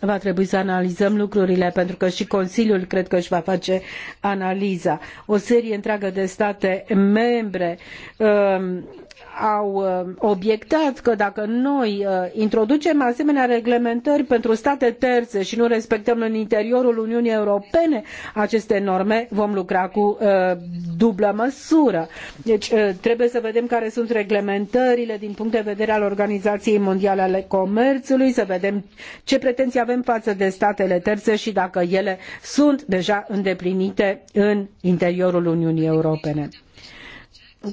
va trebui să analizăm lucrurile, pentru că și Consiliul cred că își va face analiza. O serie întreagă de state membre ehm, au uh, obiectat că dacă noi uh, introducem asemenea reglementări pentru state terțe și nu respectăm în interiorul Uniunii Europene aceste norme, vom lucra cu uh, dublă măsură. Deci trebuie să vedem care sunt reglementările din punct de vedere al Organizației Mondiale ale Comerțului, să vedem ce pretenții avem față de statele terțe și dacă ele sunt deja îndeplinite în interiorul Uniunii Europene.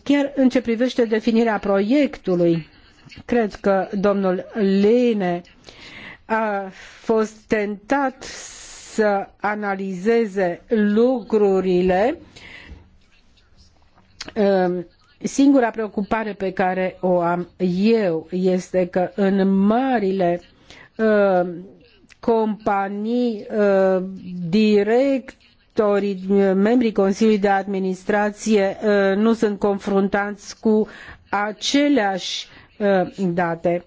Chiar în ce privește definirea proiectului, cred că domnul Lene a fost tentat să analizeze lucrurile. Ehm, singura preocupare pe care o am eu este că în marile ehm, companii ehm, direct directorii, membrii Consiliului de Administrație uh, nu sunt confruntați cu aceleași uh, date.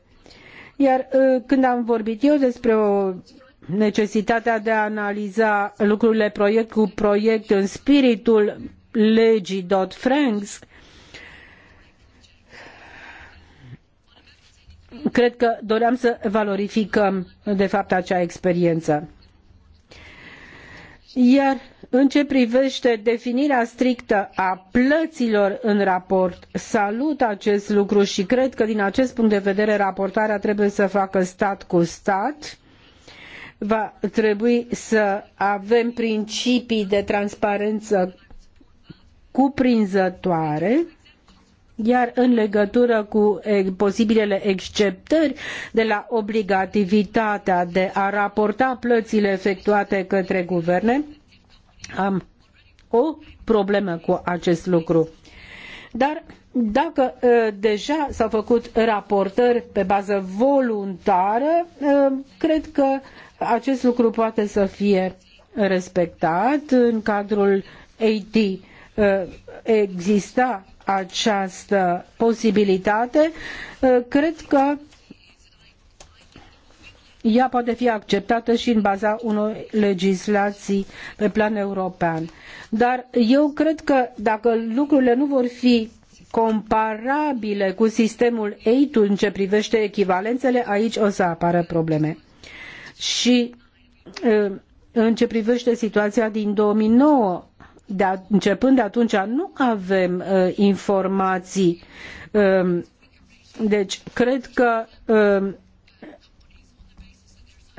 Iar uh, când am vorbit eu despre o necesitatea de a analiza lucrurile proiect cu proiect în spiritul legii Dodd-Franks, cred că doream să valorificăm de fapt acea experiență. Iar în ce privește definirea strictă a plăților în raport, salut acest lucru și cred că din acest punct de vedere raportarea trebuie să facă stat cu stat. Va trebui să avem principii de transparență cuprinzătoare iar în legătură cu posibilele exceptări de la obligativitatea de a raporta plățile efectuate către guverne, am o problemă cu acest lucru. Dar dacă deja s-au făcut raportări pe bază voluntară, cred că acest lucru poate să fie respectat în cadrul AT. Exista această posibilitate, uh, cred că ea poate fi acceptată și în baza unor legislații pe plan european. Dar eu cred că dacă lucrurile nu vor fi comparabile cu sistemul EITU în ce privește echivalențele, aici o să apară probleme. Și uh, în ce privește situația din 2009, de a, începând de atunci nu avem uh, informații. Uh, deci, cred că uh,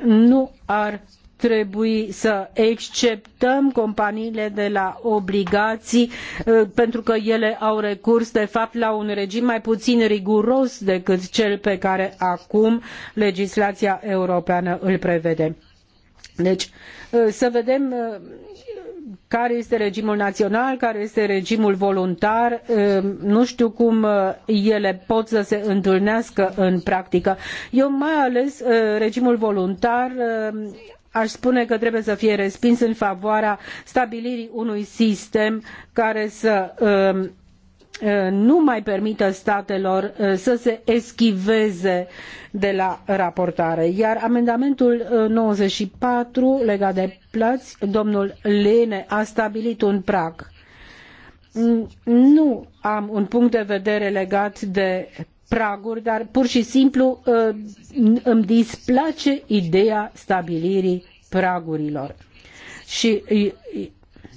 nu ar trebui să exceptăm companiile de la obligații uh, pentru că ele au recurs de fapt la un regim mai puțin riguros decât cel pe care acum legislația europeană îl prevede. Deci, uh, să vedem uh, care este regimul național, care este regimul voluntar. Uh, nu știu cum ele pot să se întâlnească în practică. Eu mai ales regimul voluntar aș spune că trebuie să fie respins în favoarea stabilirii unui sistem care să Uh, nu mai permită statelor uh, să se eschiveze de la raportare. Iar amendamentul 94 uh, legat de plăți, domnul Lene a stabilit un prag. Nu am un punct de vedere legat de praguri, dar pur și simplu îmi displace ideea stabilirii pragurilor. Și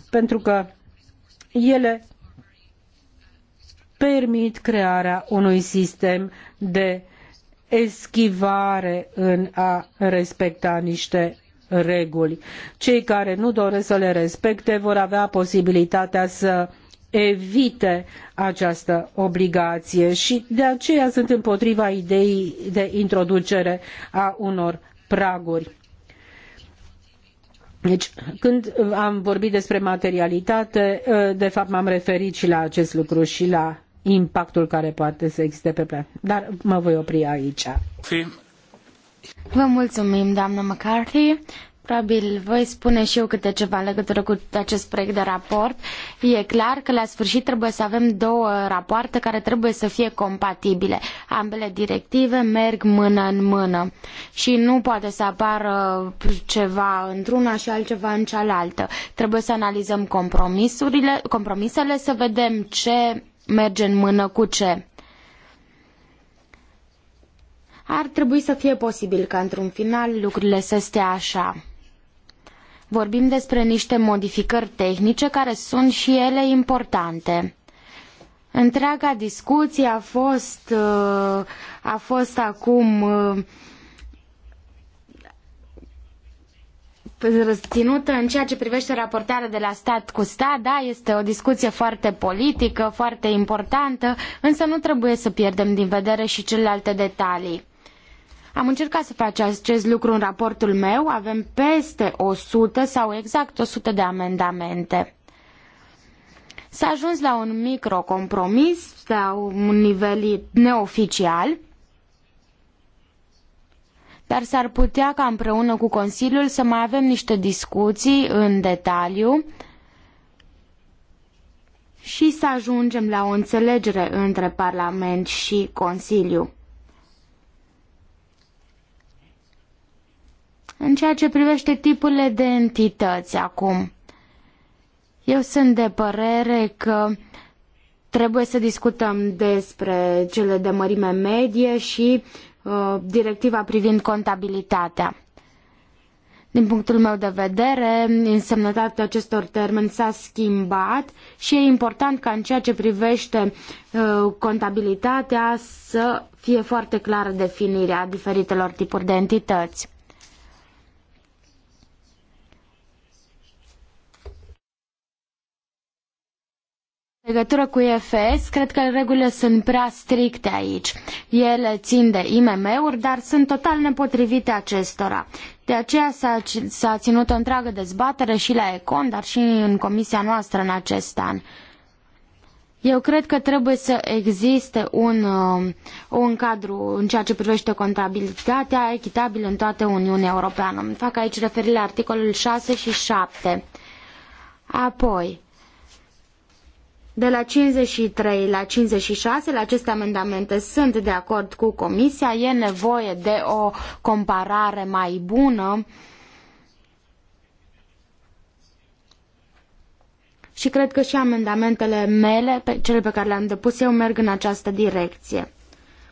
pentru că ele permit crearea unui sistem de eschivare în a respecta niște reguli. Cei care nu doresc să le respecte vor avea posibilitatea să evite această obligație și de aceea sunt împotriva ideii de introducere a unor praguri. Deci, când am vorbit despre materialitate, de fapt m-am referit și la acest lucru și la impactul care poate să existe pe plan. Dar mă voi opri aici. Vă mulțumim, doamnă McCarthy. Probabil voi spune și eu câte ceva în legătură cu acest proiect de raport. E clar că la sfârșit trebuie să avem două rapoarte care trebuie să fie compatibile. Ambele directive merg mână în mână și nu poate să apară ceva într-una și altceva în cealaltă. Trebuie să analizăm compromisurile, compromisele, să vedem ce merge în mână cu ce. Ar trebui să fie posibil ca într-un final lucrurile să stea așa. Vorbim despre niște modificări tehnice care sunt și ele importante. Întreaga discuție a fost, uh, a fost acum uh, răstinută în ceea ce privește raportarea de la stat cu stat. Da, este o discuție foarte politică, foarte importantă, însă nu trebuie să pierdem din vedere și celelalte detalii. Am încercat să fac acest lucru în raportul meu. Avem peste 100 sau exact 100 de amendamente. S-a ajuns la un microcompromis, la un nivel neoficial, dar s-ar putea ca împreună cu Consiliul să mai avem niște discuții în detaliu și să ajungem la o înțelegere între Parlament și Consiliu. În ceea ce privește tipurile de entități acum, eu sunt de părere că trebuie să discutăm despre cele de mărime medie și Uh, directiva privind contabilitatea. Din punctul meu de vedere, însemnătatea acestor termeni s-a schimbat și e important ca în ceea ce privește uh, contabilitatea să fie foarte clară definirea diferitelor tipuri de entități. legătură cu EFS, cred că regulile sunt prea stricte aici. Ele țin de IMM-uri, dar sunt total nepotrivite acestora. De aceea s-a, s-a ținut o întreagă dezbatere și la Econ, dar și în comisia noastră în acest an. Eu cred că trebuie să existe un, uh, un cadru în ceea ce privește contabilitatea echitabilă în toată Uniunea Europeană. Fac aici referire la articolul 6 și 7. Apoi, de la 53 la 56, la aceste amendamente sunt de acord cu Comisia, e nevoie de o comparare mai bună și cred că și amendamentele mele, pe cele pe care le-am depus eu, merg în această direcție.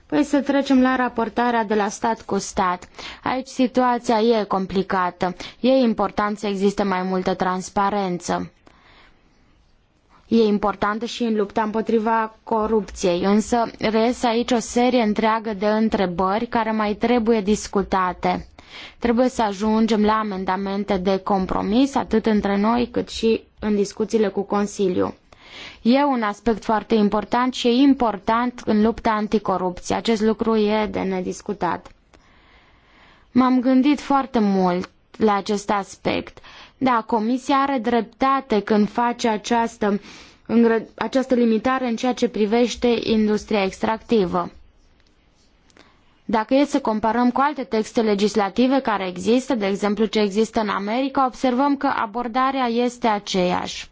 Păi să trecem la raportarea de la stat cu stat. Aici situația e complicată. E important să existe mai multă transparență e importantă și în lupta împotriva corupției, însă reiese aici o serie întreagă de întrebări care mai trebuie discutate. Trebuie să ajungem la amendamente de compromis, atât între noi cât și în discuțiile cu Consiliu. E un aspect foarte important și e important în lupta anticorupție. Acest lucru e de nediscutat. M-am gândit foarte mult la acest aspect. Uh, da, Comisia are dreptate când face această, această limitare în ceea ce privește industria extractivă. Dacă e să comparăm cu alte texte legislative care există, de exemplu ce există în America, observăm că abordarea este aceeași.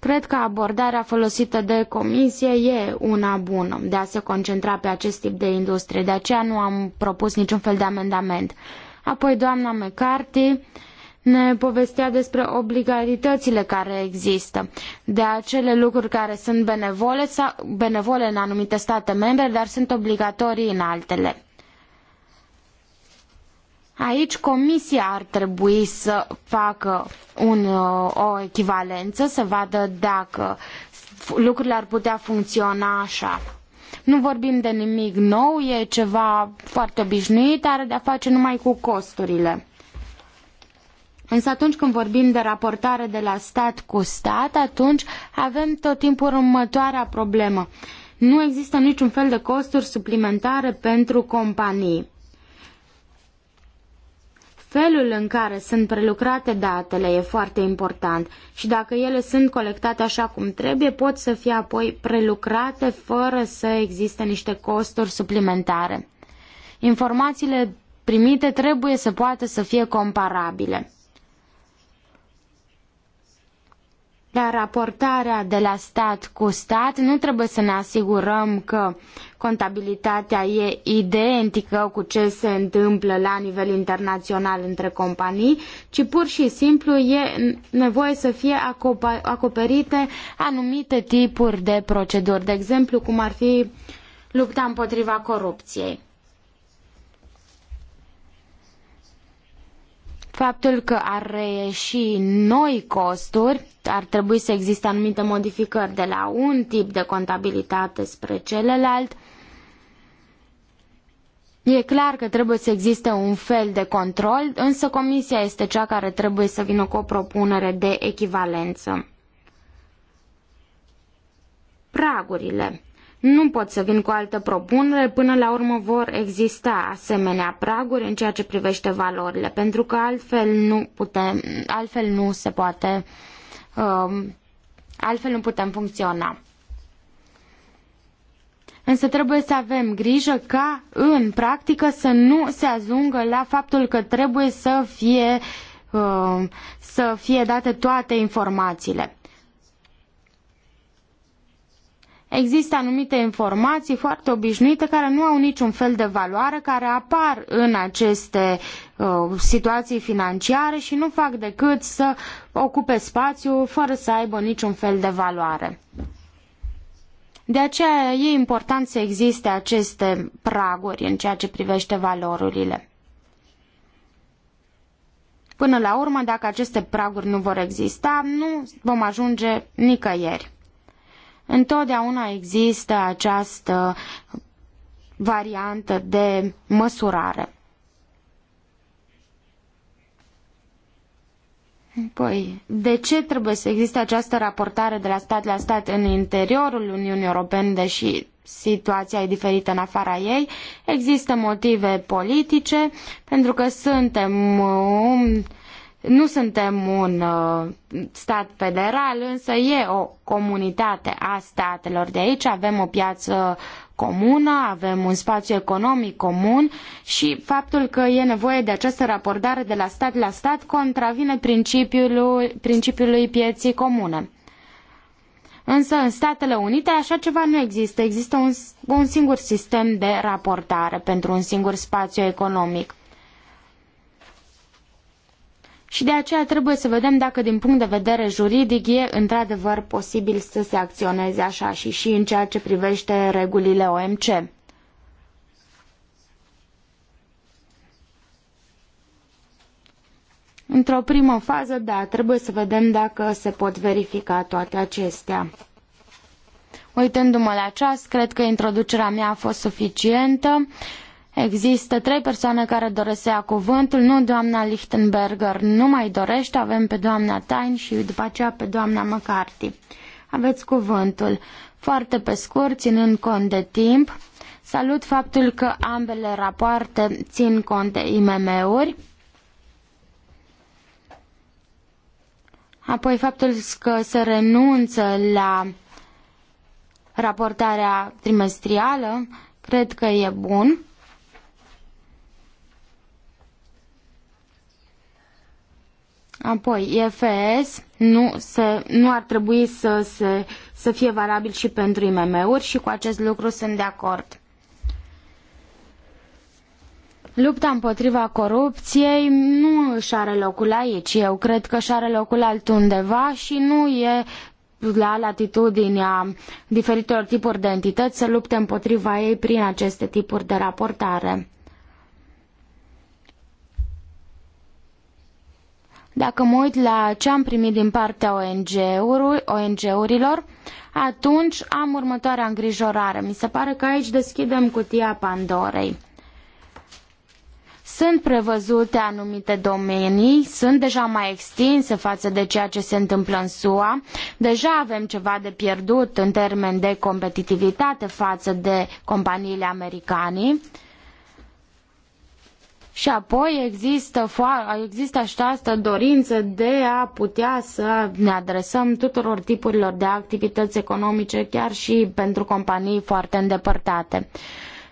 Cred că abordarea folosită de comisie e una bună de a se concentra pe acest tip de industrie, de aceea nu am propus niciun fel de amendament. Apoi doamna McCarthy ne povestea despre obligaritățile care există, de acele lucruri care sunt benevole, sau, benevole în anumite state membre, dar sunt obligatorii în altele. Aici comisia ar trebui să facă un, uh, o echivalență, să vadă dacă lucrurile ar putea funcționa așa. Nu vorbim de nimic nou, e ceva foarte obișnuit, are de-a face numai cu costurile. Însă atunci când vorbim de raportare de la stat cu stat, atunci avem tot timpul următoarea problemă. Nu există niciun fel de costuri suplimentare pentru companii. Felul în care sunt prelucrate datele e foarte important și dacă ele sunt colectate așa cum trebuie, pot să fie apoi prelucrate fără să existe niște costuri suplimentare. Informațiile primite trebuie să poată să fie comparabile. la raportarea de la stat cu stat, nu trebuie să ne asigurăm că contabilitatea e identică cu ce se întâmplă la nivel internațional între companii, ci pur și simplu e nevoie să fie acoperite anumite tipuri de proceduri, de exemplu cum ar fi lupta împotriva corupției. Faptul că ar reieși noi costuri, ar trebui să existe anumite modificări de la un tip de contabilitate spre celălalt, E clar că trebuie să existe un fel de control, însă comisia este cea care trebuie să vină cu o propunere de echivalență. Pragurile. Nu pot să vin cu altă propunere, până la urmă vor exista asemenea praguri în ceea ce privește valorile, pentru că altfel nu putem, altfel nu se poate, um, altfel nu putem funcționa. Însă trebuie să avem grijă ca în practică să nu se ajungă la faptul că trebuie să fie, uh, să fie date toate informațiile Există anumite informații foarte obișnuite care nu au niciun fel de valoare, care apar în aceste uh, situații financiare și nu fac decât să ocupe spațiu fără să aibă niciun fel de valoare. De aceea e important să existe aceste praguri în ceea ce privește valorurile. Până la urmă, dacă aceste praguri nu vor exista, nu vom ajunge nicăieri. Întotdeauna există această variantă de măsurare. Păi, de ce trebuie să existe această raportare de la stat la stat în interiorul Uniunii Europene, deși situația e diferită în afara ei? Există motive politice, pentru că suntem un nu suntem un uh, stat federal, însă e o comunitate a statelor de aici, avem o piață comună, avem un spațiu economic comun și faptul că e nevoie de această raportare de la stat la stat contravine principiului, principiului pieții comune. Însă în Statele Unite așa ceva nu există. Există un, un singur sistem de raportare pentru un singur spațiu economic și de aceea trebuie să vedem dacă din punct de vedere juridic e într-adevăr posibil să se acționeze așa și și în ceea ce privește regulile OMC. Într-o primă fază, da, trebuie să vedem dacă se pot verifica toate acestea. Uitându-mă la ceas, cred că introducerea mea a fost suficientă. Uh, Există trei persoane care doresc să ia cuvântul, nu doamna Lichtenberger nu mai dorește, avem pe doamna Tain și după aceea pe doamna McCarthy. Aveți cuvântul. Foarte pe scurt, ținând cont de timp, salut faptul că ambele rapoarte țin cont de IMM-uri. Apoi faptul că se renunță la raportarea trimestrială, cred că e bun. Apoi, EFS nu, se, nu ar trebui să, se, să fie valabil și pentru IMM-uri și cu acest lucru sunt de acord. Lupta împotriva corupției nu își are locul aici. Eu cred că își are locul altundeva și nu e la latitudinea diferitor tipuri de entități să lupte împotriva ei prin aceste tipuri de raportare. Dacă mă uit la ce am primit din partea ONG-urilor, atunci am următoarea îngrijorare. Mi se pare că aici deschidem cutia Pandorei. Sunt prevăzute anumite domenii, sunt deja mai extinse față de ceea ce se întâmplă în SUA. Deja avem ceva de pierdut în termen de competitivitate față de companiile americane. Și apoi există, există această dorință de a putea să ne adresăm tuturor tipurilor de activități economice, chiar și pentru companii foarte îndepărtate.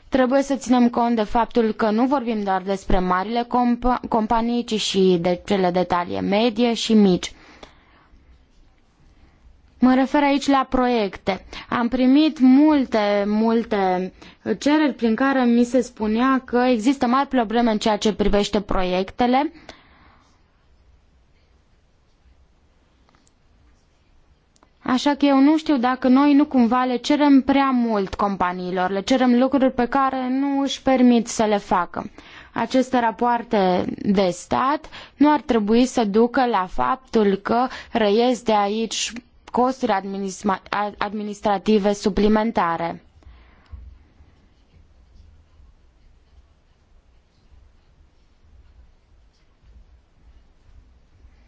Trebuie să ținem cont de faptul că nu vorbim doar despre marile comp companii, ci și de cele de talie medie și mici. Mă refer aici la proiecte. Am primit multe, multe cereri prin care mi se spunea că există mari probleme în ceea ce privește proiectele. Așa că eu nu știu dacă noi nu cumva le cerem prea mult companiilor, le cerem lucruri pe care nu își permit să le facă. Aceste rapoarte de stat nu ar trebui să ducă la faptul că răiesc de aici costuri administrative suplimentare.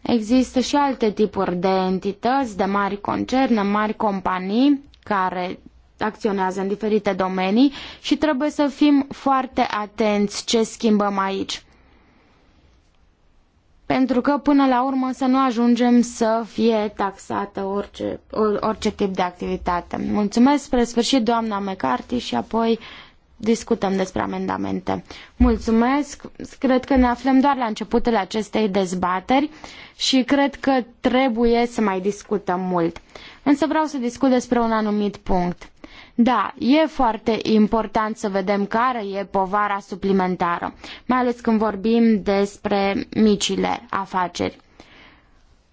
Există și alte tipuri de entități, de mari concerne, mari companii care acționează în diferite domenii și trebuie să fim foarte atenți ce schimbăm aici pentru că până la urmă să nu ajungem să fie taxată orice, orice tip de activitate. Mulțumesc spre sfârșit doamna McCarthy și apoi discutăm despre amendamente. Mulțumesc, cred că ne aflăm doar la începutul acestei dezbateri și cred că trebuie să mai discutăm mult. Însă vreau să discut despre un anumit punct. Da, e foarte important să vedem care e povara suplimentară, mai ales când vorbim despre micile afaceri.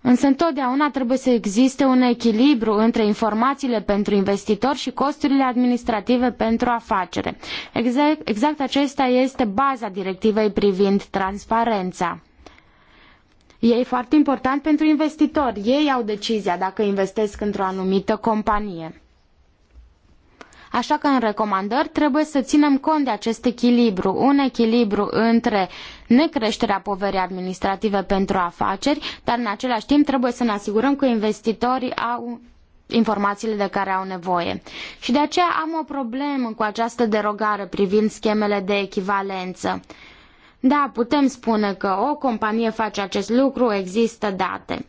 Însă întotdeauna trebuie să existe un echilibru între informațiile pentru investitori și costurile administrative pentru afacere. Exact, exact acesta este baza directivei privind transparența. E foarte important pentru investitori. Ei au decizia dacă investesc într-o anumită companie. Așa că în recomandări trebuie să ținem cont de acest echilibru, un echilibru între necreșterea poverii administrative pentru afaceri, dar în același timp trebuie să ne asigurăm că investitorii au informațiile de care au nevoie. Și de aceea am o problemă cu această derogare privind schemele de echivalență. Da, putem spune că o companie face acest lucru, există date.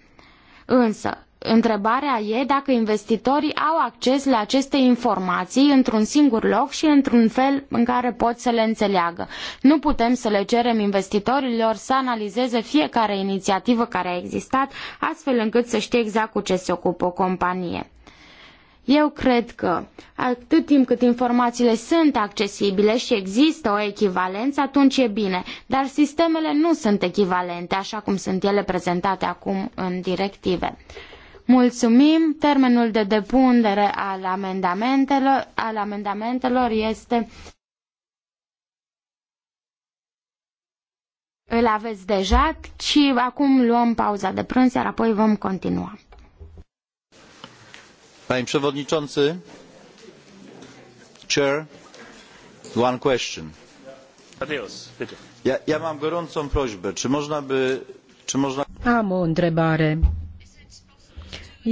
Însă, Întrebarea e dacă investitorii au acces la aceste informații într-un singur loc și într-un fel în care pot să le înțeleagă. Nu putem să le cerem investitorilor să analizeze fiecare inițiativă care a existat, astfel încât să știe exact cu ce se ocupă o companie. Eu cred că atât timp cât informațiile sunt accesibile și există o echivalență, atunci e bine, dar sistemele nu sunt echivalente așa cum sunt ele prezentate acum în directive. Mulțumim. Termenul de depunere al amendamentelor, al amendamentelor este... Îl aveți deja și acum luăm pauza de prânz, iar apoi vom continua. Panie Przewodniczący, Chair, one question. Adios, ja, ja mam gorącą prośbę. Czy można by... Czy można... Am o întrebare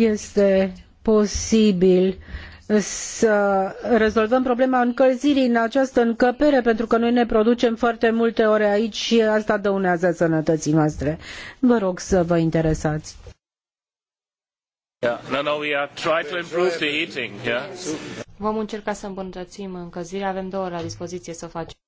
este posibil să rezolvăm problema încălzirii în această încăpere, pentru că noi ne producem foarte multe ore aici și asta dăunează sănătății noastre. Vă rog să vă interesați. Vom încerca să îmbunătățim încălzirea, avem două ore la dispoziție să o facem.